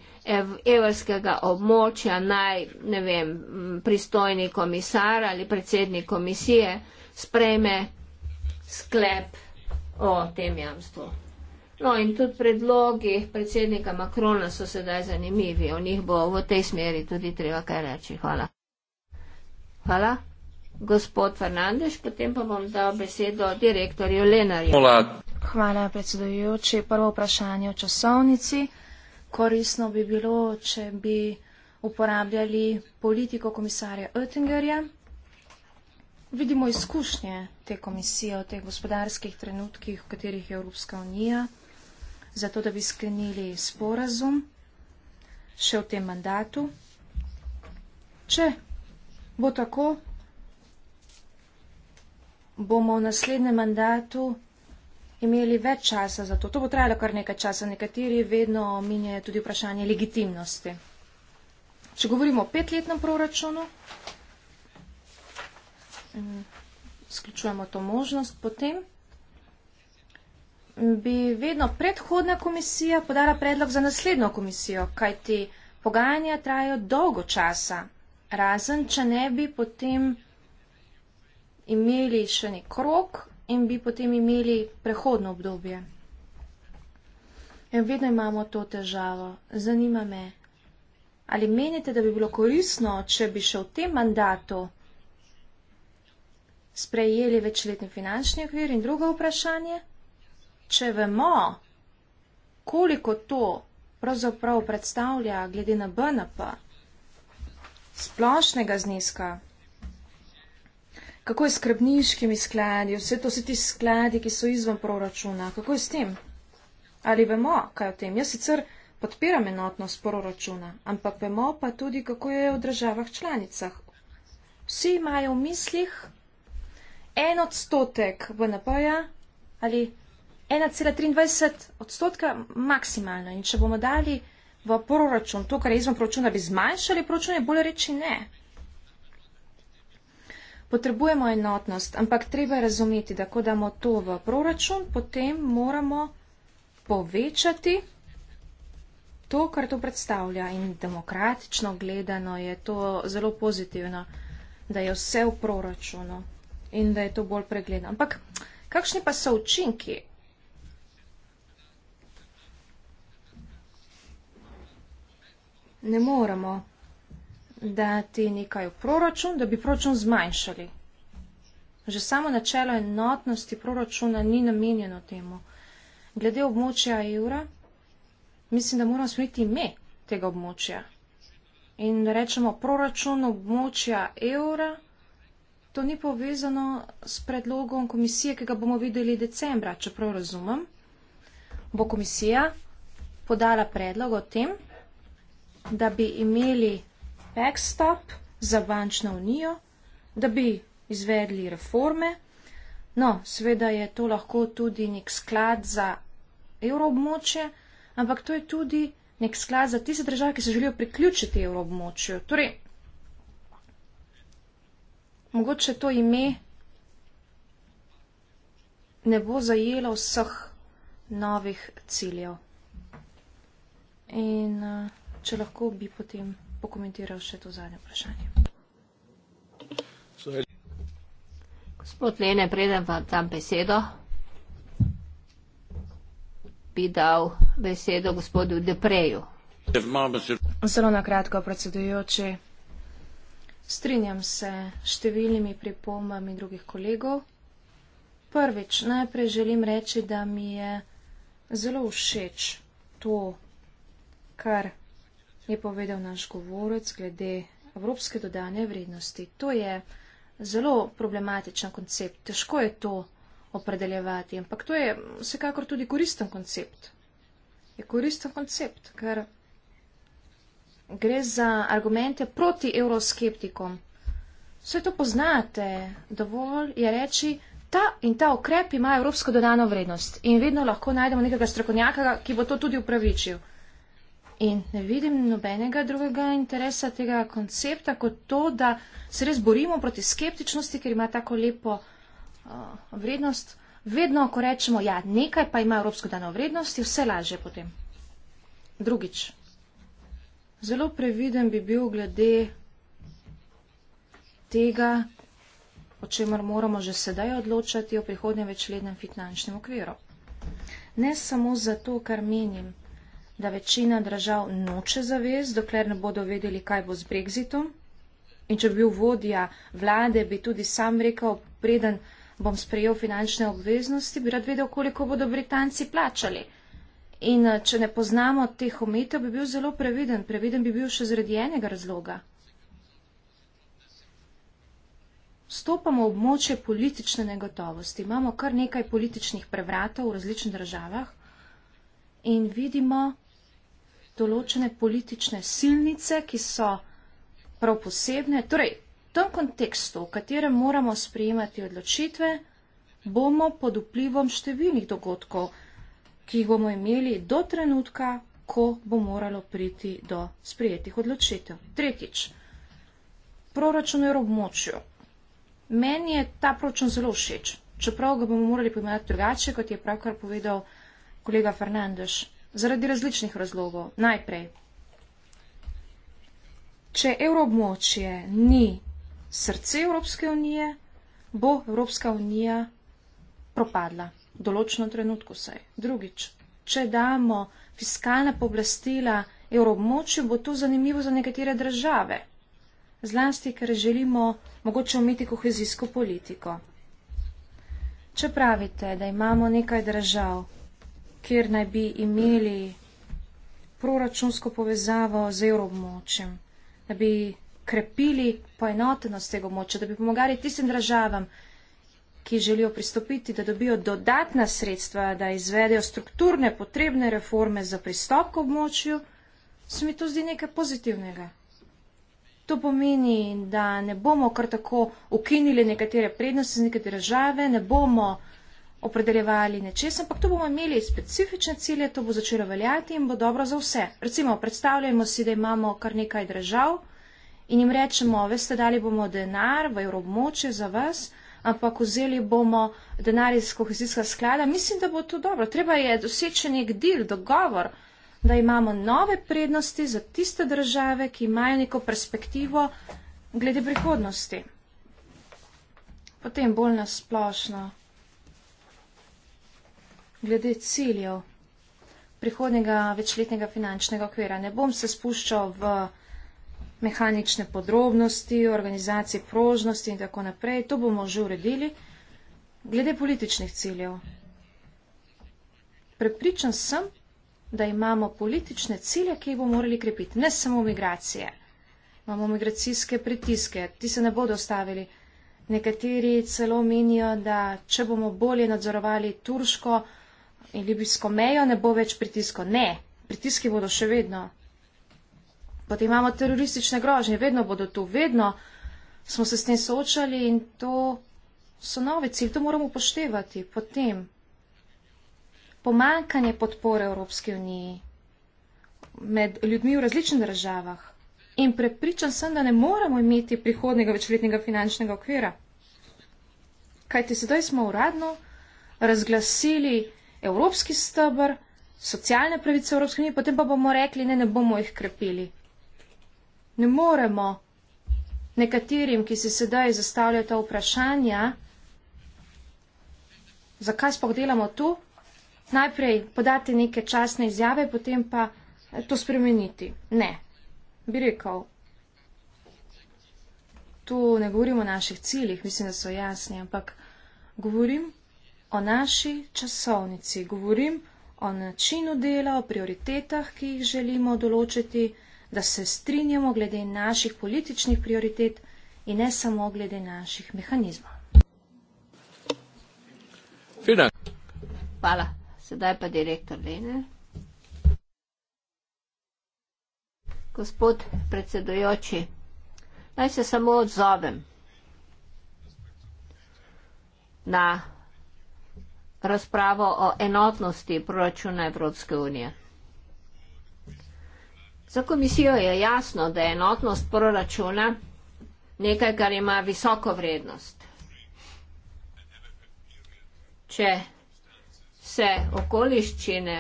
Speaker 1: evrskega območja, naj, ne vem, pristojni komisar ali predsednik komisije sprejme sklep o tem jamstvu. No in tudi predlogi predsednika Makrona so sedaj zanimivi, o njih bo v tej smeri tudi treba kaj reči. Hvala. Hvala. Gospod Fernandez, potem pa bom dal besedo direktorju Lenarju.
Speaker 2: Hvala.
Speaker 3: Hvala, predsedujoči. Prvo vprašanje o časovnici. Korisno bi bilo, če bi uporabljali politiko komisarja Oettingerja. Vidimo izkušnje te komisije o teh gospodarskih trenutkih, v katerih je Evropska unija, zato da bi sklenili sporazum še v tem mandatu. Če bo tako, bomo v naslednjem mandatu imeli več časa za to. To bo trajalo kar nekaj časa. Nekateri vedno minje tudi vprašanje legitimnosti. Če govorimo o petletnem proračunu, sključujemo mm, to možnost potem, bi vedno predhodna komisija podala predlog za naslednjo komisijo, kajti pogajanja trajajo dolgo časa, razen če ne bi potem imeli še nek rok, in bi potem imeli prehodno obdobje. In vedno imamo to težavo. Zanima me, ali menite, da bi bilo korisno, če bi še v tem mandatu sprejeli večletni finančni okvir in drugo vprašanje? Če vemo, koliko to pravzaprav predstavlja glede na BNP splošnega zniska, kako je s skrbniškimi skladi, vse to so ti skladi, ki so izven proračuna, kako je s tem? Ali vemo, kaj o tem? Jaz sicer podpiram enotnost proračuna, ampak vemo pa tudi, kako je v državah članicah. Vsi imajo v mislih en odstotek VNP-ja ali 1,23 odstotka maksimalno. In če bomo dali v proračun to, kar je izven proračuna, bi zmanjšali proračun, je bolje reči ne. Potrebujemo enotnost, ampak treba je razumeti, da ko damo to v proračun, potem moramo povečati to, kar to predstavlja. In demokratično gledano je to zelo pozitivno, da je vse v proračunu in da je to bolj pregledno. Ampak kakšni pa so učinki? Ne moramo dati nekaj v proračun, da bi proračun zmanjšali. Že samo načelo enotnosti proračuna ni namenjeno temu. Glede območja evra, mislim, da moramo smeti ime tega območja. In da rečemo proračun območja evra, to ni povezano s predlogom komisije, ki ga bomo videli decembra, čeprav razumem. Bo komisija podala predlog o tem, da bi imeli backstop za bančno unijo, da bi izvedli reforme. No, seveda je to lahko tudi nek sklad za evroobmočje, ampak to je tudi nek sklad za tiste države, ki se želijo priključiti evroobmočju. Torej, mogoče to ime ne bo zajelo vseh novih ciljev. In eh, če lahko bi potem pokomentiral še to zadnje vprašanje. Gospod Lene,
Speaker 1: preden vam dam besedo,
Speaker 3: bi dal besedo gospodu Depreju. Zelo na kratko, predsedujoči. Strinjam se s številnimi pripombami drugih kolegov. Prvič, najprej želim reči, da mi je zelo všeč to, kar je povedal naš govorec glede evropske dodane vrednosti. To je zelo problematičen koncept, težko je to opredeljevati, ampak to je vsekakor tudi koristen koncept. Je koristen koncept, ker gre za argumente proti euroskeptikom. Vse to poznate, dovolj je reči, ta in ta ukrep ima evropsko dodano vrednost in vedno lahko najdemo nekega strokovnjaka, ki bo to tudi upravičil in ne vidim nobenega drugega interesa tega koncepta kot to, da se res borimo proti skeptičnosti, ker ima tako lepo uh, vrednost. Vedno, ko rečemo, ja, nekaj pa ima evropsko dano vrednost, je vse lažje potem. Drugič. Zelo previden bi bil glede tega, o čemer moramo že sedaj odločati o prihodnem večletnem finančnem okviru. Ne samo zato, kar menim da večina držav noče zavez, dokler ne bodo vedeli, kaj bo z Brexitom. In če bi bil vodja vlade, bi tudi sam rekel, preden bom sprejel finančne obveznosti, bi rad vedel, koliko bodo Britanci plačali. In eh, če ne poznamo teh omejitev, bi bil zelo previden. Previden bi bil še zaradi enega razloga. Stopamo v območje politične negotovosti. Imamo kar nekaj političnih prevratov v različnih državah in vidimo, določene politične silnice, ki so prav posebne. Torej, v tem kontekstu, v katerem moramo sprejemati odločitve, bomo pod vplivom številnih dogodkov, ki jih bomo imeli do trenutka, ko bo moralo priti do sprejetih odločitev. Tretjič, proračun je v območju. Meni je ta proračun zelo všeč, čeprav ga bomo morali pojmenovati drugače, kot je pravkar povedal kolega Fernandez. Zaradi različnih razlogov. Najprej, če evroobmočje ni srce Evropske unije, bo Evropska unija propadla. Določno trenutku saj. Drugič, če damo fiskalne poblastila evroobmočju, bo to zanimivo za nekatere države. Zlasti, ker želimo mogoče umeti kohezijsko politiko. Če pravite, da imamo nekaj držav, kjer naj bi imeli proračunsko povezavo z evroobmočjem, da bi krepili poenotenost tega območja, da bi pomagali tistim državam, ki želijo pristopiti, da dobijo dodatna sredstva, da izvedejo strukturne potrebne reforme za pristop k območju, se mi to zdi nekaj pozitivnega. To pomeni, da ne bomo kar tako ukinili nekatere prednosti z neke države, ne bomo uh, opredeljevali nečes, ampak tu bomo imeli specifične cilje, to bo začelo veljati in bo dobro za vse. Recimo, predstavljajmo si, da imamo kar nekaj držav in jim rečemo, veste, dali bomo denar v evroobmočje za vas, ampak vzeli bomo denar iz kohezijskega sklada. Mislim, da bo to dobro. Treba je doseči nek del, dogovor, da imamo nove prednosti za tiste države, ki imajo neko perspektivo glede prihodnosti. Potem bolj nasplošno glede ciljev prihodnjega večletnega finančnega okvira. Ne bom se spuščal v mehanične podrobnosti, organizacije prožnosti in tako naprej. To bomo že uredili. Glede političnih ciljev. Prepričan sem, da imamo politične cilje, ki jih bomo morali krepiti. Ne samo migracije. Imamo migracijske pritiske. Ti se ne bodo ostavili. Nekateri celo menijo, da če bomo bolje nadzorovali turško, in libijsko mejo ne bo več pritiskov. Ne, pritiski bodo še vedno. Potem imamo teroristične grožnje, vedno bodo tu, vedno smo se s tem soočali in to so nove cilj, to moramo poštevati. Potem pomankanje podpore Evropske unije med ljudmi v različnih državah in prepričan sem, da ne moramo imeti prihodnega večletnega finančnega okvira. Kajti sedaj smo uradno razglasili evropski stebr, socialne pravice Evropske unije, potem pa bomo rekli, ne, ne bomo jih krepili. Ne moremo nekaterim, ki se sedaj zastavljajo ta vprašanja, zakaj spoh delamo tu, najprej podati neke časne izjave, potem pa eh, to spremeniti. Ne, bi rekel. Tu ne govorimo o naših ciljih, mislim, da so jasni, ampak govorim o naši časovnici, govorim o načinu dela, o prioritetah, ki jih želimo določiti, da se strinjamo glede naših političnih prioritet in ne samo glede naših mehanizmov. Finan. Hvala.
Speaker 1: Sedaj pa direktor Lene. Gospod predsedujoči, naj se samo odzovem na razpravo o enotnosti proračuna Evropske unije. Za komisijo je jasno, da je enotnost proračuna nekaj, kar ima visoko vrednost. Če se okoliščine,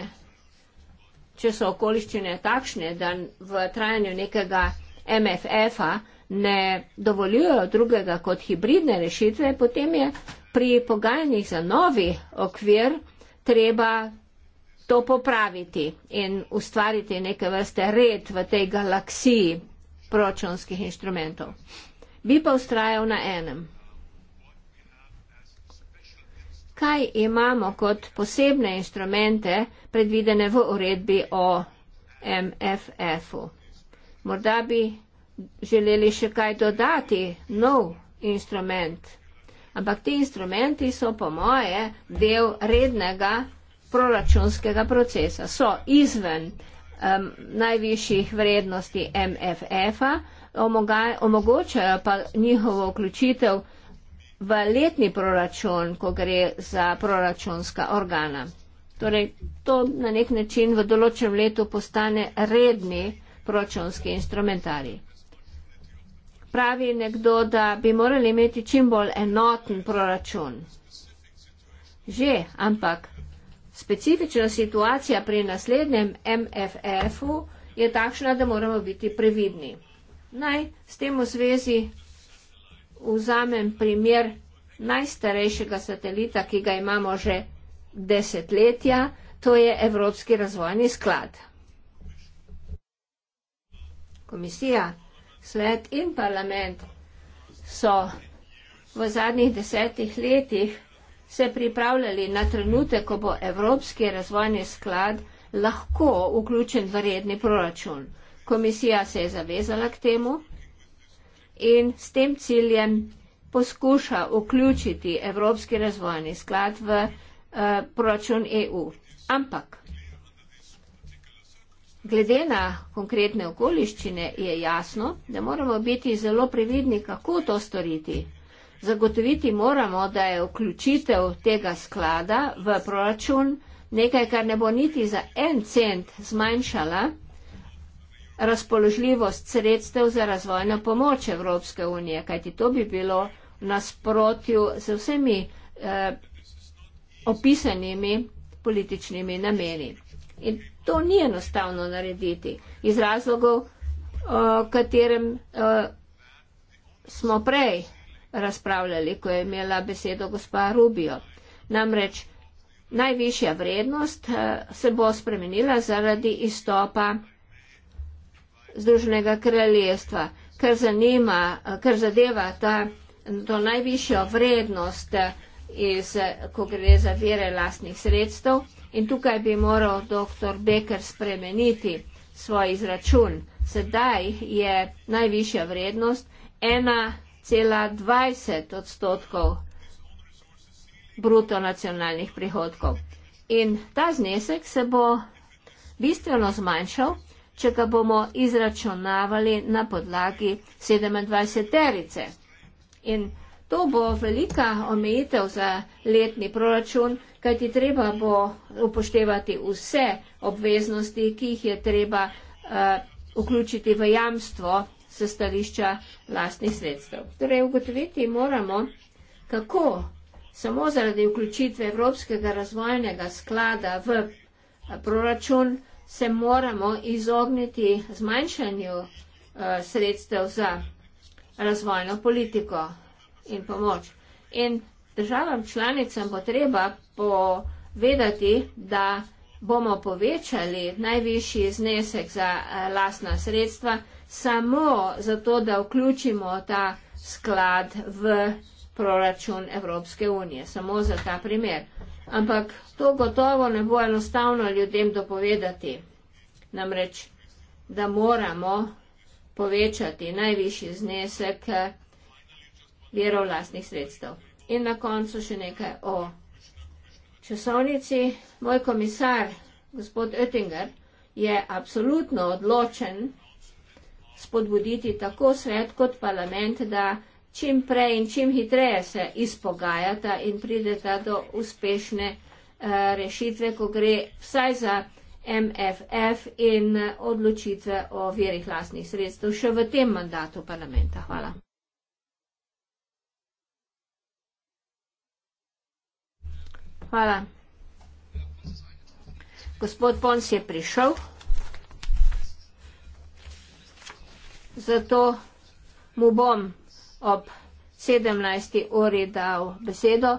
Speaker 1: če so okoliščine takšne, da v trajanju nekega MFF-a ne dovoljujejo drugega kot hibridne rešitve, potem je pri pogajanjih za novi okvir treba to popraviti in ustvariti neke vrste red v tej galaksiji proračunskih inštrumentov. Bi pa ustrajal na enem. Kaj imamo kot posebne instrumente predvidene v uredbi o MFF-u? Morda bi želeli še kaj dodati, nov instrument ampak ti instrumenti so po moje del rednega proračunskega procesa. So izven um, najvišjih vrednosti MFF-a, omogočajo pa njihovo vključitev v letni proračun, ko gre za proračunska organa. Torej, to na nek način v določenem letu postane redni proračunski instrumentarij pravi nekdo, da bi morali imeti čim bolj enoten proračun. Že, ampak specifična situacija pri naslednjem MFF-u je takšna, da moramo biti previdni. Naj s tem v zvezi vzamem primer najstarejšega satelita, ki ga imamo že desetletja, to je Evropski razvojni sklad. Komisija svet in parlament so v zadnjih desetih letih se pripravljali na trenutek, ko bo Evropski razvojni sklad lahko vključen v redni proračun. Komisija se je zavezala k temu in s tem ciljem poskuša vključiti Evropski razvojni sklad v uh, proračun EU. Ampak Glede na konkretne okoliščine je jasno, da moramo biti zelo previdni, kako to storiti. Zagotoviti moramo, da je vključitev tega sklada v proračun nekaj, kar ne bo niti za en cent zmanjšala razpoložljivost sredstev za razvojno pomoč Evropske unije, kajti to bi bilo nasprotju z vsemi eh, opisanimi političnimi nameni. In to ni enostavno narediti iz razlogov, o eh, katerem o, eh, smo prej razpravljali, ko je imela besedo gospa Rubio. Namreč najvišja vrednost eh, se bo spremenila zaradi izstopa Združenega kraljestva, ker, zanima, ker zadeva ta, to najvišjo vrednost iz, ko gre za vire lastnih sredstev. In tukaj bi moral dr. Becker spremeniti svoj izračun. Sedaj je najvišja vrednost 1,20 odstotkov bruto nacionalnih prihodkov. In ta znesek se bo bistveno zmanjšal, če ga bomo izračunavali na podlagi 27 terice. In To bo velika omejitev za letni proračun, kajti treba bo upoštevati vse obveznosti, ki jih je treba uh, vključiti v jamstvo se stališča lastnih sredstev. Torej, ugotoviti moramo, kako samo zaradi vključitve Evropskega razvojnega sklada v eh, proračun se moramo izogniti zmanjšanju uh, sredstev za razvojno politiko in pomoč. In državam članicam bo treba povedati, da bomo povečali najvišji znesek za eh, lastna sredstva samo zato, da vključimo ta sklad v proračun Evropske unije. Samo za ta primer. Ampak to gotovo ne bo enostavno ljudem dopovedati. Namreč, da moramo povečati najvišji znesek eh, virov vlastnih sredstev. In na koncu še nekaj o časovnici. Moj komisar, gospod Oettinger, je apsolutno odločen spodbuditi tako svet kot parlament, da čim prej in čim hitreje se izpogajata in prideta do uspešne eh, rešitve, ko gre vsaj za MFF in odločitve o verih vlastnih sredstev še v tem mandatu parlamenta. Hvala. Hvala. Gospod Pons je prišel, zato mu bom ob 17. uri dal besedo.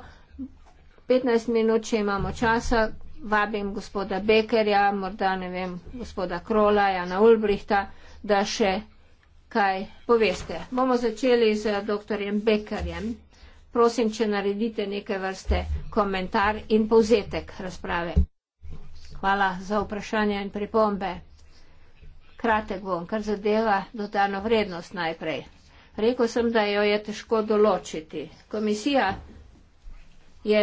Speaker 1: 15 minut, če imamo časa, vabim gospoda Bekerja, morda ne vem, gospoda Krola, Jana Ulbrihta, da še kaj poveste. Bomo začeli z dr. Bekerjem prosim, če naredite neke vrste komentar in povzetek razprave. Hvala za vprašanje in pripombe. Kratek bom, kar zadeva dodano vrednost najprej. Rekl sem, da jo je težko določiti. Komisija je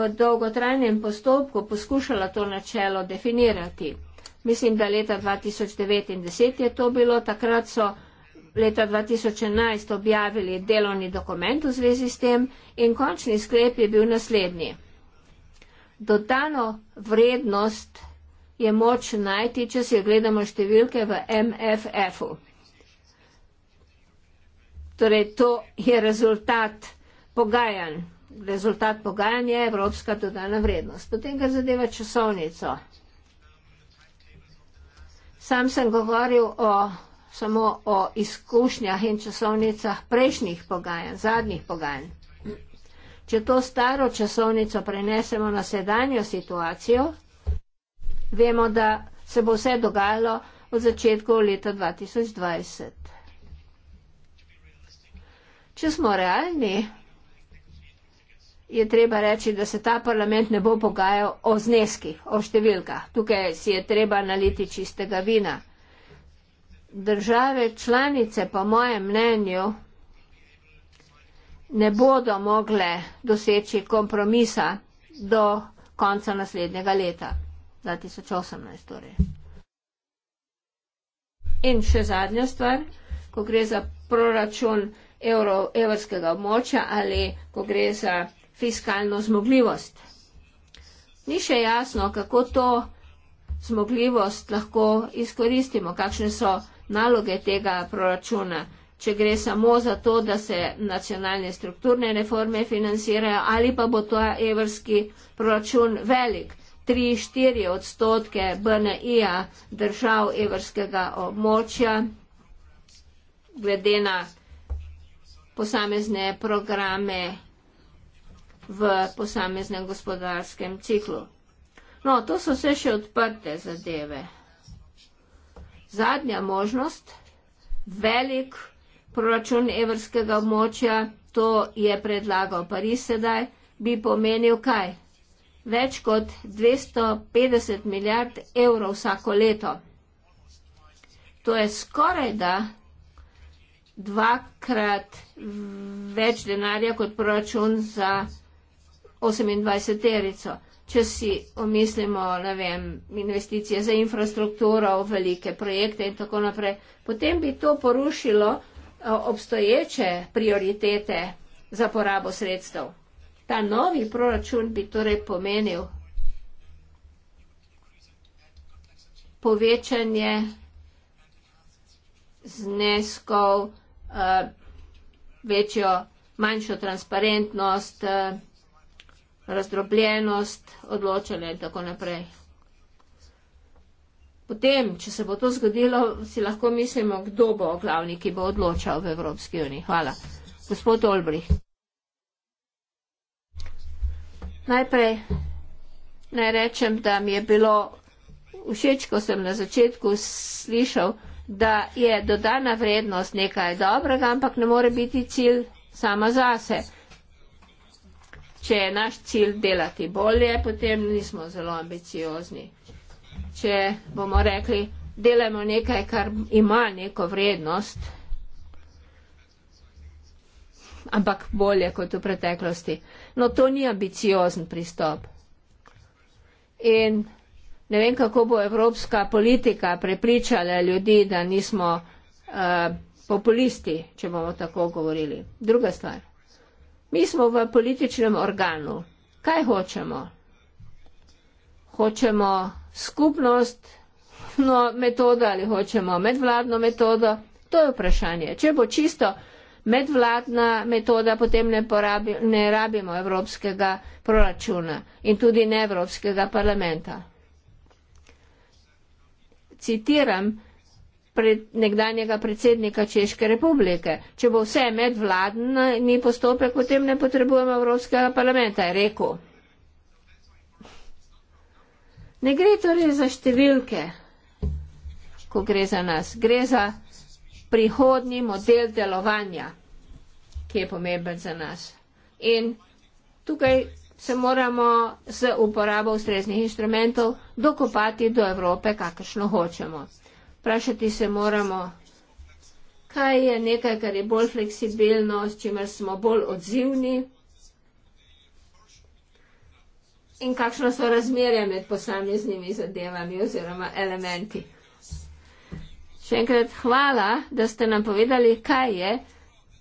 Speaker 1: v dolgotrajnem postopku poskušala to načelo definirati. Mislim, da leta 2009 in 2010 je to bilo, takrat so leta 2011 objavili delovni dokument v zvezi s tem in končni sklep je bil naslednji. Dodano vrednost je moč najti, če si gledamo številke v MFF-u. Torej, to je rezultat pogajanj. Rezultat pogajanj je evropska dodana vrednost. Potem ga zadeva časovnico. Sam sem govoril o samo o izkušnjah in časovnicah prejšnjih pogajanj, zadnjih pogajanj. Če to staro časovnico prenesemo na sedanjo situacijo, vemo, da se bo vse dogajalo od začetka leta 2020. Če smo realni, je treba reči, da se ta parlament ne bo pogajal o zneskih, o številkah. Tukaj si je treba naliti čistega vina države članice, po mojem mnenju, ne bodo mogle doseči kompromisa do konca naslednjega leta, 2018 torej. In še zadnja stvar, ko gre za proračun evro, evrskega območja ali ko gre za fiskalno zmogljivost. Ni še jasno, kako to zmogljivost lahko izkoristimo, kakšne so naloge tega proračuna. Če gre samo za to, da se nacionalne strukturne reforme financirajo ali pa bo to evrski proračun velik. 3-4 odstotke BNI-ja držav evrskega območja glede na posamezne programe v posameznem gospodarskem ciklu. No, to so vse še odprte zadeve zadnja možnost, velik proračun evrskega območja, to je predlagal Pariz sedaj, bi pomenil kaj? Več kot 250 milijard evrov vsako leto. To je skoraj da dvakrat več denarja kot proračun za 28 terico če si omislimo, ne vem, investicije za infrastrukturo, velike projekte in tako naprej, potem bi to porušilo eh, obstoječe prioritete za porabo sredstev. Ta novi proračun bi torej pomenil povečanje zneskov, eh, večjo, manjšo transparentnost, eh, razdrobljenost, odločanje in tako naprej. Potem, če se bo to zgodilo, si lahko mislimo, kdo bo glavni, ki bo odločal v Evropski uniji. Hvala. Gospod Olbri. Najprej naj rečem, da mi je bilo všeč, ko sem na začetku slišal, da je dodana vrednost nekaj dobrega, ampak ne more biti cilj sama zase. Če je naš cilj delati bolje, potem nismo zelo ambiciozni. Če bomo rekli, delamo nekaj, kar ima neko vrednost, ampak bolje kot v preteklosti. No, to ni ambiciozen pristop. In ne vem, kako bo evropska politika prepričala ljudi, da nismo uh, populisti, če bomo tako govorili. Druga stvar. Mi smo v političnem organu. Kaj hočemo? Hočemo skupnost, no, metodo ali hočemo medvladno metodo? To je vprašanje. Če bo čisto medvladna metoda, potem ne, porabi, ne rabimo evropskega proračuna in tudi ne evropskega parlamenta. Citiram, pred nekdanjega predsednika Češke republike. Če bo vse medvladni postopek, potem ne potrebujemo Evropskega parlamenta, je rekel. Ne gre torej za številke, ko gre za nas, gre za prihodni model delovanja, ki je pomemben za nas. In tukaj se moramo z uporabo ustreznih inštrumentov dokopati do Evrope, kakršno hočemo. Vprašati se moramo, kaj je nekaj, kar je bolj fleksibilno, s čimer smo bolj odzivni in kakšno so razmerje med posameznimi zadevami oziroma elementi. Še enkrat hvala, da ste nam povedali, kaj je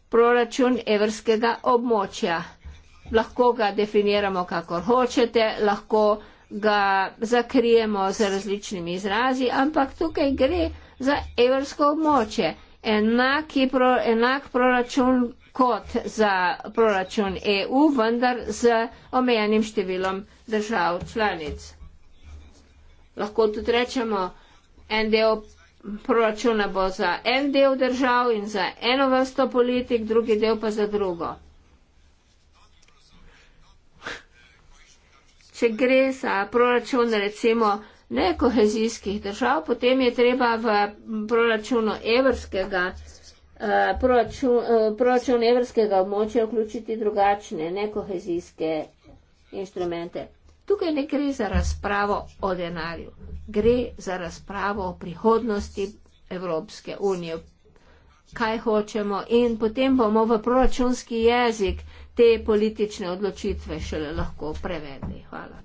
Speaker 1: proračun evrskega območja. Lahko ga definiramo, kakor hočete, lahko ga zakrijemo z različnimi izrazi, ampak tukaj gre za evrsko območje. Enaki, pro, enak proračun kot za proračun EU, vendar z omejenim številom držav članic. Lahko tudi rečemo, en del proračuna bo za en del držav in za eno vrsto politik, drugi del pa za drugo. če gre za proračun recimo nekohezijskih držav, potem je treba v proračunu evrskega, eh, proračun, eh, proračun evrskega območja vključiti drugačne nekohezijske inštrumente. Tukaj ne gre za razpravo o denarju, gre za razpravo o prihodnosti Evropske unije, kaj hočemo in potem bomo v proračunski jezik te politične odločitve šele lahko prevedli. Hvala.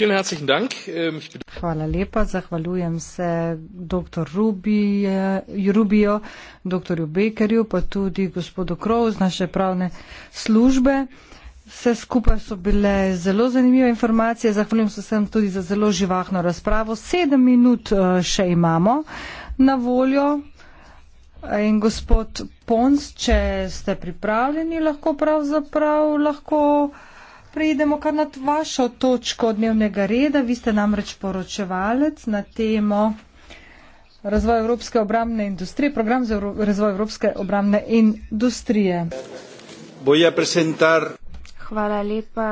Speaker 4: Ähm, Hvala lepa, zahvaljujem se dr. Rubijo, dr. Bekerju, pa tudi gospodu Krov z naše pravne službe. Vse skupaj so bile zelo zanimive informacije, zahvaljujem se vsem tudi za zelo živahno razpravo. Sedem minut eh, še imamo na voljo, In gospod Pons, če ste pripravljeni, lahko pravzaprav lahko preidemo kar na vašo točko dnevnega reda. Vi ste namreč poročevalec na temo razvoj evropske obramne industrije, program za razvoj evropske obramne industrije.
Speaker 2: Boja prezentar.
Speaker 4: Hvala lepa,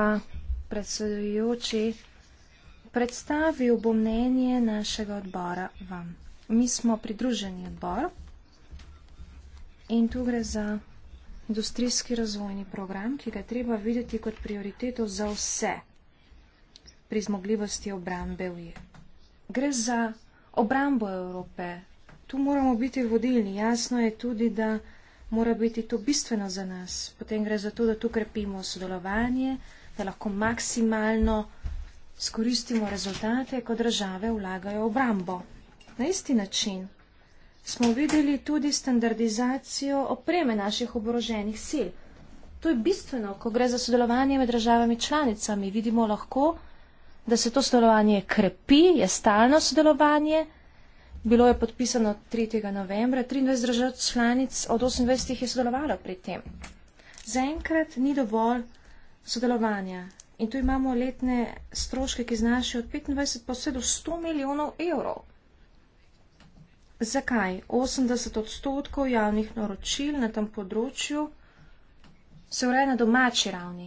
Speaker 4: predsedujoči.
Speaker 3: Predstavil bom mnenje našega odbora vam. Mi smo pridruženi odbor, In tu gre za industrijski razvojni program, ki ga je treba videti kot prioriteto za vse pri zmogljivosti obrambe v je. Gre za obrambo Evrope. Tu moramo biti vodilni. Jasno je tudi, da mora biti to bistveno za nas. Potem gre za to, da tu krepimo sodelovanje, da lahko maksimalno skoristimo rezultate, ko države vlagajo obrambo. Na isti način smo videli tudi standardizacijo opreme naših oboroženih sil. To je bistveno, ko gre za sodelovanje med državami članicami. Vidimo lahko, da se to sodelovanje krepi, je stalno sodelovanje. Bilo je podpisano 3. novembra, 23 držav članic od 28 je sodelovalo pri tem. Zaenkrat ni dovolj sodelovanja in tu imamo letne stroške, ki znašajo od 25 pa vse do 100 milijonov evrov. Zakaj? 80 odstotkov javnih naročil na tem področju se ureja na domači ravni.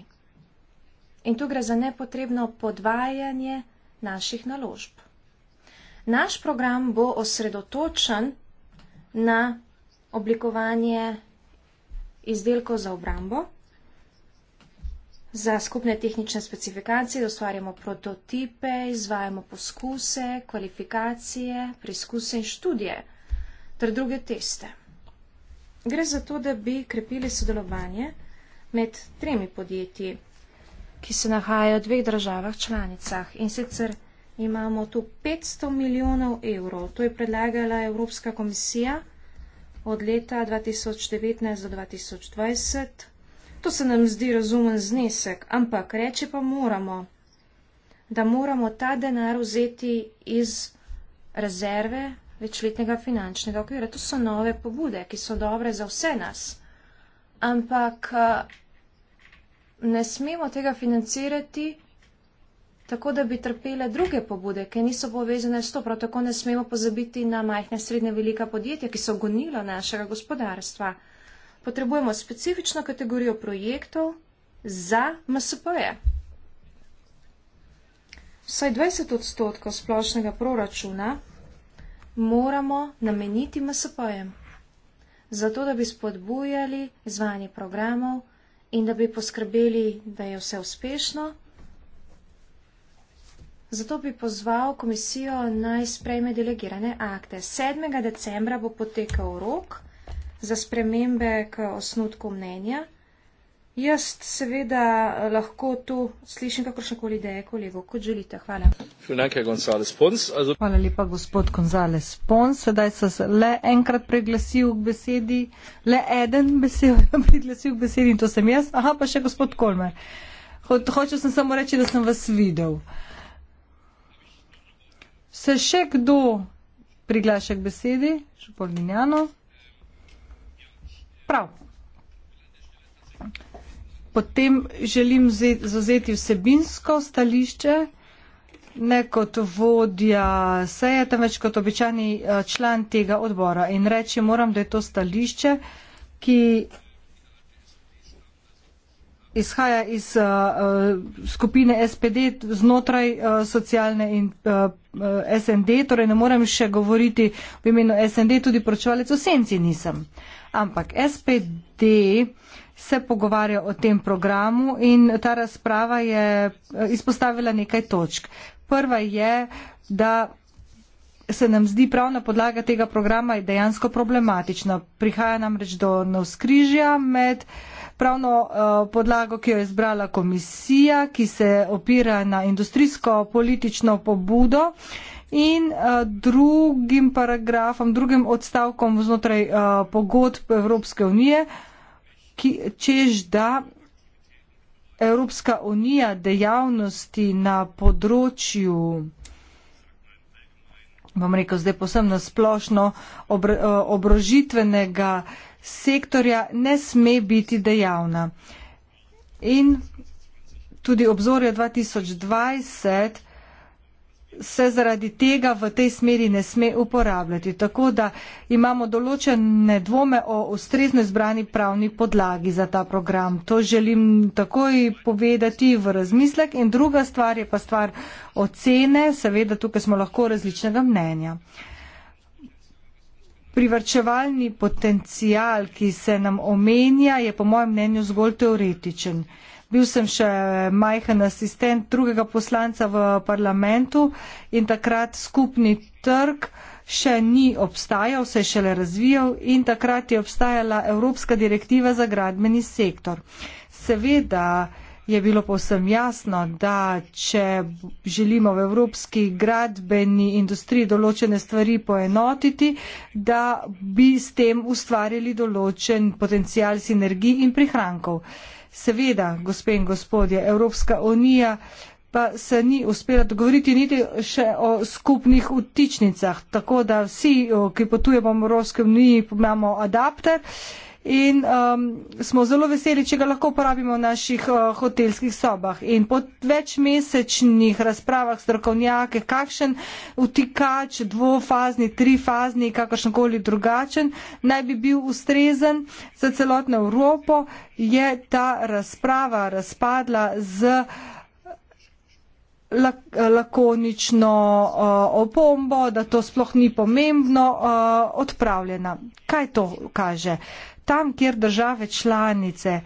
Speaker 3: In tu gre za nepotrebno podvajanje naših naložb. Naš program bo osredotočen na oblikovanje izdelkov za obrambo. Za skupne tehnične specifikacije ustvarjamo prototipe, izvajamo poskuse, kvalifikacije, preizkuse in študije ter druge teste. Gre za to, da bi krepili sodelovanje med tremi podjetji, ki se nahajajo v dveh državah članicah. In sicer imamo tu 500 milijonov evrov. To je predlagala Evropska komisija od leta 2019 do 2020. To se nam zdi razumen znesek, ampak reče pa moramo, da moramo ta denar vzeti iz rezerve večletnega finančnega okvira. To so nove pobude, ki so dobre za vse nas. Ampak ne smemo tega financirati tako, da bi trpele druge pobude, ki niso povezane s to. Prav tako ne smemo pozabiti na majhne, srednje, velika podjetja, ki so gonilo našega gospodarstva potrebujemo specifično kategorijo projektov za MSP-je. Vsaj 20 odstotkov splošnega proračuna moramo nameniti MSP-jem, zato da bi spodbujali izvajanje programov in da bi poskrbeli, da je vse uspešno. Zato bi pozval komisijo naj sprejme delegirane akte. 7. decembra bo potekal rok, za spremembe k osnutku mnenja. Jaz seveda lahko tu slišim kakršne koli ideje kolegov, kot želite.
Speaker 4: Hvala. Hvala lepa, gospod Gonzales Pons. Sedaj se le enkrat preglasil k besedi, le eden *laughs* preglasil k besedi in to sem jaz. Aha, pa še gospod Kolmer. Ho hočel sem samo reči, da sem vas videl. Se še kdo priglaša k besedi? Župan Linjanov. Prav. Potem želim zazeti vsebinsko stališče, ne kot vodja seje, temveč kot običajni eh, član tega odbora. In reči moram, da je to stališče, ki izhaja iz eh, eh, skupine SPD znotraj socialne in SND, torej ne morem še govoriti v imenu SND, tudi pročevalec v senci nisem ampak SPD se pogovarja o tem programu in ta razprava je eh, izpostavila nekaj točk. Prva je, da se nam zdi pravna podlaga tega programa je dejansko problematična. Prihaja nam reč do navskrižja med pravno eh, podlago, ki jo je izbrala komisija, ki se opira na industrijsko politično pobudo in uh, drugim paragrafom, drugim odstavkom znotraj uh, pogodb Evropske unije, ki čež da Evropska unija dejavnosti na področju bom rekel zdaj posebno splošno eh, obrožitvenega sektorja ne sme biti dejavna. In tudi obzorje 2020 se zaradi tega v tej smeri ne sme uporabljati. Tako da imamo določene dvome o ustrezno izbrani pravni podlagi za ta program. To želim takoj povedati v razmislek in druga stvar je pa stvar ocene. Seveda tukaj smo lahko različnega mnenja. Privrčevalni potencial, ki se nam omenja, je po mojem mnenju zgolj teoretičen. Bil sem še majhen asistent drugega poslanca v parlamentu in takrat skupni trg še ni obstajal, se je šele razvijal in takrat je obstajala Evropska direktiva za gradbeni sektor. Seveda je bilo povsem jasno, da če želimo v evropski gradbeni industriji določene stvari poenotiti, da bi s tem ustvarili določen potencial sinergij in prihrankov. Uh, Seveda, gospe in gospodje, Evropska unija pa se ni uspela dogovoriti niti še o skupnih utičnicah, tako da vsi, ki potujemo v Evropski uniji, imamo adapter in um, smo zelo veseli, če ga lahko uporabimo v naših uh, hotelskih sobah. In po večmesečnih razpravah strokovnjake, kakšen utikač, dvofazni, trifazni, kakršnokoli drugačen, naj bi bil ustrezen za celotno Evropo, je ta razprava razpadla z lakonično uh, opombo, da to sploh ni pomembno, uh, odpravljena. Kaj to kaže? tam, kjer države članice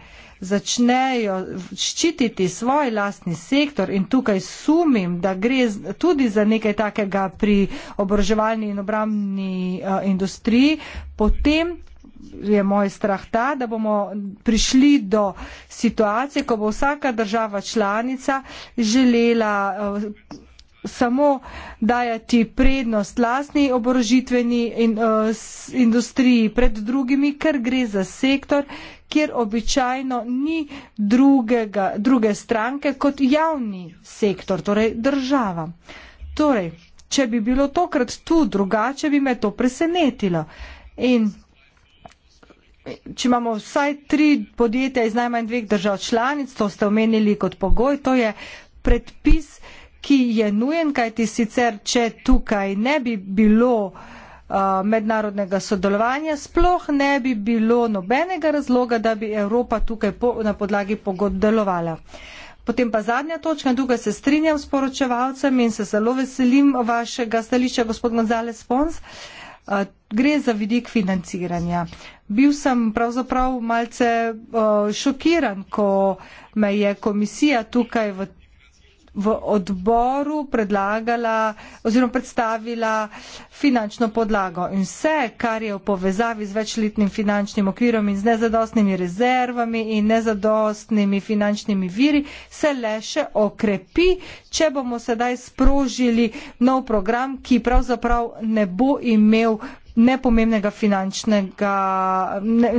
Speaker 4: začnejo ščititi svoj lastni sektor in tukaj sumim, da gre tudi za nekaj takega pri obroževalni in obramni uh, eh, industriji, potem je moj strah ta, da bomo prišli do situacije, ko bo vsaka država članica želela. Uh, samo dajati prednost lastni oborožitveni in, uh, industriji pred drugimi, ker gre za sektor, kjer običajno ni drugega, druge stranke kot javni sektor, torej država. Torej, če bi bilo tokrat tu drugače, bi me to presenetilo. In Če imamo vsaj tri podjetja iz najmanj dveh držav članic, to ste omenili kot pogoj, to je predpis, ki je nujen, kajti sicer, če tukaj ne bi bilo uh, mednarodnega sodelovanja, sploh ne bi bilo nobenega razloga, da bi Evropa tukaj po, na podlagi pogod delovala. Potem pa zadnja točka, tukaj se strinjam s poročevalcem in se zelo veselim vašega stališča, gospod Gonzales Pons. Uh, gre za vidik financiranja. Bil sem pravzaprav malce uh, šokiran, ko me je komisija tukaj v v odboru predlagala oziroma predstavila finančno podlago in vse, kar je v povezavi z večletnim finančnim okvirom in z nezadostnimi rezervami in nezadostnimi finančnimi viri, se le še okrepi, če bomo sedaj sprožili nov program, ki pravzaprav ne bo imel nepomembnih ne,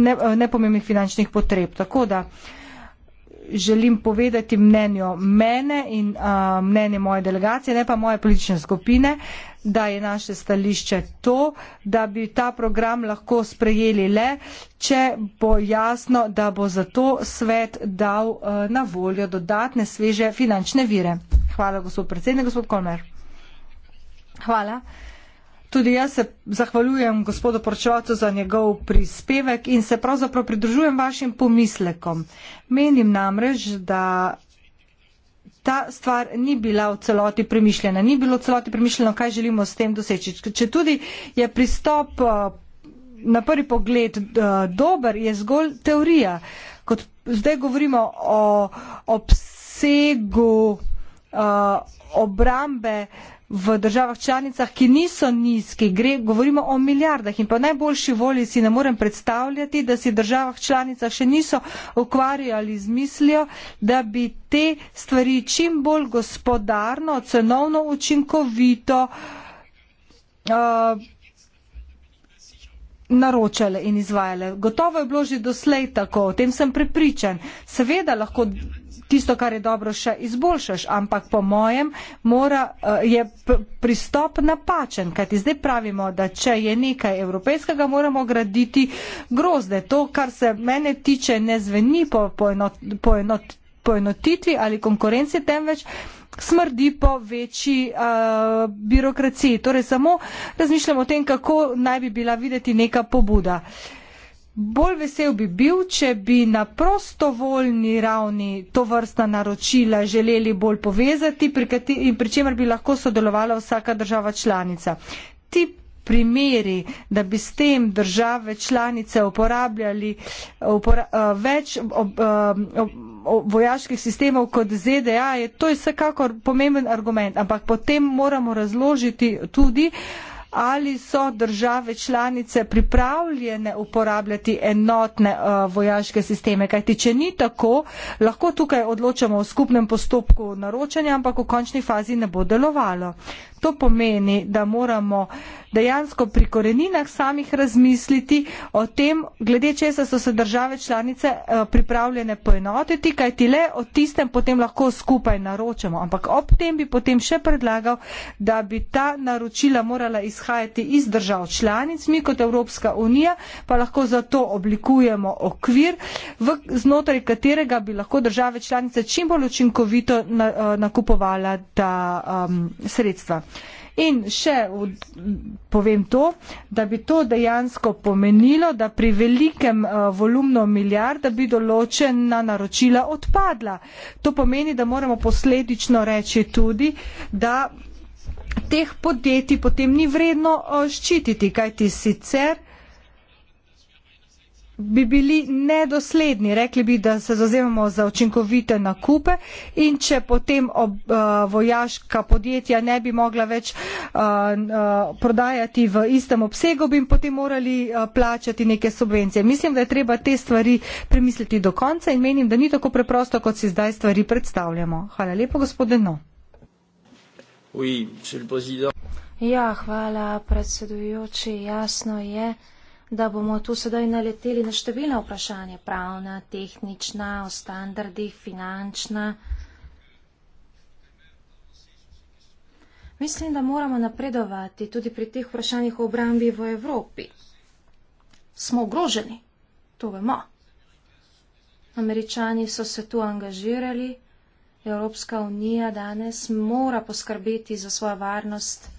Speaker 4: ne, ne finančnih potreb. Tako da želim povedati mnenjo mene in uh, mnenje moje delegacije, ne pa moje politične skupine, da je naše stališče to, da bi ta program lahko sprejeli le, če bo jasno, da bo zato svet dal uh, na voljo dodatne sveže finančne vire. Hvala, gospod predsednik, gospod Komer. Hvala. Tudi jaz se zahvaljujem gospodu Porčevacu za njegov prispevek in se pravzaprav pridružujem vašim pomislekom. Menim namreč, da ta stvar ni bila v celoti premišljena. Ni bilo v celoti premišljeno, kaj želimo s tem doseči. Če tudi je pristop eh, na prvi pogled eh, dober, je zgolj teorija. Kot zdaj govorimo o obsegu eh, obrambe, v državah članicah, ki niso nizki, gre, govorimo o milijardah in pa najboljši volji si ne morem predstavljati, da si državah članicah še niso ukvarjali z mislijo, da bi te stvari čim bolj gospodarno, cenovno učinkovito eh, naročale in izvajale. Gotovo je bilo že doslej tako, o tem sem prepričan. Seveda lahko tisto, kar je dobro, še izboljšaš, ampak po mojem mora, eh, je pristop napačen, kajti zdaj pravimo, da če je nekaj evropejskega, moramo graditi grozde. To, kar se mene tiče, ne zveni po, po enotitvi po enot, po enot, po ali konkurenci, temveč smrdi po večji uh, birokraciji. Torej samo razmišljamo o tem, kako naj bi bila videti neka pobuda. Uh, bolj vesel bi bil, če bi na prostovoljni ravni to vrsta naročila želeli bolj povezati, pri, kateri, pri čemer bi lahko sodelovala vsaka država članica. Ti primeri, da bi s tem države članice uporabljali upora, eh, več ob, ob, eh, ob, ob, vojaških sistemov kot ZDA, je to vsekakor pomemben argument, ampak potem moramo razložiti tudi, ali so države članice pripravljene uporabljati enotne uh, vojaške sisteme. Kajti, če ni tako, lahko tukaj odločamo o skupnem postopku naročanja, ampak v končni fazi ne bo delovalo. To pomeni, da moramo dejansko pri koreninah samih razmisliti o tem, glede česa so se države članice eh, pripravljene poenotiti, kaj ti le o tistem potem lahko skupaj naročamo. Ampak ob tem bi potem še predlagal, da bi ta naročila morala izhajati iz držav članic. Mi kot Evropska unija pa lahko zato oblikujemo okvir, v, znotraj katerega bi lahko države članice čim bolj učinkovito na, eh, nakupovala ta um, sredstva. In še povem to, da bi to dejansko pomenilo, da pri velikem eh, volumnu milijard, da bi določena naročila odpadla. To pomeni, da moramo posledično reči tudi, da teh podjetij potem ni vredno eh, ščititi, kajti sicer bi bili nedosledni, rekli bi, da se zazemamo za učinkovite nakupe in če potem ob, uh, vojaška podjetja ne bi mogla več uh, uh, prodajati v istem obsegu, bi potem morali uh, plačati neke subvencije. Mislim, da je treba te stvari premisliti do konca in menim, da ni tako preprosto, kot si zdaj stvari predstavljamo. Hvala lepo, gospode No. Oui,
Speaker 3: ja, hvala, predsedujoči, jasno je da bomo tu sedaj naleteli na številna vprašanja, pravna, tehnična, o standardih, finančna. Mislim, da moramo napredovati tudi pri teh vprašanjih o obrambi v Evropi. Smo ogroženi, to vemo. Američani so se tu angažirali, Evropska unija danes mora poskrbeti za svojo varnost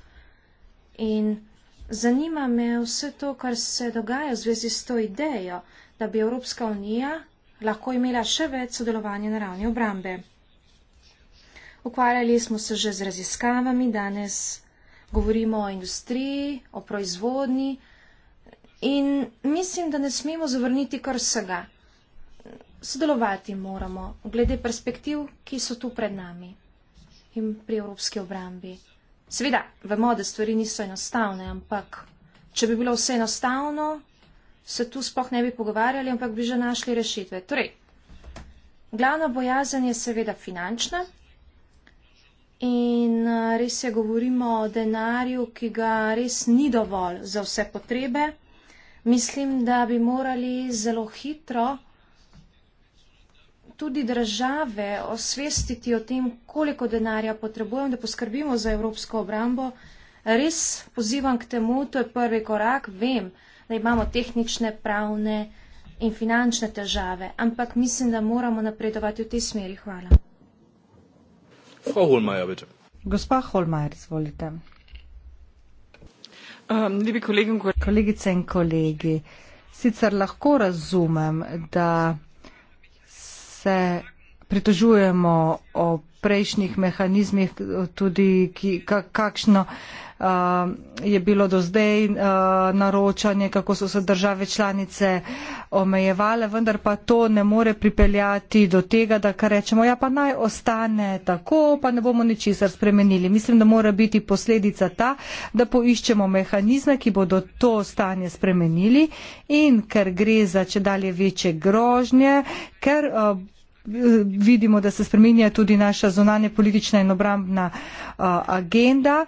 Speaker 3: in Zanima me vse to, kar se dogaja v zvezi s to idejo, da bi Evropska unija lahko imela še več sodelovanja na ravni obrambe. Ukvarjali smo se že z raziskavami, danes govorimo o industriji, o proizvodni in mislim, da ne smemo zavrniti kar vsega. Sodelovati moramo glede perspektiv, ki so tu pred nami in pri Evropski obrambi. Seveda, vemo, da stvari niso enostavne, ampak če bi bilo vse enostavno, se tu spoh ne bi pogovarjali, ampak bi že našli rešitve. Torej, glavna bojazen je seveda finančna in eh, res je govorimo o denarju, ki ga res ni dovolj za vse potrebe. Mislim, da bi morali zelo hitro tudi države osvestiti o tem, koliko denarja potrebujemo, da poskrbimo za evropsko obrambo. Res pozivam k temu, to je prvi korak. Vem, da imamo tehnične, pravne in finančne težave, ampak mislim, da moramo napredovati v tej smeri. Hvala.
Speaker 4: Frau Holmeier, bitte. Gospa Holmeier, izvolite. Um, kolegice in kolegi, sicer lahko razumem, da se pritožujemo o prejšnjih mehanizmih, tudi ki, kakšno uh, je bilo do zdaj uh, naročanje, kako so se države članice omejevale, vendar pa to ne more pripeljati do tega, da kar rečemo, ja pa naj ostane tako, pa ne bomo ničesar spremenili. Mislim, da mora biti posledica ta, da poiščemo mehanizme, ki bodo to stanje spremenili in ker gre za če dalje večje grožnje, ker. Uh, vidimo, da se spreminja tudi naša zunanje politična in obrambna eh, agenda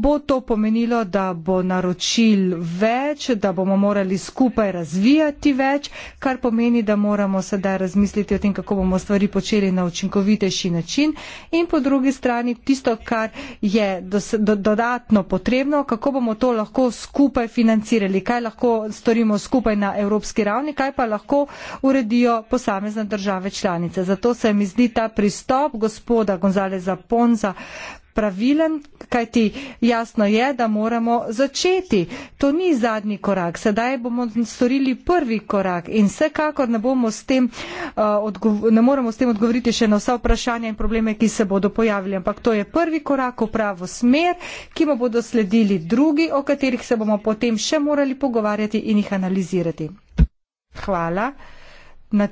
Speaker 4: bo to pomenilo, da bo naročil več, da bomo morali skupaj razvijati več, kar pomeni, da moramo sedaj razmisliti o tem, kako bomo stvari počeli na učinkovitejši način in po drugi strani tisto, kar je dos, do, dodatno potrebno, kako bomo to lahko skupaj financirali, kaj lahko storimo skupaj na evropski ravni, kaj pa lahko uredijo posamezne države članice. Zato se mi zdi ta pristop gospoda Gonzaleza Ponza pravilen, kajti jasno je, da moramo začeti. To ni zadnji korak. Sedaj bomo storili prvi korak in vsekakor ne, s tem, uh, ne moremo s tem odgovoriti še na vsa vprašanja in probleme, ki se bodo pojavili. Ampak to je prvi korak v pravo smer, ki mu bodo sledili drugi, o katerih se bomo potem še morali pogovarjati in jih analizirati. Hvala. Na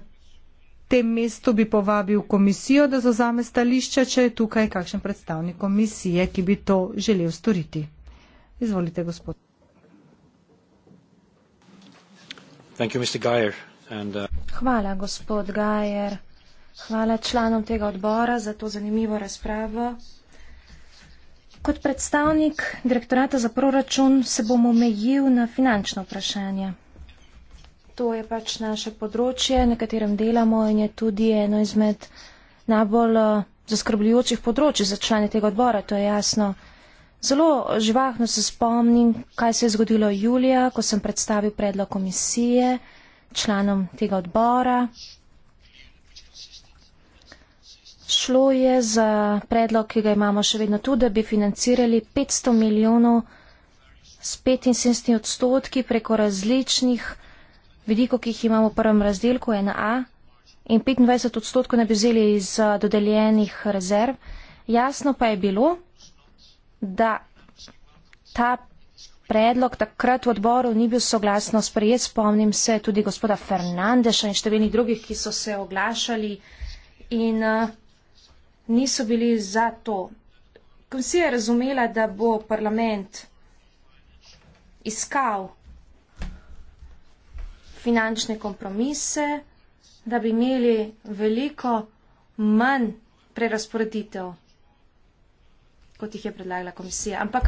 Speaker 4: tem mestu bi povabil komisijo, da zazame stališče, če je tukaj kakšen predstavnik komisije, ki bi to želel storiti. Izvolite, gospod.
Speaker 2: You, Geyer, and, uh...
Speaker 3: Hvala, gospod Gajer. Hvala članom tega odbora za to zanimivo razpravo. Kot predstavnik direktorata za proračun se bom omejil na finančno vprašanje to je pač naše področje, na katerem delamo in je tudi eno izmed najbolj eh, zaskrbljujočih področji za člane tega odbora, to je jasno. Zelo živahno se spomnim, kaj se je zgodilo julija, ko sem predstavil predlog komisije članom tega odbora. Šlo je za predlog, ki ga imamo še vedno tu, da bi financirali 500 milijonov s 75 odstotki preko različnih veliko, ki jih imamo v prvem razdelku, 1A, in 25 odstotkov ne bi vzeli iz eh, dodeljenih rezerv. Jasno pa je bilo, da ta predlog takrat v odboru ni bil soglasno sprejet. Spomnim se tudi gospoda Fernandeša in številnih drugih, ki so se oglašali in eh, niso bili za to. Komisija je razumela, da bo parlament iskal finančne kompromise, da bi imeli veliko manj prerasporeditev, kot jih je predlagala komisija. Ampak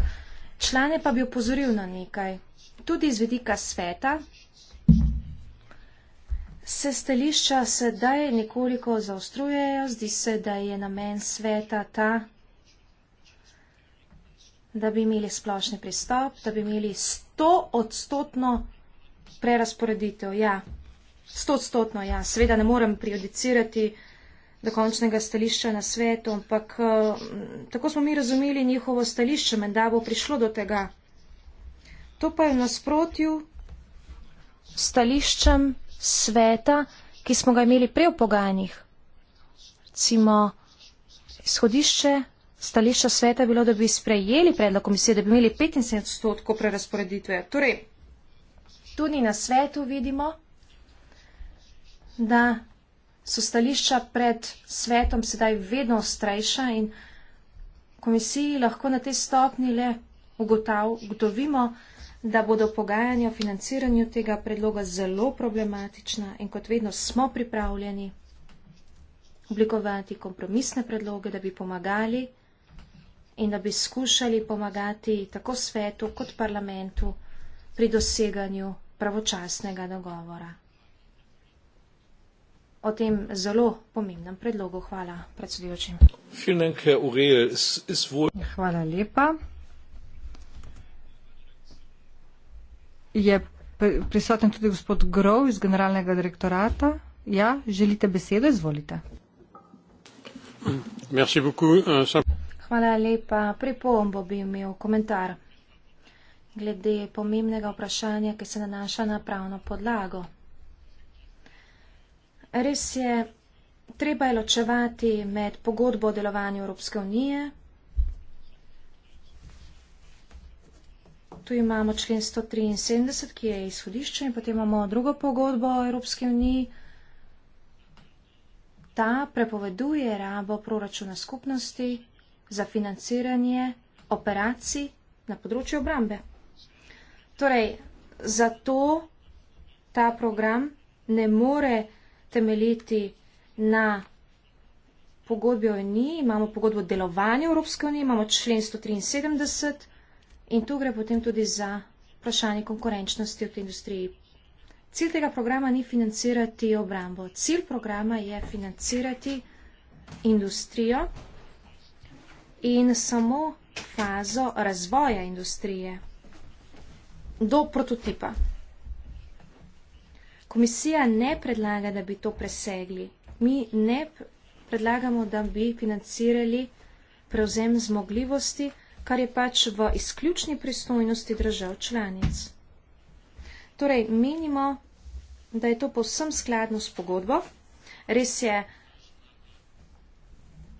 Speaker 3: člane pa bi upozoril na nekaj. Tudi iz vidika sveta se stališča sedaj nekoliko zaostrujejo, zdi se, da je namen sveta ta da bi imeli splošni pristop, da bi imeli stoodstotno prerasporeditev, ja, stotstotno, ja, seveda ne morem prioricirati do končnega stališča na svetu, ampak eh, tako smo mi razumeli njihovo stališče, menda bo prišlo do tega. To pa je v nasprotju stališčem sveta, ki smo ga imeli prej v pogajanjih. Recimo, izhodišče stališča sveta je bilo, da bi sprejeli predlog komisije, da bi imeli 75 odstotkov prerasporeditve. Torej, tudi na svetu vidimo, da so stališča pred svetom sedaj vedno ostrejša in komisiji lahko na te stopni le ugotovimo, da bodo pogajanja o financiranju tega predloga zelo problematična in kot vedno smo pripravljeni oblikovati kompromisne predloge, da bi pomagali in da bi skušali pomagati tako svetu kot parlamentu pri doseganju pravočasnega dogovora. O tem zelo pomembnem predlogu. Hvala predsedujočim. Hvala
Speaker 4: lepa. Je prisoten tudi gospod Grov iz generalnega direktorata? Ja, želite besedo? Izvolite.
Speaker 2: Euh,
Speaker 3: Hvala lepa. Pripombo bi imel komentar glede pomembnega vprašanja, ki se nanaša na pravno podlago. Res je, treba je ločevati med pogodbo o delovanju Evropske unije. Tu imamo člen 173, ki je izhodišče, in potem imamo drugo pogodbo o Evropske uniji. Ta prepoveduje rabo proračuna skupnosti za financiranje operacij na področju obrambe. Torej, zato ta program ne more temeljiti na pogodbi o ni, imamo pogodbo o delovanju Evropske unije, imamo člen 173 in tu gre potem tudi za vprašanje konkurenčnosti v tej industriji. Cilj tega programa ni financirati obrambo. Cilj programa je financirati industrijo in samo fazo razvoja industrije do prototipa. Komisija ne predlaga, da bi to presegli. Mi ne predlagamo, da bi financirali prevzem zmogljivosti, kar je pač v izključni pristojnosti držav članic. Torej, menimo, da je to povsem skladno s pogodbo. Res je,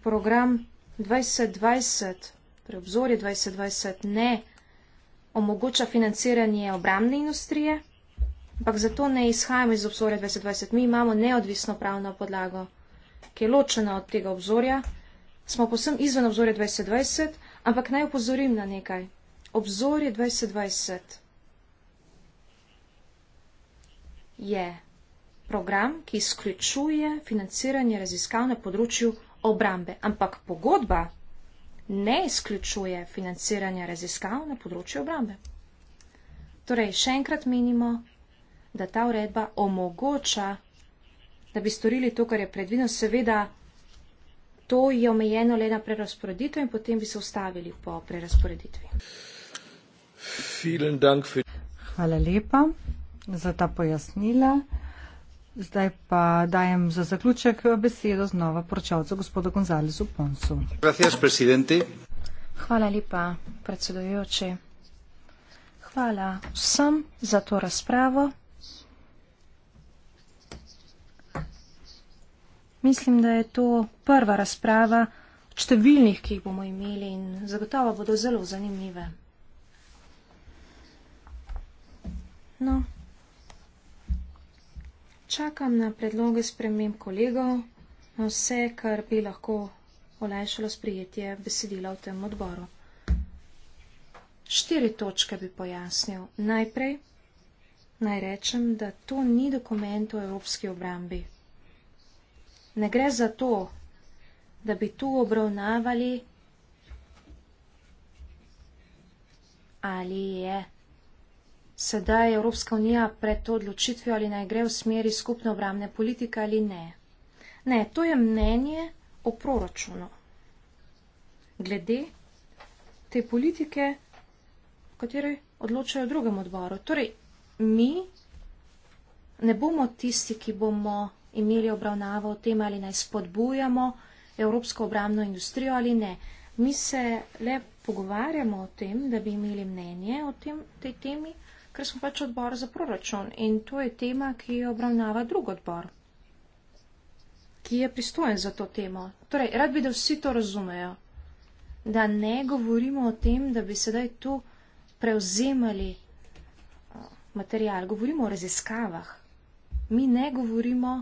Speaker 3: program 2020, preobzorje 2020 ne omogoča financiranje obramne industrije, ampak zato ne izhajamo iz obzorja 2020. Mi imamo neodvisno pravno podlago, ki je ločena od tega obzorja. Smo posem izven obzorja 2020, ampak naj upozorim na nekaj. Obzorje 2020 je program, ki izključuje financiranje raziskav na področju obrambe, ampak pogodba ne izključuje financiranja raziskav na področju obrambe. Torej, še enkrat menimo, da ta uredba omogoča, da bi storili to, kar je predvideno. Seveda, to je omejeno le na prerasporeditev in potem bi se ustavili po prerasporeditvi.
Speaker 4: Hvala lepa za ta pojasnila. Zdaj pa dajem za zaključek besedo znova poročalcu gospodu Gonzalezu Poncu. Hvala
Speaker 3: lepa, predsedujoči. Hvala vsem za to razpravo. Mislim, da je to prva razprava številnih, ki jih bomo imeli in zagotovo bodo zelo zanimive. No čakam na predloge sprememb kolegov, na vse, kar bi lahko olajšalo sprijetje besedila v tem odboru. Štiri točke bi pojasnil. Najprej naj rečem, da to ni dokument o evropski obrambi. Ne gre za to, da bi tu obravnavali ali je Sedaj je Evropska unija pred to odločitvijo, ali naj gre v smeri skupne obramne politike ali ne. Ne, to je mnenje o proračunu. Glede te politike, v kateri odločajo v drugem odboru. Torej, mi ne bomo tisti, ki bomo imeli obravnavo o tem, ali naj spodbujamo evropsko obramno industrijo ali ne. Mi se le pogovarjamo o tem, da bi imeli mnenje o tem, tej temi ker smo pač odbor za proračun in to je tema, ki jo obravnava drug odbor, ki je pristojen za to temo. Torej, rad bi, da vsi to razumejo, da ne govorimo o tem, da bi sedaj tu prevzemali uh, material, govorimo o raziskavah. Mi ne govorimo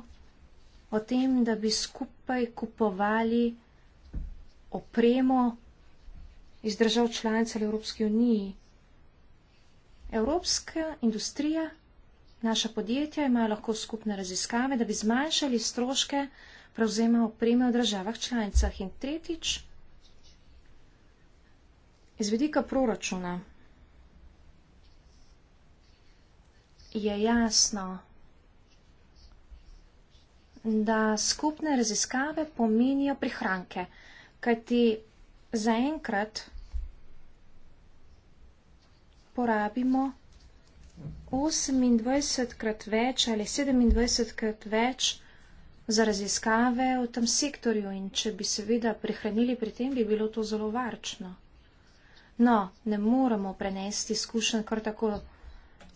Speaker 3: o tem, da bi skupaj kupovali opremo iz držav članic ali Evropske unije. Evropska industrija, naša podjetja imajo lahko skupne raziskave, da bi zmanjšali stroške prevzema opreme v državah članicah. In tretjič, iz vidika proračuna je jasno, da skupne raziskave pomenijo prihranke, kajti zaenkrat porabimo 28 krat več ali 27 krat več za raziskave v tem sektorju in če bi seveda prihranili pri tem, bi bilo to zelo varčno. No, ne moramo prenesti izkušenj kar tako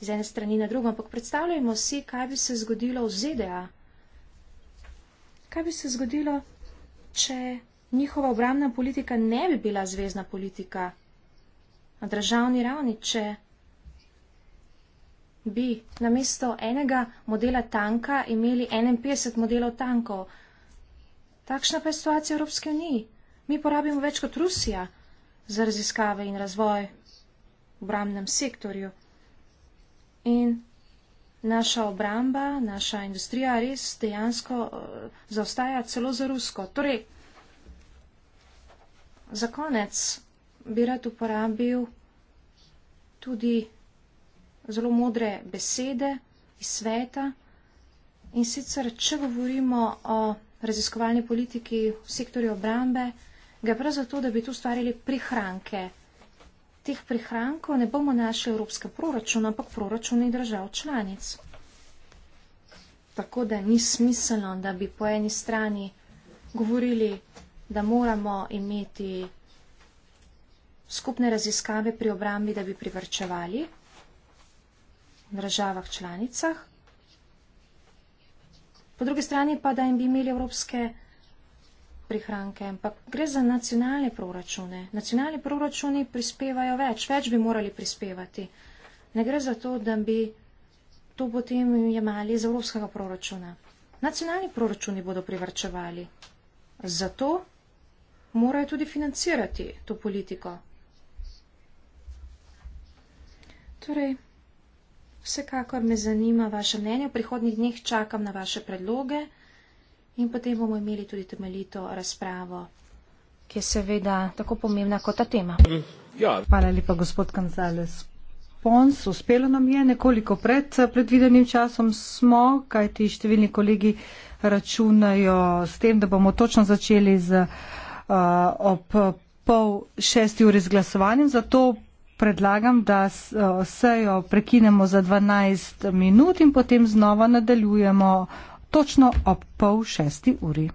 Speaker 3: z ene strani na drugo, ampak predstavljajmo si, kaj bi se zgodilo v ZDA. Kaj bi se zgodilo, če njihova obramna politika ne bi bila zvezna politika? na državni ravni, če bi namesto enega modela tanka imeli 51 modelov tankov. Takšna pa je situacija v Evropski uniji. Mi porabimo več kot Rusija za raziskave in razvoj v obramnem sektorju. In naša obramba, naša industrija res dejansko eh, zaostaja celo za Rusko. Torej, za konec bi rad uporabil tudi zelo modre besede iz sveta. In sicer, če govorimo o raziskovalni politiki v sektorju obrambe, ga prav zato, da bi tu stvarili prihranke. Teh prihrankov ne bomo našli v evropskem proračunu, ampak v proračunu držav članic. Tako da ni smiselno, da bi po eni strani govorili, da moramo imeti skupne raziskave pri obrambi, da bi privrčevali v državah članicah. Po druge strani pa, da jim bi imeli evropske prihranke, ampak gre za nacionalne proračune. Nacionalni proračuni prispevajo več, več bi morali prispevati. Ne gre za to, da bi to potem jemali iz evropskega proračuna. Nacionalni proračuni bodo privrčevali. Zato morajo tudi financirati to politiko. Torej, vsekakor me zanima vaše mnenje. V prihodnjih dneh čakam na vaše predloge in potem bomo imeli tudi temeljito razpravo, ki je seveda tako pomembna kot ta tema. Mhm, ja. Hvala
Speaker 4: lepa, gospod Kanzales. Pons, uspelo nam je nekoliko pred eh, predvidenim časom smo, kaj ti številni kolegi računajo s tem, da bomo točno začeli z uh, ob pol šesti uri z glasovanjem, zato predlagam, da sejo prekinemo za 12 minut in potem znova nadaljujemo točno ob pol šesti uri.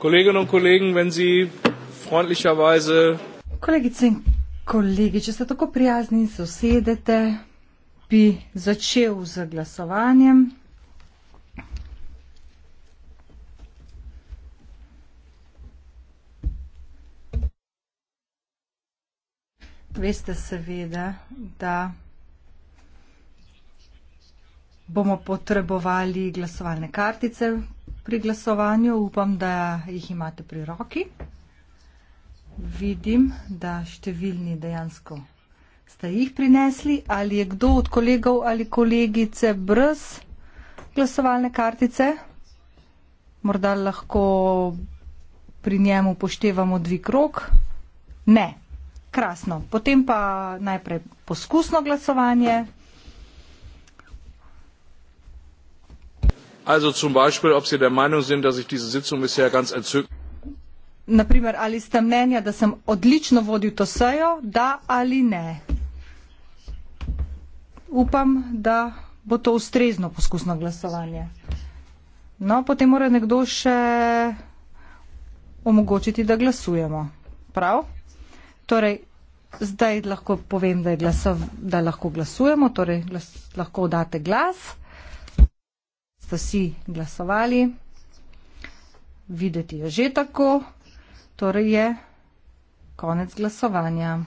Speaker 2: Kolleginnen und Kollegen, wenn Sie freundlicherweise.
Speaker 4: Kolegice in kolegi, če ste tako prijazni in se usedete, bi začel z glasovanjem. Veste seveda, da bomo potrebovali glasovalne kartice, pri glasovanju. Upam, da jih imate pri roki. Vidim, da številni dejansko ste jih prinesli. Ali je kdo od kolegov ali kolegice brez glasovalne kartice? Morda lahko pri njemu poštevamo dvig rok. Ne. Krasno. Potem pa najprej poskusno glasovanje.
Speaker 2: Also zum Beispiel, ob Sie der Meinung sind, dass ich diese Sitzung bisher ganz entzückend.
Speaker 4: Naprimer, ali ste mnenja, da sem odlično vodil to sejo, da ali ne? Upam, da bo to ustrezno poskusno glasovanje. No, potem mora nekdo še omogočiti, da glasujemo. Prav? Torej, zdaj lahko povem, da, glasov, da lahko glasujemo, torej glas, lahko date glas ste si glasovali. Videti je že tako, torej je konec glasovanja.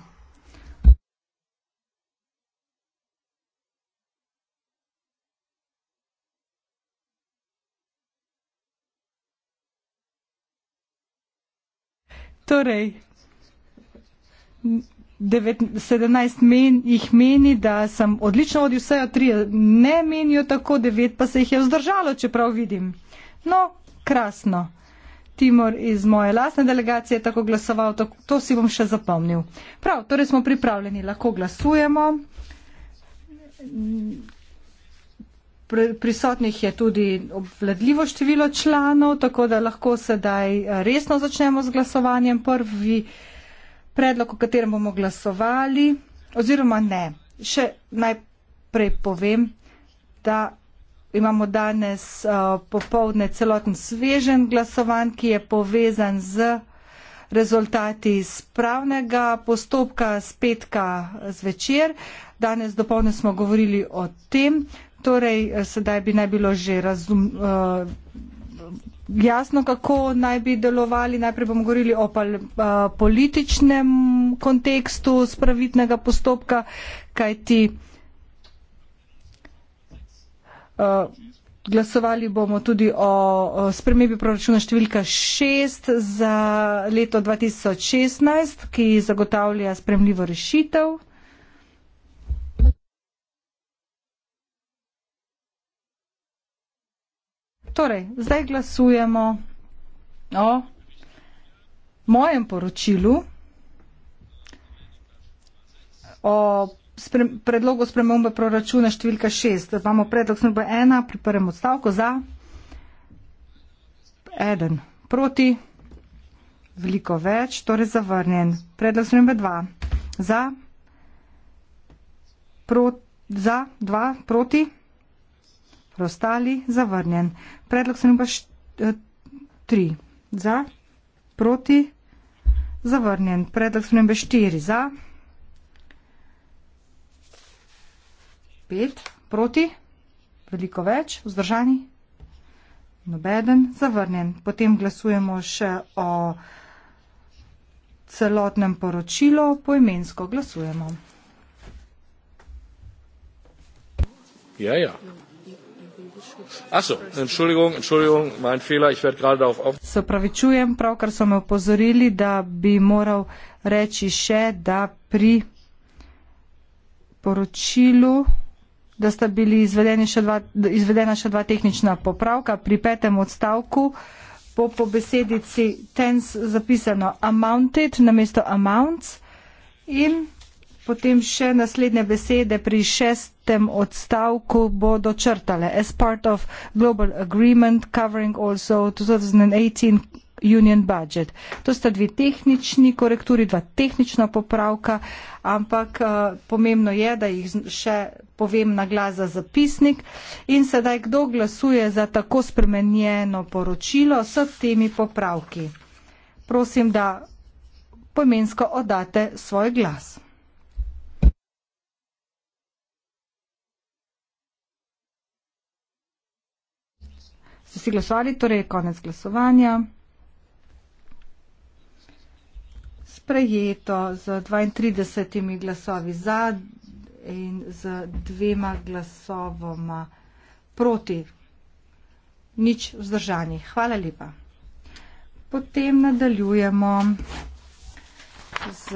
Speaker 4: Torej, 17 men, jih meni, da sem odlično vodil sejo, 3 ne menijo tako, 9 pa se jih je vzdržalo, čeprav vidim. No, krasno. Timor iz moje lasne delegacije je tako glasoval, tako, to si bom še zapomnil. Prav, torej smo pripravljeni, lahko glasujemo. Prisotnih je tudi obvladljivo število članov, tako da lahko sedaj eh, resno začnemo z glasovanjem. Prvi predlog, o katerem bomo glasovali, oziroma ne. Še najprej povem, da imamo danes uh, eh, popovdne celoten svežen glasovan, ki je povezan z rezultati iz pravnega postopka z petka eh, zvečer. Danes dopolne smo govorili o tem, torej eh, sedaj bi naj bilo že razumljivo. Uh, jasno, kako naj bi delovali. Najprej bomo govorili o pal, a, političnem kontekstu spravitnega postopka, kajti a, glasovali bomo tudi o, o spremembi proračuna številka 6 za leto 2016, ki zagotavlja spremljivo rešitev. Torej, zdaj glasujemo o mojem poročilu, o sprem, predlogu spremembe proračuna številka 6. Imamo predlog snorbe 1 pri prvem odstavku za 1 proti. Veliko več, torej zavrnjen. Predlog snorbe 2 za 2 proti preostali zavrnjen. Predlog sem pa eh, tri za, proti, zavrnjen. Predlog sem pa štiri za, pet, proti, veliko več, vzdržani, nobeden, zavrnjen. Potem glasujemo še o celotnem poročilu, poimensko glasujemo.
Speaker 2: Yeah, ja, yeah. Ja. Achso, Entschuldigung, Entschuldigung, mein Fehler, ich werde gerade darauf auf. Se
Speaker 4: pravičujem, pravkar so me opozorili, da bi moral reči še, da pri poročilu, da sta bili izvedeni še dva, izvedena še dva tehnična popravka pri petem odstavku, po, po besedici tense zapisano amounted namesto amounts in Potem še naslednje besede pri šestem odstavku bodo črtale. As part of global agreement covering also 2018 union budget. To sta dve tehnični korekturi, dva tehnična popravka, ampak uh, pomembno je, da jih še povem na glas za zapisnik. In sedaj, kdo glasuje za tako spremenjeno poročilo s temi popravki? Prosim, da pomensko odate svoj glas. So si glasovali, torej je konec glasovanja. Sprejeto z 32 glasovi za in z dvema glasovoma proti. Nič vzdržani. Hvala lepa. Potem nadaljujemo z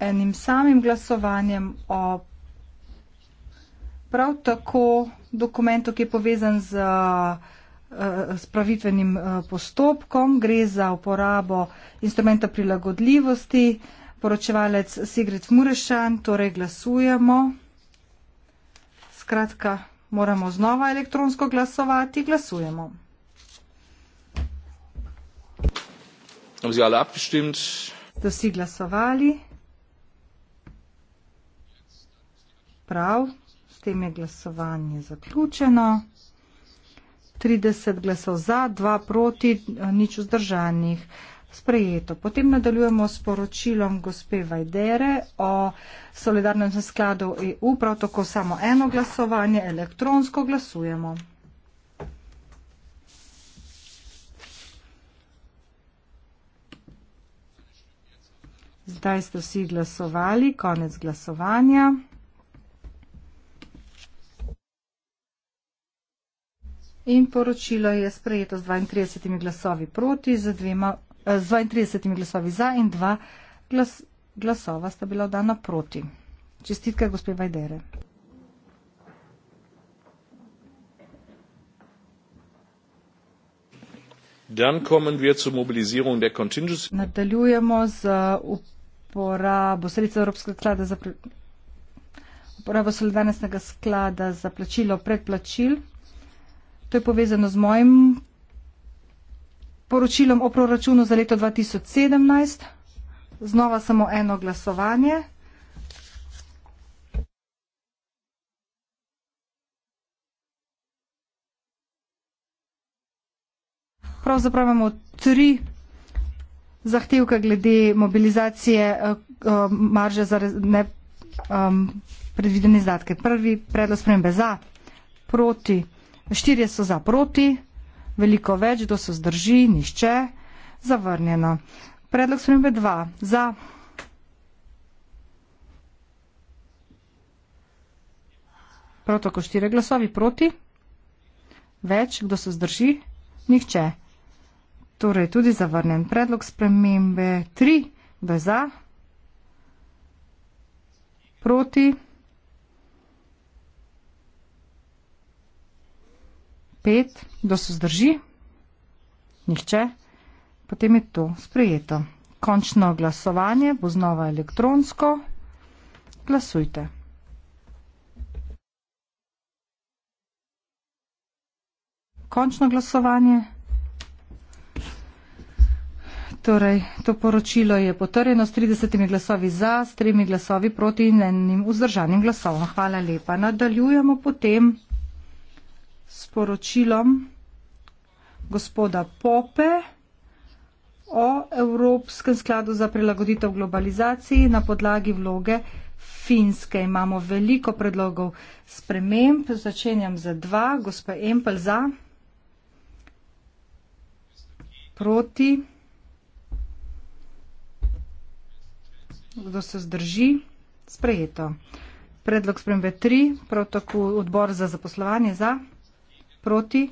Speaker 4: enim samim glasovanjem o prav tako dokumentu, ki je povezan z eh, spravitvenim eh, postopkom. Gre za uporabo instrumenta prilagodljivosti. Poročevalec Sigrid Murešan, torej glasujemo. Skratka, moramo znova elektronsko glasovati. Glasujemo.
Speaker 2: Ste
Speaker 4: vsi glasovali? Prav. S tem je glasovanje zaključeno. 30 glasov za, 2 proti, nič vzdržanih. Sprejeto. Potem nadaljujemo s poročilom gospe Vajdere o solidarnem skladu EU. Prav tako samo eno glasovanje, elektronsko glasujemo. Zdaj ste vsi glasovali, konec glasovanja. in poročilo je sprejeto z 32 glasovi proti, z, dvema, eh, z 32 glasovi za in dva glas, glasova sta bila dana proti. Čestitke, gospe Vajdere. Nadaljujemo z uporabo sredstva Evropskega sklada za pre... uporabo solidarnostnega sklada za plačilo predplačil. To je povezano z mojim poročilom o proračunu za leto 2017. Znova samo eno glasovanje. Pravzaprav imamo tri zahtevka glede mobilizacije eh, eh, marže za ne, um, predvidene izdatke. Prvi predlog spremembe za, proti. Štirje so za proti, veliko več, kdo so zdrži, nišče, zavrnjeno. Predlog spremembe 2. Za. Prav tako štiri glasovi proti, več, kdo se zdrži, nihče. Torej tudi zavrnen predlog spremembe 3, kdo je za, proti. 5, kdo se zdrži? Nihče. Potem je to sprejeto. Končno glasovanje bo znova elektronsko. Glasujte. Končno glasovanje. Torej, to poročilo je potrjeno s 30 glasovi za, s 3 glasovi proti in enim vzdržanim glasovom. Hvala lepa. Nadaljujemo potem sporočilom gospoda Pope o Evropskem skladu za prilagoditev globalizaciji na podlagi vloge Finske. Imamo veliko predlogov sprememb. Začenjam za dva. Gospa Empel za. Proti. Kdo se zdrži? Sprejeto. Predlog spremembe 3, protokol odbor za zaposlovanje za proti.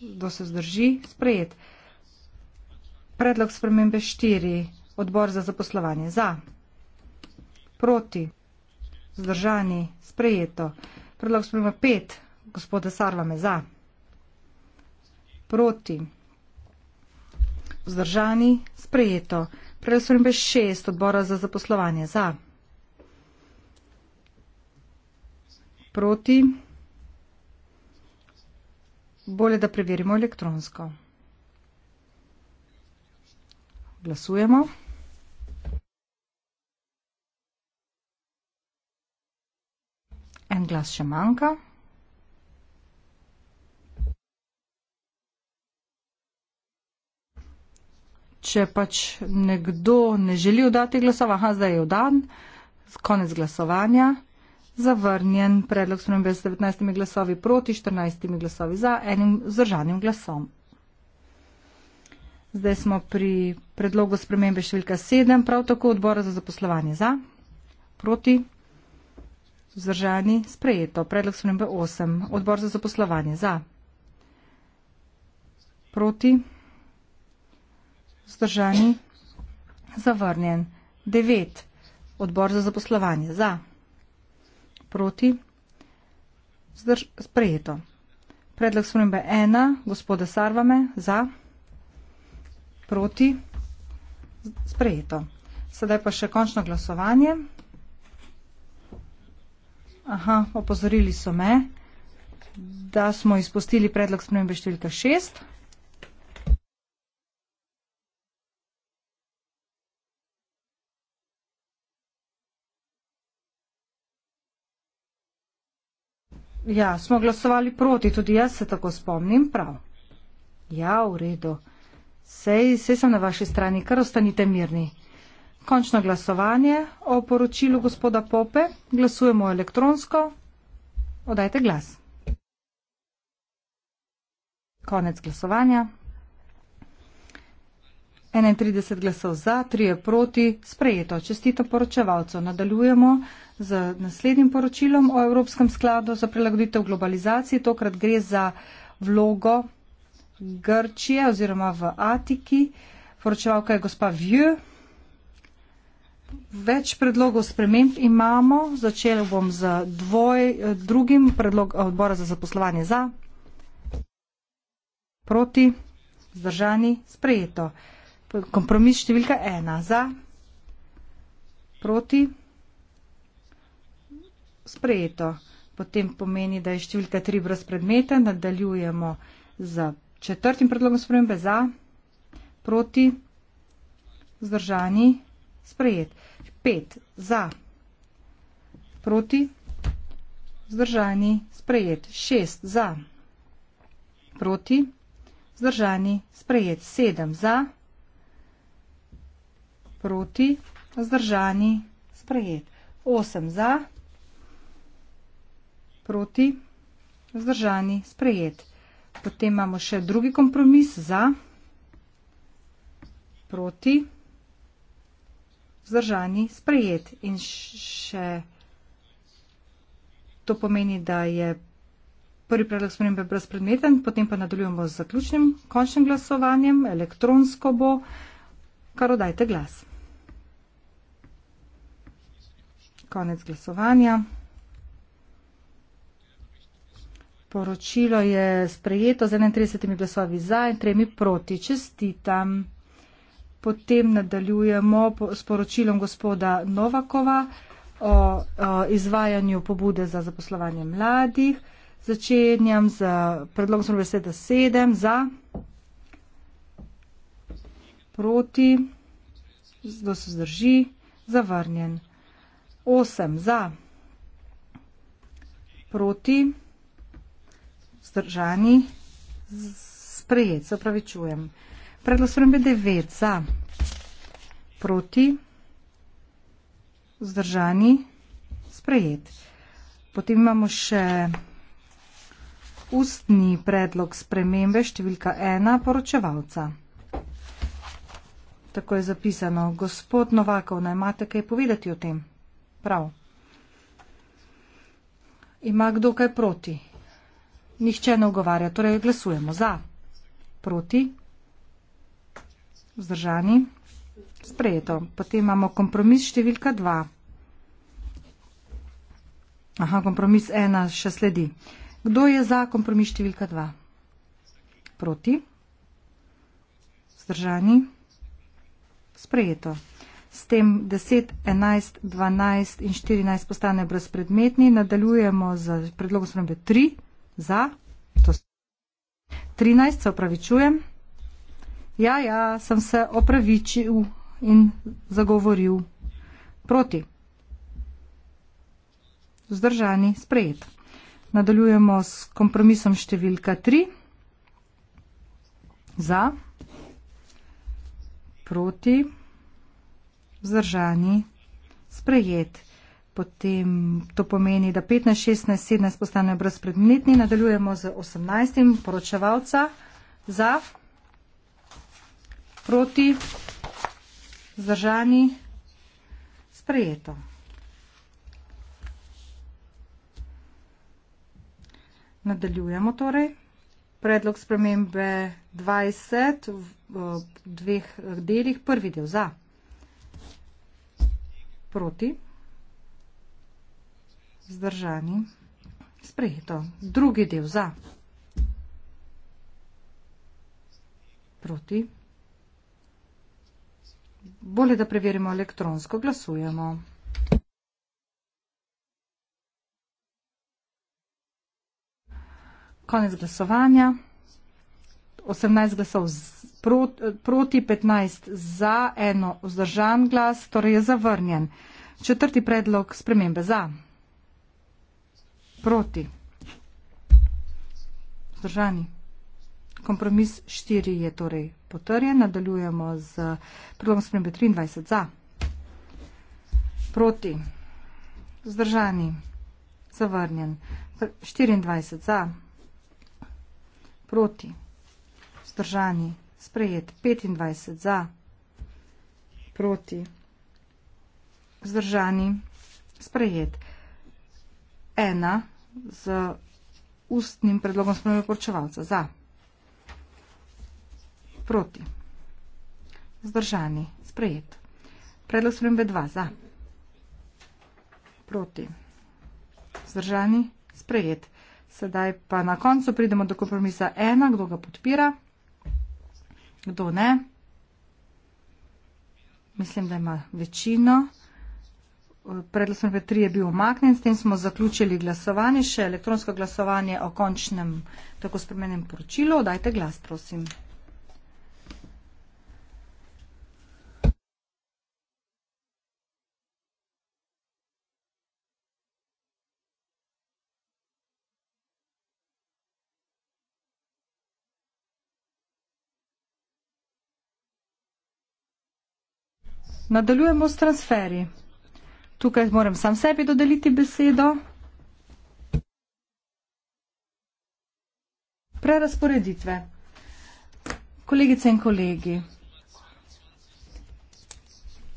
Speaker 4: Kdo se zdrži? Sprejet. Predlog spremembe štiri. Odbor za zaposlovanje. Za. Proti. Zdržani. Sprejeto. Predlog spremembe pet. Gospoda Sarvame. Za. Proti. Zdržani. Sprejeto. Predlog spremembe šest. Odbora za zaposlovanje. Za. Proti. proti. Bolje, da preverimo elektronsko. Glasujemo. En glas še manjka. Če pač nekdo ne želi oddati glasova, aha, zdaj je oddan, konec glasovanja zavrnjen predlog s 19 glasovi proti, 14 glasovi za, enim vzdržanim glasom. Zdaj smo pri predlogu spremembe številka 7, prav tako odbora za zaposlovanje za, proti, vzdržani, sprejeto. Predlog spremembe 8, odbor za zaposlovanje za, proti, vzdržani, zavrnjen. 9, odbor za zaposlovanje za proti. Zdrž, sprejeto. Predlog spremembe ena, gospoda Sarvame, za, proti, sprejeto. Sedaj pa še končno glasovanje. Aha, opozorili so me, da smo izpustili predlog spremembe številka šest. Ja, smo glasovali proti, tudi jaz se tako spomnim, prav. Ja, v redu. Sej, sej sem na vaši strani, kar ostanite mirni. Končno glasovanje o poročilu gospoda Pope. Glasujemo elektronsko. Odajte glas. Konec glasovanja. 31 glasov za, 3 proti, sprejeto. Čestito poročevalcev. Nadaljujemo z naslednjim poročilom o Evropskem skladu za prilagoditev globalizaciji. Tokrat gre za vlogo Grčije oziroma v Atiki. Poročevalka je gospa Vjö. Več predlogov sprememb imamo. Začel bom z dvoj, eh, drugim predlog odbora za zaposlovanje za, proti, zdržani, sprejeto. Kompromis številka ena za, proti sprejeto. Potem pomeni, da je številka 3 brez predmeta. Nadaljujemo z četrtim predlogom spremembe za, proti, zdržani, sprejet. 5 za, proti, zdržani, sprejet. 6 za, proti, zdržani, sprejet. 7 za, proti, zdržani, sprejet. 8 za, proti, zdržani, sprejet proti, vzdržani, sprejet. Potem imamo še drugi kompromis za, proti, vzdržani, sprejet. In še to pomeni, da je prvi predlog spremembe brezpredmeten, potem pa nadaljujemo z zaključnim končnim glasovanjem, elektronsko bo, kar oddajte glas. Konec glasovanja. Poročilo je sprejeto z 31 glasovi za in 3 proti. Čestitam. Potem nadaljujemo s poročilom gospoda Novakova o, o izvajanju pobude za zaposlovanje mladih. Začenjam z predlogom sobe 7 za, proti, kdo se zdrži, zavrnjen. 8 za, proti vzdržani, sprejet, se pravi čujem. Predlasujem B9 za, proti, vzdržani, sprejet. Potem imamo še ustni predlog spremembe številka 1 poročevalca. Tako je zapisano, gospod Novakov, naj imate kaj povedati o tem? Prav. Ima kdo kaj proti? Nihče ne ogovarja, torej glasujemo za, proti, vzdržani, sprejeto. Potem imamo kompromis številka 2. Aha, kompromis 1 še sledi. Kdo je za kompromis številka 2? Proti, vzdržani, sprejeto. S tem 10, 11, 12 in 14 postane brezpredmetni. Nadaljujemo z predlogom spremembe 3 za, to so 13, se opravičujem. Ja, ja, sem se opravičil in zagovoril proti. Zdržani, sprejet. Nadaljujemo s kompromisom številka 3. Za, proti, vzdržani, sprejet. Potem to pomeni, da 15, 16, 17 postanejo brezpredmetni. Nadaljujemo z 18. poročevalca za, proti, zdržani, sprejeto. Nadaljujemo torej. Predlog spremembe 20 v dveh delih. Prvi del za, proti zdržani. Sprejeto. Drugi del za. Proti. Bolje, da preverimo elektronsko. Glasujemo. Konec glasovanja. 18 glasov proti, 15 za, eno vzdržan glas, torej je zavrnjen. Četrti predlog spremembe za proti. Zdržani. Kompromis 4 je torej potrjen. Nadaljujemo z prilom spremembe 23 za. Proti. Zdržani. Zavrnjen. 24 za. Proti. Zdržani. Sprejet. 25 za. Proti. Zdržani. Sprejet. 1 z ustnim predlogom spremembe poročevalca. Za. Proti. Zdržani. Sprejet. Predlog spremembe 2. Za. Proti. Zdržani. Sprejet. Sedaj pa na koncu pridemo do kompromisa 1. Kdo ga podpira? Kdo ne? Mislim, da ima večino predlog smrpe 3 je bil omaknjen, s tem smo zaključili glasovanje, še elektronsko glasovanje o končnem tako spremenjem poročilu. Dajte glas, prosim. Nadaljujemo s transferi. Tukaj moram sam sebi dodeliti besedo. Prerasporeditve. Kolegice in kolegi.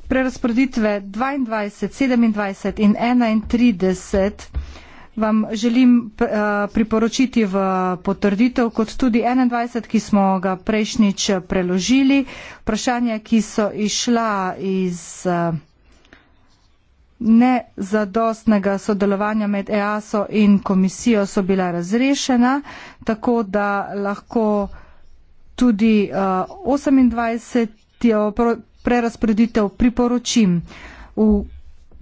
Speaker 4: Prerasporeditve 22, 27 in 31 vam želim eh, priporočiti v potrditev, kot tudi 21, ki smo ga prejšnjič preložili. Vprašanja, ki so išla iz eh, nezadostnega sodelovanja med EASO in komisijo so bila razrešena, tako da lahko tudi 28. Eh, prerasporeditev priporočim v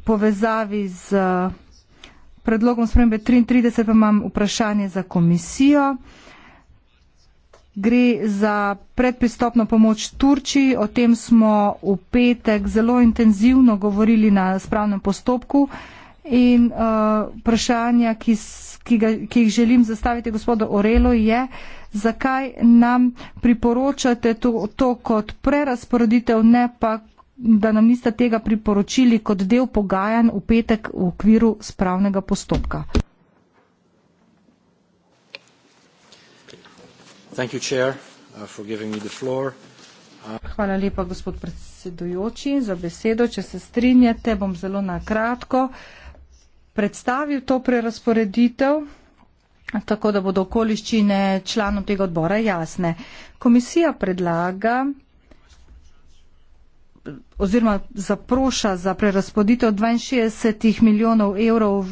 Speaker 4: povezavi z eh, predlogom spremembe 33, pa imam vprašanje za komisijo. Gre za predpristopno pomoč Turčiji, o tem smo v petek zelo intenzivno govorili na spravnem postopku in uh, vprašanja, ki, ki, ga, ki jih želim zastaviti gospodu Orelo je, zakaj nam priporočate to, to kot prerasporeditev, ne pa, da nam niste tega priporočili kot del pogajanj v petek v okviru spravnega postopka. Uh, Hvala lepa, gospod predsedujoči, za besedo. Če se strinjate, bom zelo nakratko predstavil to prerasporeditev, tako da bodo okoliščine članov tega odbora jasne. Komisija predlaga, oziroma zaproša za prerasporeditev 62 milijonov evrov,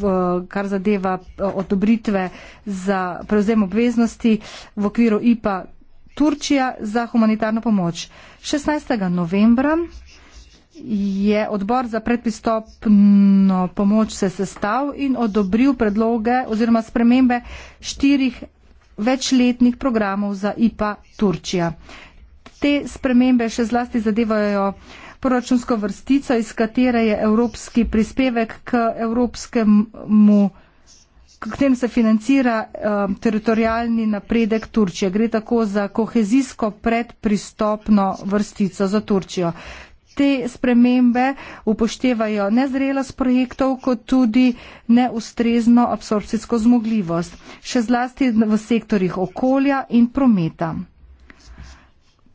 Speaker 4: kar zadeva eh, odobritve za prevzem obveznosti v okviru IPA Turčija za humanitarno pomoč. 16. novembra je odbor za predpristopno pomoč se sestav in odobril predloge oziroma spremembe štirih večletnih programov za IPA Turčija. Te spremembe še zlasti zadevajo uh, proračunsko vrstico, iz katere je evropski prispevek k evropskemu, k tem se financira uh, teritorijalni napredek Turčije. Gre tako za kohezijsko predpristopno vrstico za Turčijo. Te spremembe upoštevajo nezrelost projektov, kot tudi neustrezno absorpcijsko zmogljivost, še zlasti v sektorjih okolja in prometa.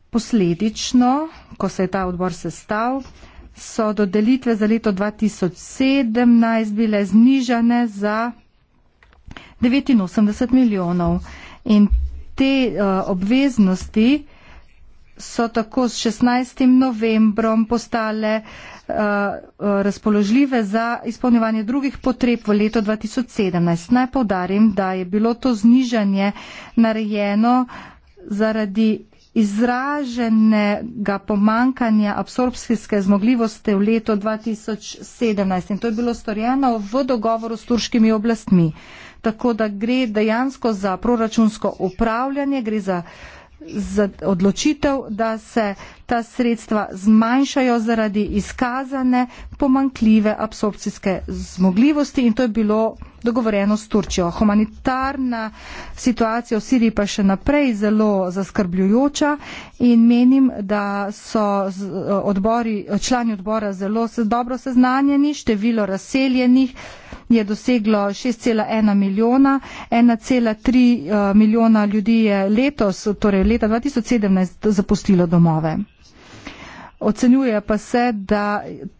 Speaker 4: Posledično, ko se je ta odbor sestav, so dodelitve za leto 2017 bile znižane za 89 milijonov. In te uh, obveznosti so tako s 16. novembrom postale uh, razpoložljive za izpolnjevanje drugih potreb v leto 2017. Naj povdarim, da je bilo to znižanje narejeno zaradi izraženega pomankanja absorpcijske zmogljivosti v letu 2017 in to je bilo storjeno v dogovoru s turškimi oblastmi. Tako da gre dejansko za proračunsko upravljanje, gre za, za odločitev, da se ta sredstva zmanjšajo zaradi izkazane pomankljive absorpcijske zmogljivosti in to je bilo dogovorjeno s Turčijo. Humanitarna situacija v Siriji pa še naprej zelo zaskrbljujoča in menim, da so odbori, člani odbora zelo se dobro seznanjeni, število razseljenih je doseglo 6,1 milijona, 1,3 eh, milijona ljudi je letos, torej leta 2017, zapustilo domove. Ocenjuje pa se, da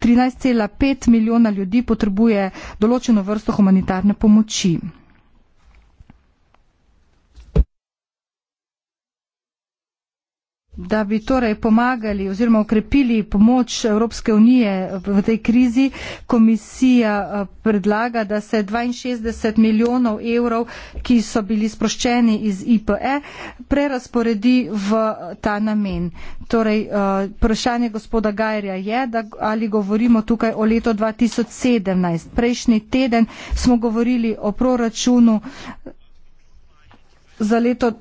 Speaker 4: 13,5 milijona ljudi potrebuje določeno vrsto humanitarne pomoči. da bi torej pomagali oziroma okrepili pomoč Evropske unije v tej krizi, komisija eh, predlaga, da se 62 milijonov evrov, ki so bili sproščeni iz IPE, prerasporedi v eh, ta namen. Torej, eh, vprašanje gospoda Gajerja je, da, ali govorimo tukaj o letu 2017. Prejšnji teden smo govorili o proračunu za leto 2017.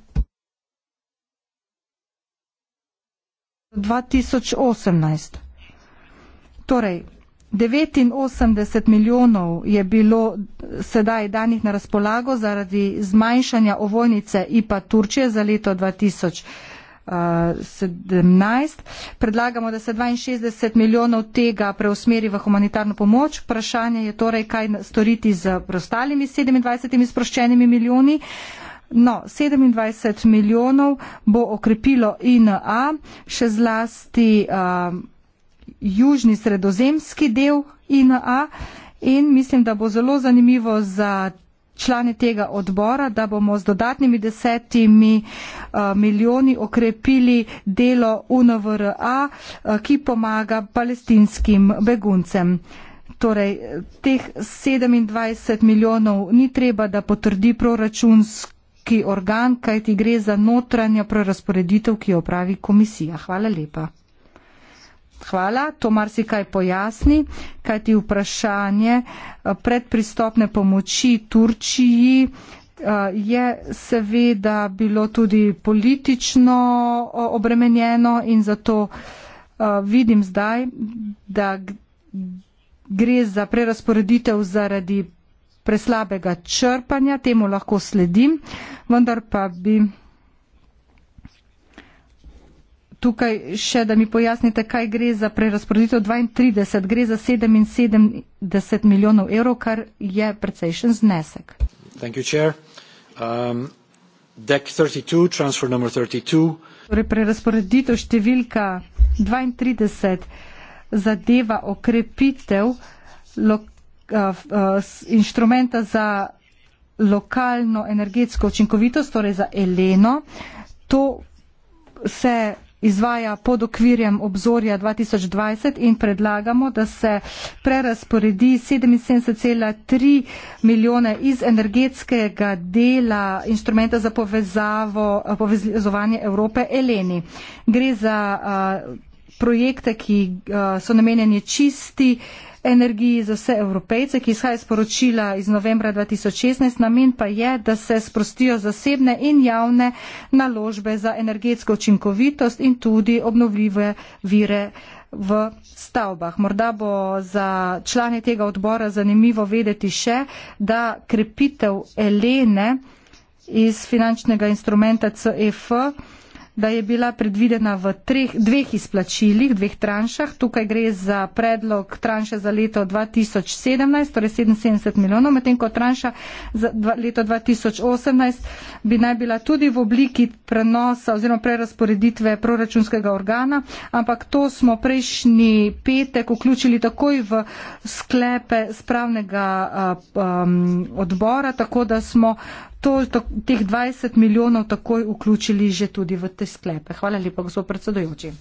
Speaker 4: 2018. Torej, 89 milijonov je bilo sedaj danih na razpolago zaradi zmanjšanja ovojnice IPA Turčije za leto 2017. Eh, Predlagamo, da se 62 milijonov tega preusmeri v humanitarno pomoč. Vprašanje je torej, kaj storiti z prostalimi 27 sproščenimi milijoni. Uh, No, 27 milijonov bo okrepilo INA, še zlasti um, južni sredozemski del INA in mislim, da bo zelo zanimivo za člane tega odbora, da bomo z dodatnimi desetimi uh, milijoni okrepili delo UNVRA, uh, ki pomaga palestinskim beguncem. Torej, teh 27 milijonov ni treba, da potrdi proračunsko ki organ, kaj ti gre za notranja prerasporeditev, ki jo opravi komisija. Hvala lepa. Hvala, to mar si kaj pojasni, kaj ti vprašanje eh, predpristopne pomoči Turčiji eh, je seveda bilo tudi politično obremenjeno in zato eh, vidim zdaj, da gre za prerasporeditev zaradi preslabega črpanja, temu lahko sledim, vendar pa bi tukaj še, da mi pojasnite, kaj gre za prerasporeditev 32, gre za 77 milijonov evrov, kar je precejšen znesek.
Speaker 2: Um, deck 32, transfer number 32.
Speaker 4: Torej prerasporeditev številka 32 zadeva okrepitev lok Eh, eh, inštrumenta za lokalno energetsko učinkovitost, torej za Eleno. To se izvaja pod okvirjem obzorja 2020 in predlagamo, da se prerasporedi 77,3 milijone iz energetskega dela inštrumenta za povezavo, povezovanje Evrope Eleni. Gre za uh, projekte, ki uh, so namenjeni čisti uh, energiji za vse evropejce, ki izhaja iz poročila iz novembra 2016. Namen pa je, da se sprostijo zasebne in javne naložbe za energetsko učinkovitost in tudi obnovljive vire v stavbah. Morda bo za člane tega odbora zanimivo vedeti še, da krepitev Elene iz finančnega instrumenta CEF da je bila predvidena v treh, dveh izplačilih, dveh tranšah. Tukaj gre za predlog tranše za leto 2017, torej 77 milijonov, medtem ko tranša za dva, leto 2018 bi naj bila tudi v obliki prenosa oziroma prerasporeditve proračunskega organa, ampak to smo prejšnji petek vključili takoj v sklepe spravnega um, odbora, tako da smo uh, to, to, teh 20 milijonov takoj vključili že tudi v te sklepe. Hvala lepa, gospod predsedojoči.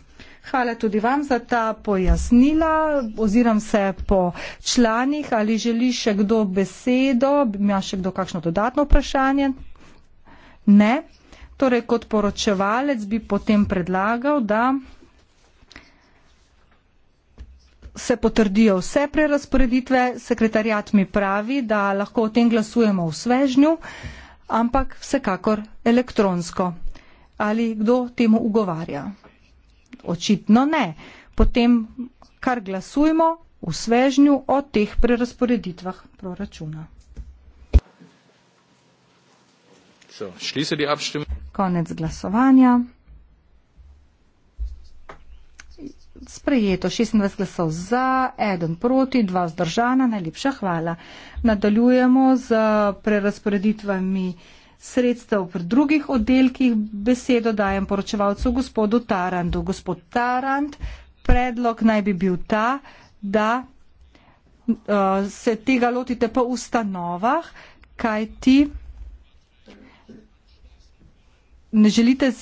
Speaker 4: Hvala tudi vam za ta pojasnila. Oziram se po članih. Ali želi še kdo besedo? Ima še kdo kakšno dodatno vprašanje? Ne. Torej, kot poročevalec bi potem predlagal, da se potrdijo vse prerasporeditve. Sekretarjat mi pravi, da lahko o tem glasujemo v svežnju ampak vsekakor elektronsko. Ali kdo temu ugovarja? Očitno ne. Potem, kar glasujemo v svežnju o teh prerasporeditvah proračuna. So, Konec glasovanja. sprejeto 26 glasov za, eden proti, dva vzdržana, najlepša hvala. Nadaljujemo z prerasporeditvami sredstev pri drugih oddelkih. Besedo dajem poročevalcu gospodu Tarandu. Gospod Tarand, predlog naj bi bil ta, da uh, se tega lotite po ustanovah, kaj ti ne želite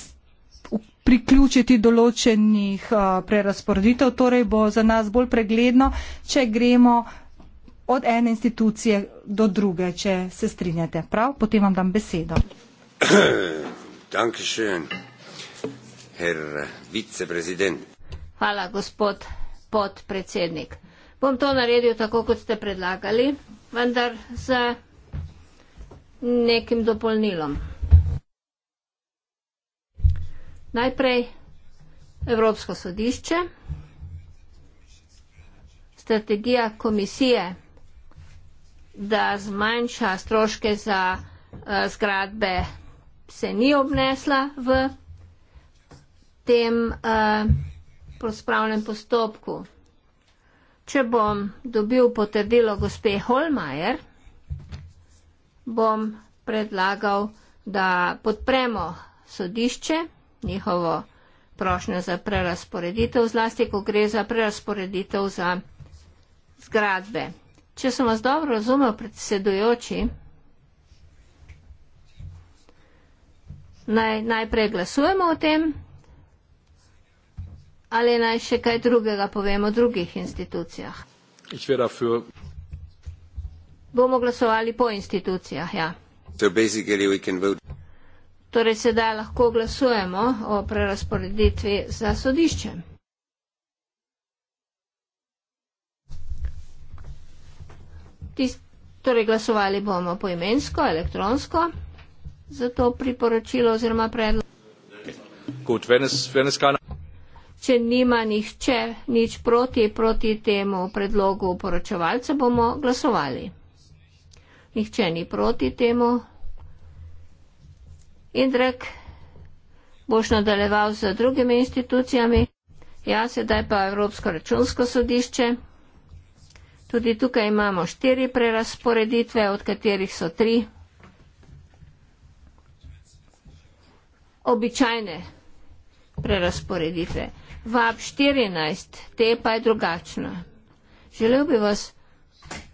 Speaker 4: priključiti določenih eh, prerasporeditev, torej bo za nas bolj pregledno, če gremo od ene institucije do druge, če se strinjate. Prav, potem vam dam besedo.
Speaker 2: *clears throat*
Speaker 1: Hvala, gospod podpredsednik. Bom to naredil tako, kot ste predlagali, vendar z nekim dopolnilom. Najprej Evropsko sodišče, strategija komisije, da zmanjša stroške za uh, zgradbe, se ni obnesla v tem uh, eh, prospravnem postopku. Če bom dobil potrdilo gospe Holmajer, bom predlagal, da podpremo sodišče njihovo prošnjo za prerasporeditev, zlasti ko gre za prerasporeditev za zgradbe. Če sem vas dobro razumel, predsedujoči, naj najprej glasujemo o tem ali naj še kaj drugega povemo o drugih institucijah. Bomo glasovali po institucijah, ja. So basically we can vote. Torej sedaj lahko glasujemo o prerasporeditvi za sodišče. Tist, torej glasovali bomo poimensko, elektronsko za to priporočilo oziroma predlog.
Speaker 2: Gut, wenn es, wenn es keine...
Speaker 1: Če nima nihče nič proti, proti temu predlogu poročevalca bomo glasovali. Nihče ni proti temu Indrek, boš nadaljeval z drugimi institucijami, jaz sedaj pa Evropsko računsko sodišče. Tudi tukaj imamo štiri prerasporeditve, od katerih so tri običajne prerasporeditve. VAP 14, te pa je drugačno. Želel bi vas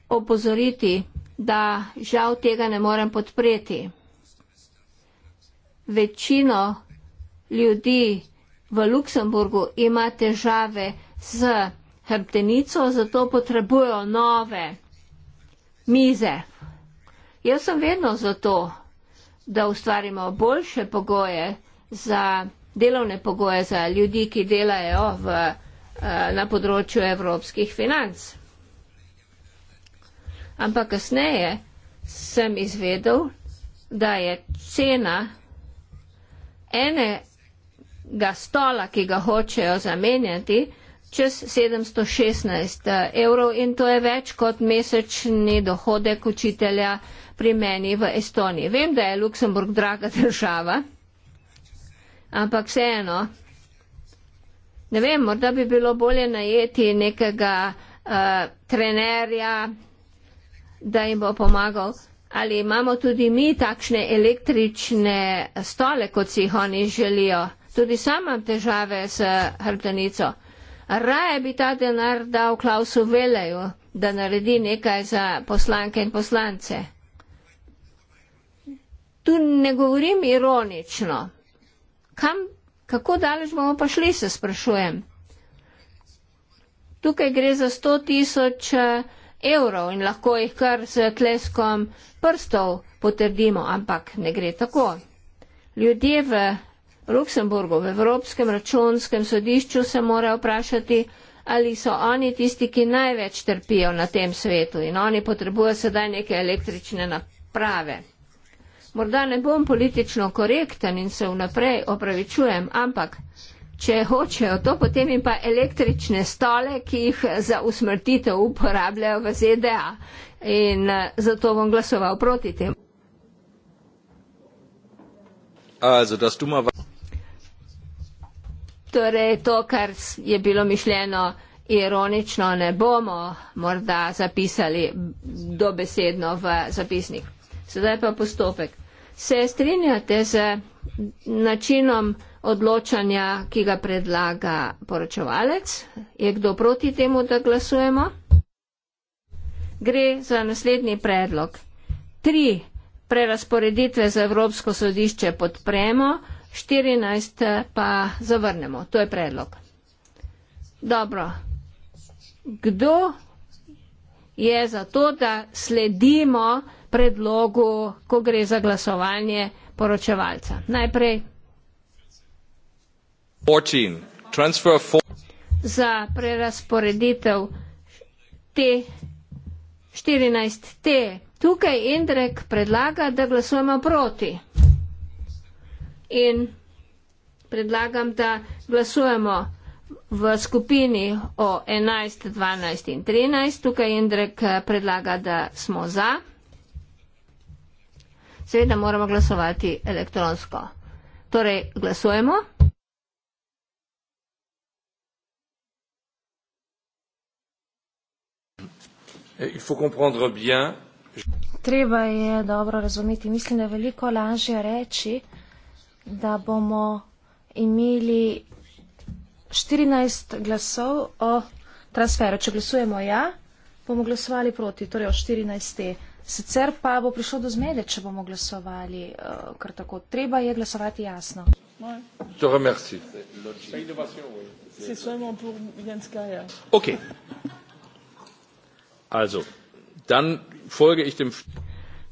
Speaker 1: opozoriti, da žal tega ne morem podpreti večino ljudi v Luksemburgu ima težave z hrbtenico, zato potrebujo nove mize. Jaz sem vedno za to, da ustvarimo boljše pogoje za delovne pogoje za ljudi, ki delajo v, eh, na področju evropskih financ. Ampak kasneje sem izvedel, da je cena enega stola, ki ga hočejo zamenjati, čez 716 eh, evrov in to je več kot mesečni dohodek učitelja pri meni v Estoniji. Vem, da je Luksemburg draga država, ampak vseeno. Ne vem, morda bi bilo bolje najeti nekega uh, trenerja, da jim bo pomagal ali imamo tudi mi takšne električne stole, kot si jih oni želijo. Tudi sam imam težave s hrbtenico. Raje bi ta denar dal Klausu Veleju, da naredi nekaj za poslanke in poslance. Tu ne govorim ironično. Kam, kako daleč bomo pašli, se sprašujem. Tukaj gre za 100 tisoč eh, evrov in lahko jih kar s kleskom prstov potrdimo, ampak ne gre tako. Ljudje v Luksemburgu, v Evropskem računskem sodišču se morajo vprašati, ali so oni tisti, ki največ trpijo na tem svetu in oni potrebujejo sedaj neke električne naprave. Morda ne bom politično korekten in se vnaprej opravičujem, ampak če hočejo to, potem jim pa električne stole, ki jih za usmrtitev uporabljajo v ZDA. In eh, zato bom glasoval proti tem. Torej, to, kar je bilo mišljeno ironično, ne bomo morda zapisali dobesedno v zapisnik. Sedaj pa postopek. Se strinjate z načinom, odločanja, ki ga predlaga poročevalec? Je kdo proti temu, da glasujemo? Gre za naslednji predlog. Tri prerasporeditve za Evropsko sodišče podpremo, 14 pa zavrnemo. To je predlog. Dobro. Kdo je za to, da sledimo predlogu, ko gre za glasovanje poročevalca? Najprej za prerasporeditev T 14 T. Tukaj Indrek predlaga, da glasujemo proti. In predlagam, da glasujemo v skupini o 11, 12 in 13. Tukaj Indrek eh, predlaga, da smo za. Seveda moramo glasovati elektronsko. Torej, glasujemo.
Speaker 2: Eh,
Speaker 3: Treba je dobro razumeti. Mislim, da je veliko lažje reči, da bomo imeli 14 glasov o transferu. Če glasujemo ja, bomo glasovali proti, torej o 14. Sicer pa bo prišlo do zmede, če bomo glasovali eh, kar tako. Treba je glasovati jasno.
Speaker 2: Ok. Also, dann folge ich dem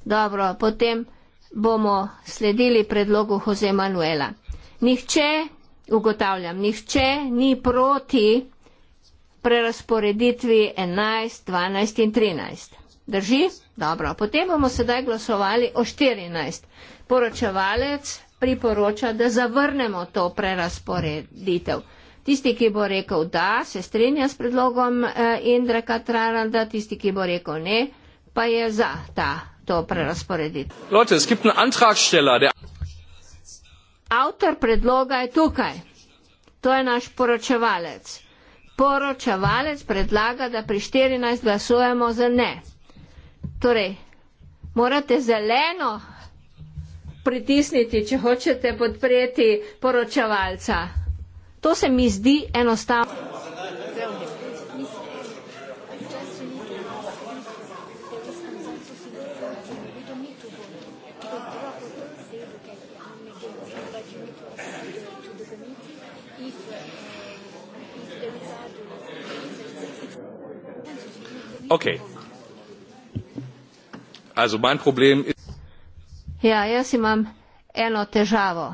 Speaker 1: Dobro, potem bomo sledili predlogu Jose Manuela. Nihče, ugotavljam, nihče ni proti prerasporeditvi 11, 12 in 13. Drži? Dobro, potem bomo sedaj glasovali o 14. Poročevalec priporoča, da zavrnemo to prerasporeditev. Tisti, ki bo rekel da, se strinja s predlogom eh, Indra Katraranda, tisti, ki bo rekel ne, pa je za ta, to prerasporediti. Avtor predloga je tukaj. To je naš poročevalec. Poročevalec predlaga, da pri 14 glasujemo za ne. Torej, morate zeleno pritisniti, če hočete podpreti poročevalca. To se mi zdi enostavno.
Speaker 2: Okay. Also mein Problem ist
Speaker 1: ja, jaz imam eno težavo.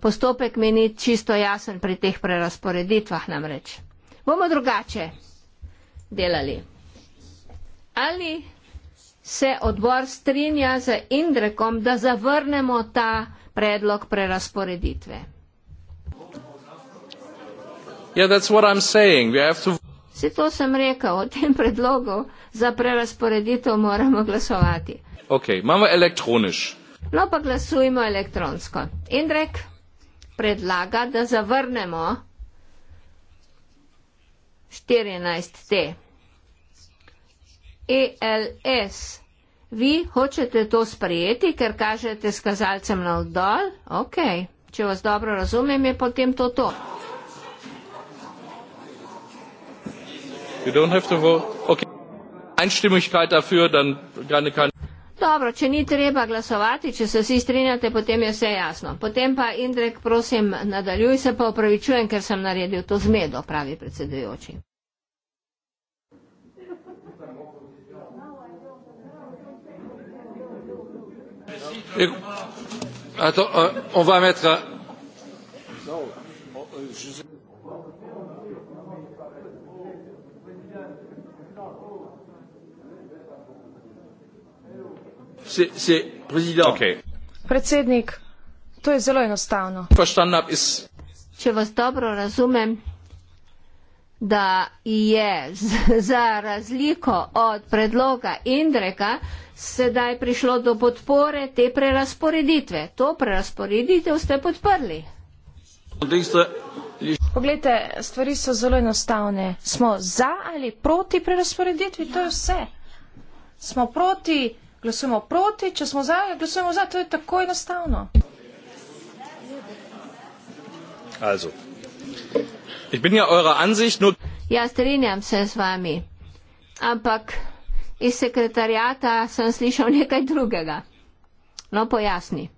Speaker 1: Postopek mi ni čisto jasen pri teh prerasporeditvah namreč. Bomo drugače delali. Ali se odbor strinja z Indrekom, da zavrnemo ta predlog prerasporeditve?
Speaker 2: Yeah, to...
Speaker 1: Se to sem rekel, o tem predlogu za prerasporeditev moramo glasovati. Okay, no pa glasujmo elektronsko. Indrek predlaga, da zavrnemo 14T. ELS, vi hočete to sprejeti, ker kažete s kazalcem navdol? Ok, če vas dobro razumem, je potem to to.
Speaker 2: You don't have to vote. Okay. Einstimmigkeit dafür, dann gerne kein.
Speaker 1: Dobro, če ni treba glasovati, če se vsi strinjate, potem je vse jasno. Potem pa, Indrek, prosim, nadaljuj se, pa opravičujem, ker sem naredil to zmedo, pravi predsedujoči.
Speaker 2: Ova metka. No, Predsednik, okay.
Speaker 3: predsednik, to je zelo enostavno.
Speaker 1: Če vas dobro razumem, da je za razliko od predloga Indreka sedaj prišlo do podpore
Speaker 3: te prerasporeditve. To prerasporeditev ste podprli. Poglejte, stvari so zelo enostavne. Smo za ali proti prerasporeditvi, to je vse. Smo proti glasujemo proti, če smo za, ja, glasujemo za, to je tako enostavno.
Speaker 2: Also, ich bin ja eurer Ansicht nur.
Speaker 1: Ja, strinjam se z vami, ampak iz sekretarijata sem slišal nekaj drugega. No, pojasni.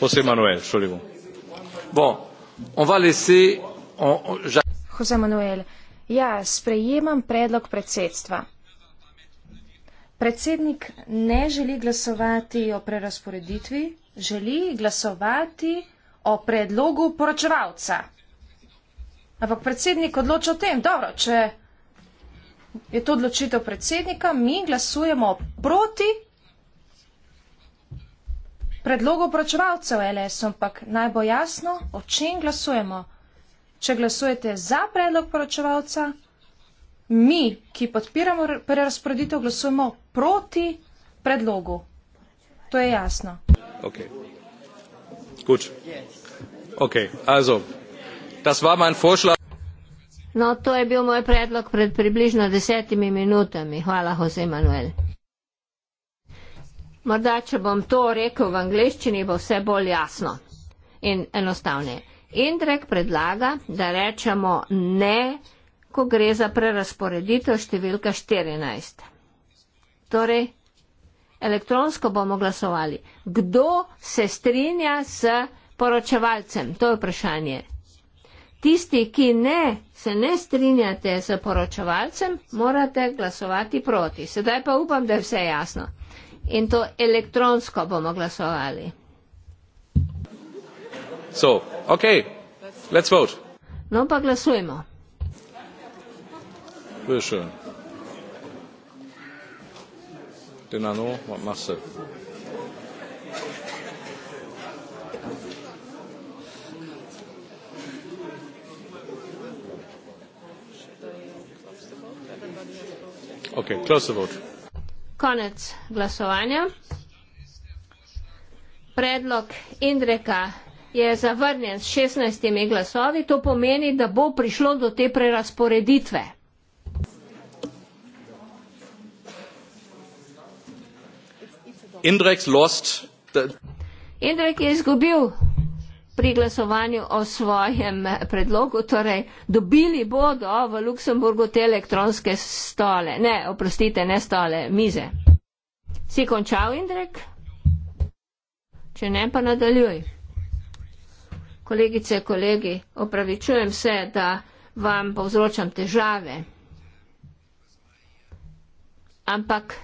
Speaker 2: José Manuel, šolivo. Bon, on va laisser. On, on... J'a-
Speaker 3: José Manuel. Ja, sprejemam predlog predsedstva. Predsednik ne želi glasovati o prerasporeditvi, želi glasovati o predlogu poročevalca. Ampak predsednik odloča o tem. Dobro, če je to odločitev predsednika, mi glasujemo proti predlogu poročevalcev LS, ampak naj bo jasno, o čem glasujemo. Če glasujete za predlog poročevalca, mi, ki podpiramo prerasporeditev, glasujemo proti predlogu. To je jasno.
Speaker 2: Ok. Kuč. Ok, also, das war mein vorschlag.
Speaker 1: No, to je bil moj predlog pred približno desetimi minutami. Hvala, Jose Manuel. Morda, če bom to rekel v angleščini, bo vse bolj jasno in enostavnejše. Indrek predlaga, da rečemo ne, ko gre za prerasporeditev številka 14. Torej, elektronsko bomo glasovali. Kdo se strinja s poročevalcem? To je vprašanje. Tisti, ki ne, se ne strinjate s poročevalcem, morate glasovati proti. Sedaj pa upam, da je vse jasno. In to elektronsko bomo glasovali.
Speaker 2: So, okay, let's vote.
Speaker 1: No, pa glasujemo.
Speaker 2: Bitte schön. Den Anno, was machst du? Okay, close the vote.
Speaker 1: Konec glasovanja. Predlog Indreka je zavrnjen s 16 glasovi, to pomeni, da bo prišlo do te prerasporeditve.
Speaker 2: Indrek, lost the...
Speaker 1: Indrek je izgubil pri glasovanju o svojem predlogu, torej dobili bodo v Luksemburgu te elektronske stole. Ne, oprostite, ne stole, mize. Si končal, Indrek? Če ne, pa nadaljuj kolegice, kolegi, opravičujem se, da vam povzročam težave. Ampak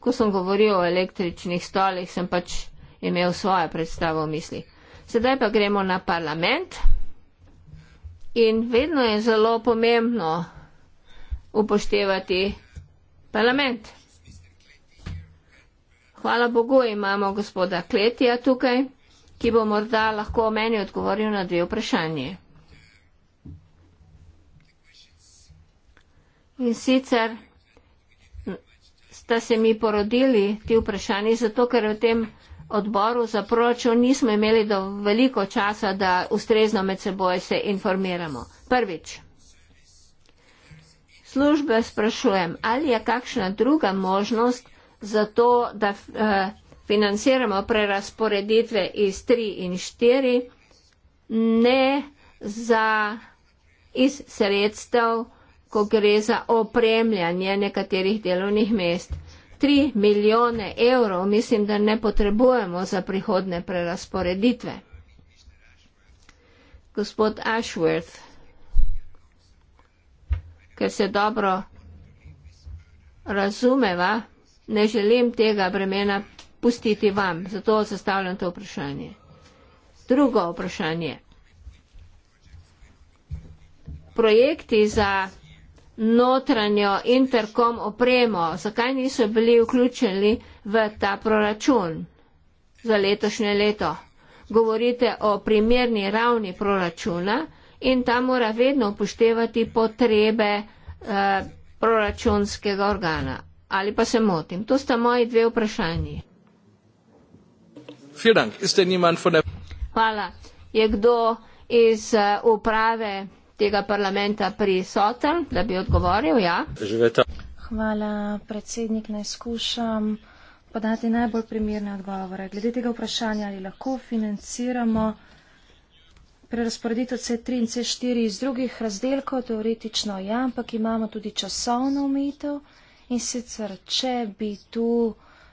Speaker 1: Ko sem govoril o električnih stolih, sem pač imel svojo predstavo v misli. Sedaj pa gremo na parlament. In vedno je zelo pomembno upoštevati parlament. Hvala Bogu, imamo gospoda Kletija tukaj, ki bo morda lahko o meni odgovoril na dve vprašanje. In sicer sta se mi porodili ti vprašanji, zato ker v tem odboru za proračun nismo imeli do veliko časa, da ustrezno med seboj se informiramo. Prvič. Službe sprašujem, ali je kakšna druga možnost, zato, da eh, financiramo prerasporeditve iz 3 in 4, ne za iz sredstev, ko gre za opremljanje nekaterih delovnih mest. 3 milijone evrov mislim, da ne potrebujemo za prihodne prerasporeditve. Gospod Ashworth, ker se dobro razumeva, ne želim tega bremena pustiti vam, zato zastavljam to vprašanje. Drugo vprašanje. Projekti za notranjo interkom opremo, zakaj niso bili vključeni v ta proračun za letošnje leto? Govorite o primerni ravni proračuna in ta mora vedno upoštevati potrebe eh, proračunskega organa ali pa se motim? To sta moji dve vprašanji. Hvala. Je kdo iz eh, uprave tega
Speaker 3: parlamenta prisoten, da bi odgovoril? Ja. Hvala, predsednik, naj skušam podati najbolj primirne odgovore. Glede tega vprašanja, ali lahko financiramo prerasporeditev C3 in C4 iz drugih razdelkov, teoretično ja, ampak imamo tudi časovno omejitev. In sicer, če bi tu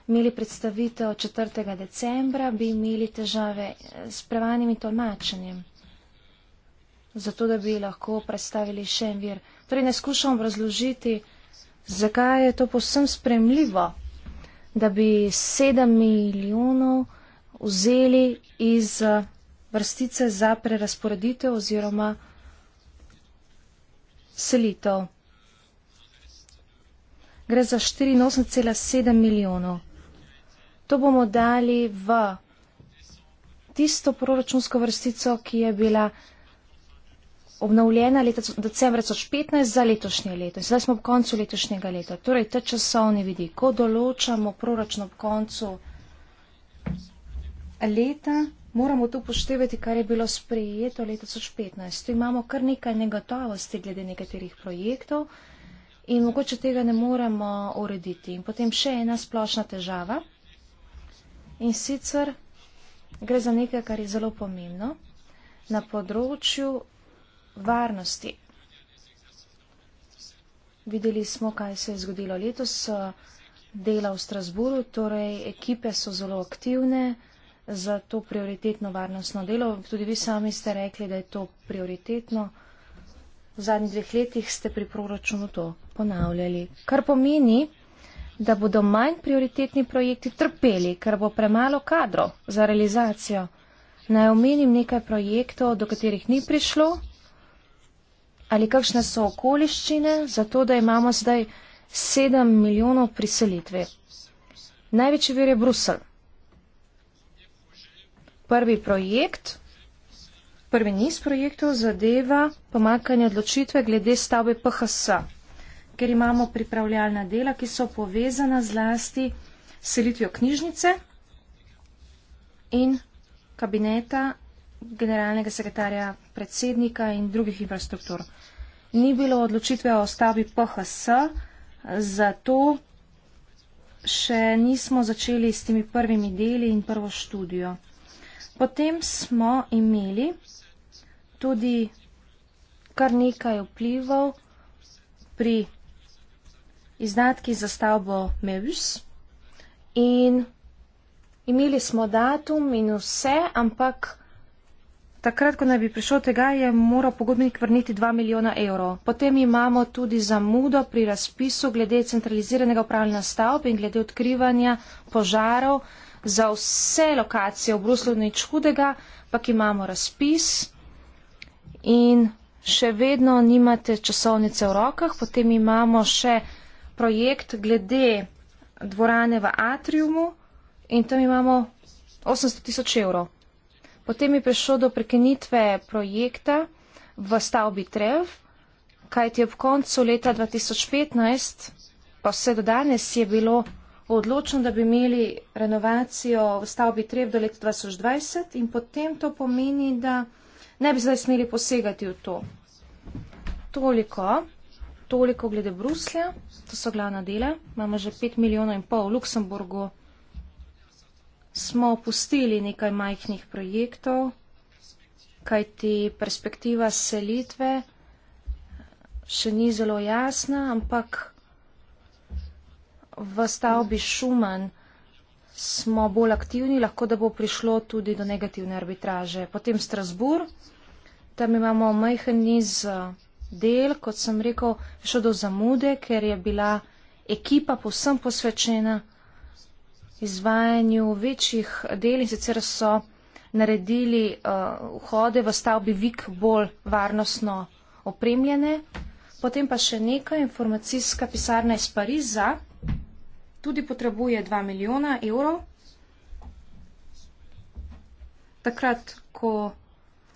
Speaker 3: imeli predstavitev 4. decembra, bi imeli težave s prevanjem in tolmačenjem, zato da bi lahko predstavili še en vir. Torej, ne skušam razložiti, zakaj je to posem spremljivo, da bi 7 milijonov vzeli iz eh, vrstice za prerasporeditev oziroma selitev gre za 84,7 milijonov. To bomo dali v tisto proračunsko vrstico, ki je bila obnovljena leta decembra 2015 za letošnje leto. Sedaj smo ob koncu letošnjega leta. Torej, te časovni vidi, ko določamo proračun ob koncu leta, moramo tu poštevati, kar je bilo sprejeto leta 2015. Tu imamo kar nekaj negotovosti glede nekaterih projektov in mogoče tega ne moremo urediti. In potem še ena splošna težava in sicer gre za nekaj, kar je zelo pomembno na področju varnosti. Videli smo, kaj se je zgodilo letos, dela v Strasburu, torej ekipe so zelo aktivne za to prioritetno varnostno delo. Tudi vi sami ste rekli, da je to prioritetno v zadnjih dveh letih ste pri proračunu to ponavljali. Kar pomeni, da bodo manj prioritetni projekti trpeli, ker bo premalo kadro za realizacijo. Naj omenim nekaj projektov, do katerih ni prišlo ali kakšne so okoliščine, zato da imamo zdaj 7 milijonov priselitve. Največji vir je Brusel. Prvi projekt Prvi niz projektov zadeva pomakanje odločitve glede stavbe PHS, ker imamo pripravljalna dela, ki so povezana zlasti s selitvijo knjižnice in kabineta generalnega sekretarja predsednika in drugih infrastruktur. Ni bilo odločitve o stavbi PHS, zato še nismo začeli s temi prvimi deli in prvo študijo. Potem smo imeli tudi kar nekaj vplivov pri izdatki za stavbo MEVS in imeli smo datum in vse, ampak takrat, ko naj bi prišel tega, je moral pogodbenik vrniti 2 milijona evrov. Potem imamo tudi zamudo pri razpisu glede centraliziranega upravljanja stavb in glede odkrivanja požarov za vse lokacije v Bruslu nič hudega, pa imamo razpis in še vedno nimate časovnice v rokah. Potem imamo še projekt glede dvorane v Atriumu in tam imamo 800 tisoč evrov. Potem je prišlo do prekenitve projekta v stavbi Trev, kajti ob koncu leta 2015 pa vse do danes je bilo odločen, da bi imeli renovacijo v stavbi Trev do leta 2020 in potem to pomeni, da ne bi zdaj smeli posegati v to. Toliko, toliko glede Bruslja, to so glavna dele, imamo že 5 milijonov in pol v Luksemburgu. Smo opustili nekaj majhnih projektov, kajti perspektiva selitve še ni zelo jasna, ampak v stavbi Šuman smo bolj aktivni, lahko da bo prišlo tudi do negativne arbitraže. Potem Strasbourg, tam imamo majhen niz eh, del, kot sem rekel, šlo do zamude, ker je bila ekipa povsem posvečena izvajanju večjih del in sicer so naredili uh, vhode v stavbi Vik bolj varnostno opremljene. Potem pa še neka informacijska pisarna iz Pariza tudi potrebuje 2 milijona evrov. Takrat, ko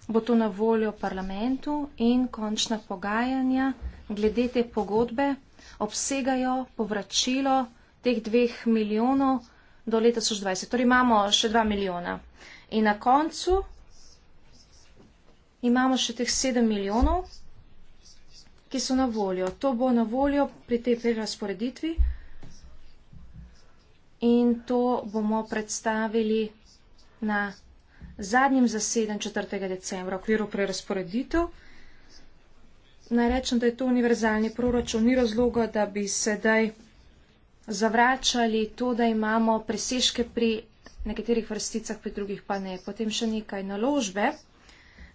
Speaker 3: bo to na voljo parlamentu in končna pogajanja glede te pogodbe obsegajo povračilo teh 2 milijonov do leta 2020. Torej imamo še 2 milijona. In na koncu imamo še teh 7 milijonov, ki so na voljo. To bo na voljo pri tej prerasporeditvi in to bomo predstavili na zadnjem zaseden 4. decembra v okviru prerasporeditev. Najrečem, da je to univerzalni proračun. Ni razloga, da bi sedaj zavračali to, da imamo presežke pri nekaterih vrsticah, pri drugih pa ne. Potem še nekaj naložbe.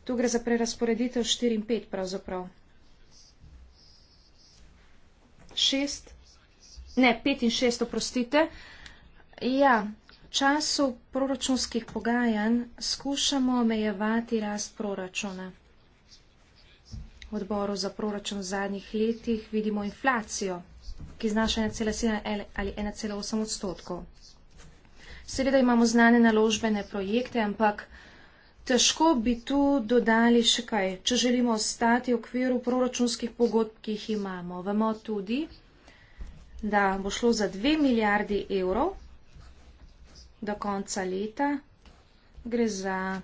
Speaker 3: Tu gre za prerasporeditev 4 in 5 pravzaprav. 6. Ne, 5 in 6, oprostite. Ja, v času proračunskih pogajanj skušamo omejevati rast proračuna. V odboru za proračun v zadnjih letih vidimo inflacijo, ki znaša 1,7 ali 1,8 odstotkov. Seveda imamo znane naložbene projekte, ampak težko bi tu dodali še kaj, če želimo ostati v okviru proračunskih pogodb, ki jih imamo. Vemo tudi, da bo šlo za 2 milijardi evrov do konca leta. Gre za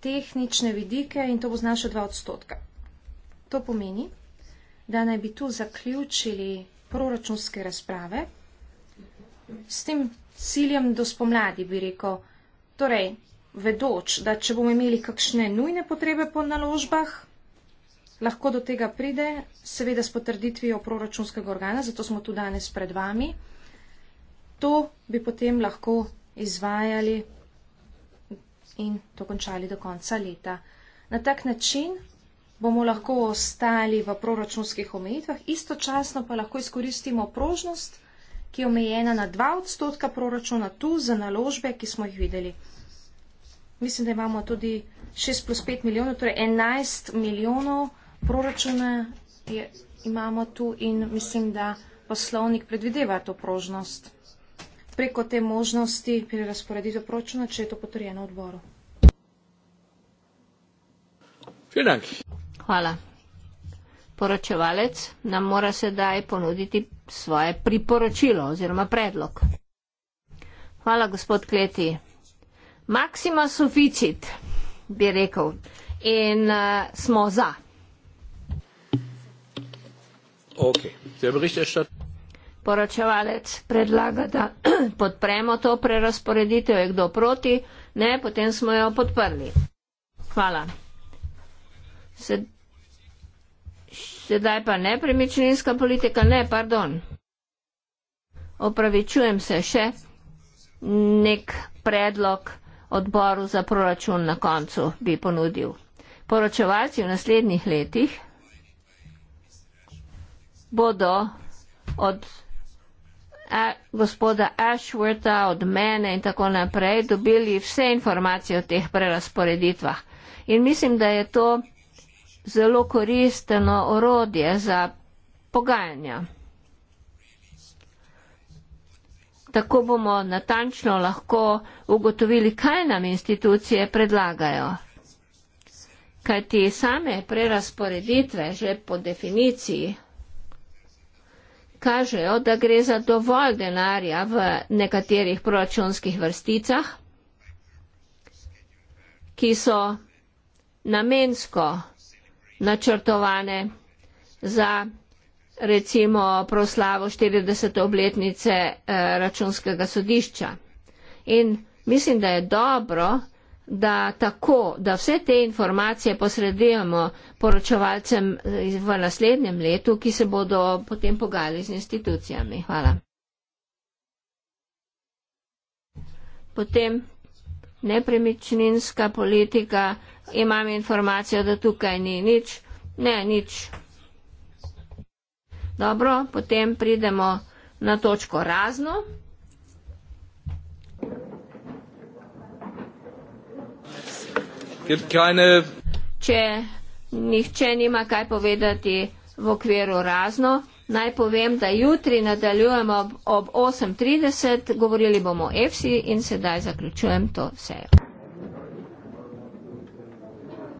Speaker 3: tehnične vidike in to bo znašel 2 odstotka. To pomeni, da naj bi tu zaključili proračunske razprave s tem ciljem do spomladi, bi rekel. Torej, vedoč, da če bomo imeli kakšne nujne potrebe po naložbah, lahko do tega pride, seveda s potrditvijo proračunskega organa, zato smo tu danes pred vami. To bi potem lahko izvajali in to končali do konca leta. Na tak način bomo lahko ostali v proračunskih omejitvah, istočasno pa lahko izkoristimo prožnost, ki je omejena na 2 odstotka proračuna tu za naložbe, ki smo jih videli. Mislim, da imamo tudi 6 plus 5 milijonov, torej 11 milijonov proračuna je, imamo tu in mislim, da poslovnik predvideva to prožnost preko te možnosti pri razporeditev proračuna, če je to potrjeno odboru.
Speaker 1: Hvala. Poročevalec nam mora sedaj ponuditi svoje priporočilo oziroma predlog. Hvala, gospod Kleti. Maksima suficit, bi rekel. In uh, smo za.
Speaker 2: Okay. Der Berichterstatter
Speaker 1: poročevalec predlaga, da *clears throat* podpremo to prerasporeditev, je kdo proti, ne, potem smo jo podprli. Hvala. Sedaj pa nepremičninska politika, ne, pardon. Opravičujem se še nek predlog odboru za proračun na koncu bi ponudil. Poročevalci v naslednjih letih bodo od gospoda Ashworta, od mene in tako naprej, dobili vse informacije o teh prerasporeditvah. In mislim, da je to zelo koristeno orodje za pogajanja. Tako bomo natančno lahko ugotovili, kaj nam institucije predlagajo. Kaj ti same prerasporeditve že po definiciji kažejo, da gre za dovolj denarja v nekaterih proračunskih vrsticah, ki so namensko načrtovane za recimo proslavo 40. obletnice eh, računskega sodišča. In mislim, da je dobro, da tako, da vse te informacije posredujemo poročevalcem eh, v naslednjem letu, ki se bodo potem pogajali z institucijami. Hvala. Potem nepremičninska politika. Imam informacijo, da tukaj ni nič. Ne, nič. Dobro, potem pridemo na točko razno. keine... Če nihče nima kaj povedati v okviru razno, naj povem, da jutri nadaljujemo ob, ob 8.30, govorili bomo o EFSI in sedaj zaključujem to sejo.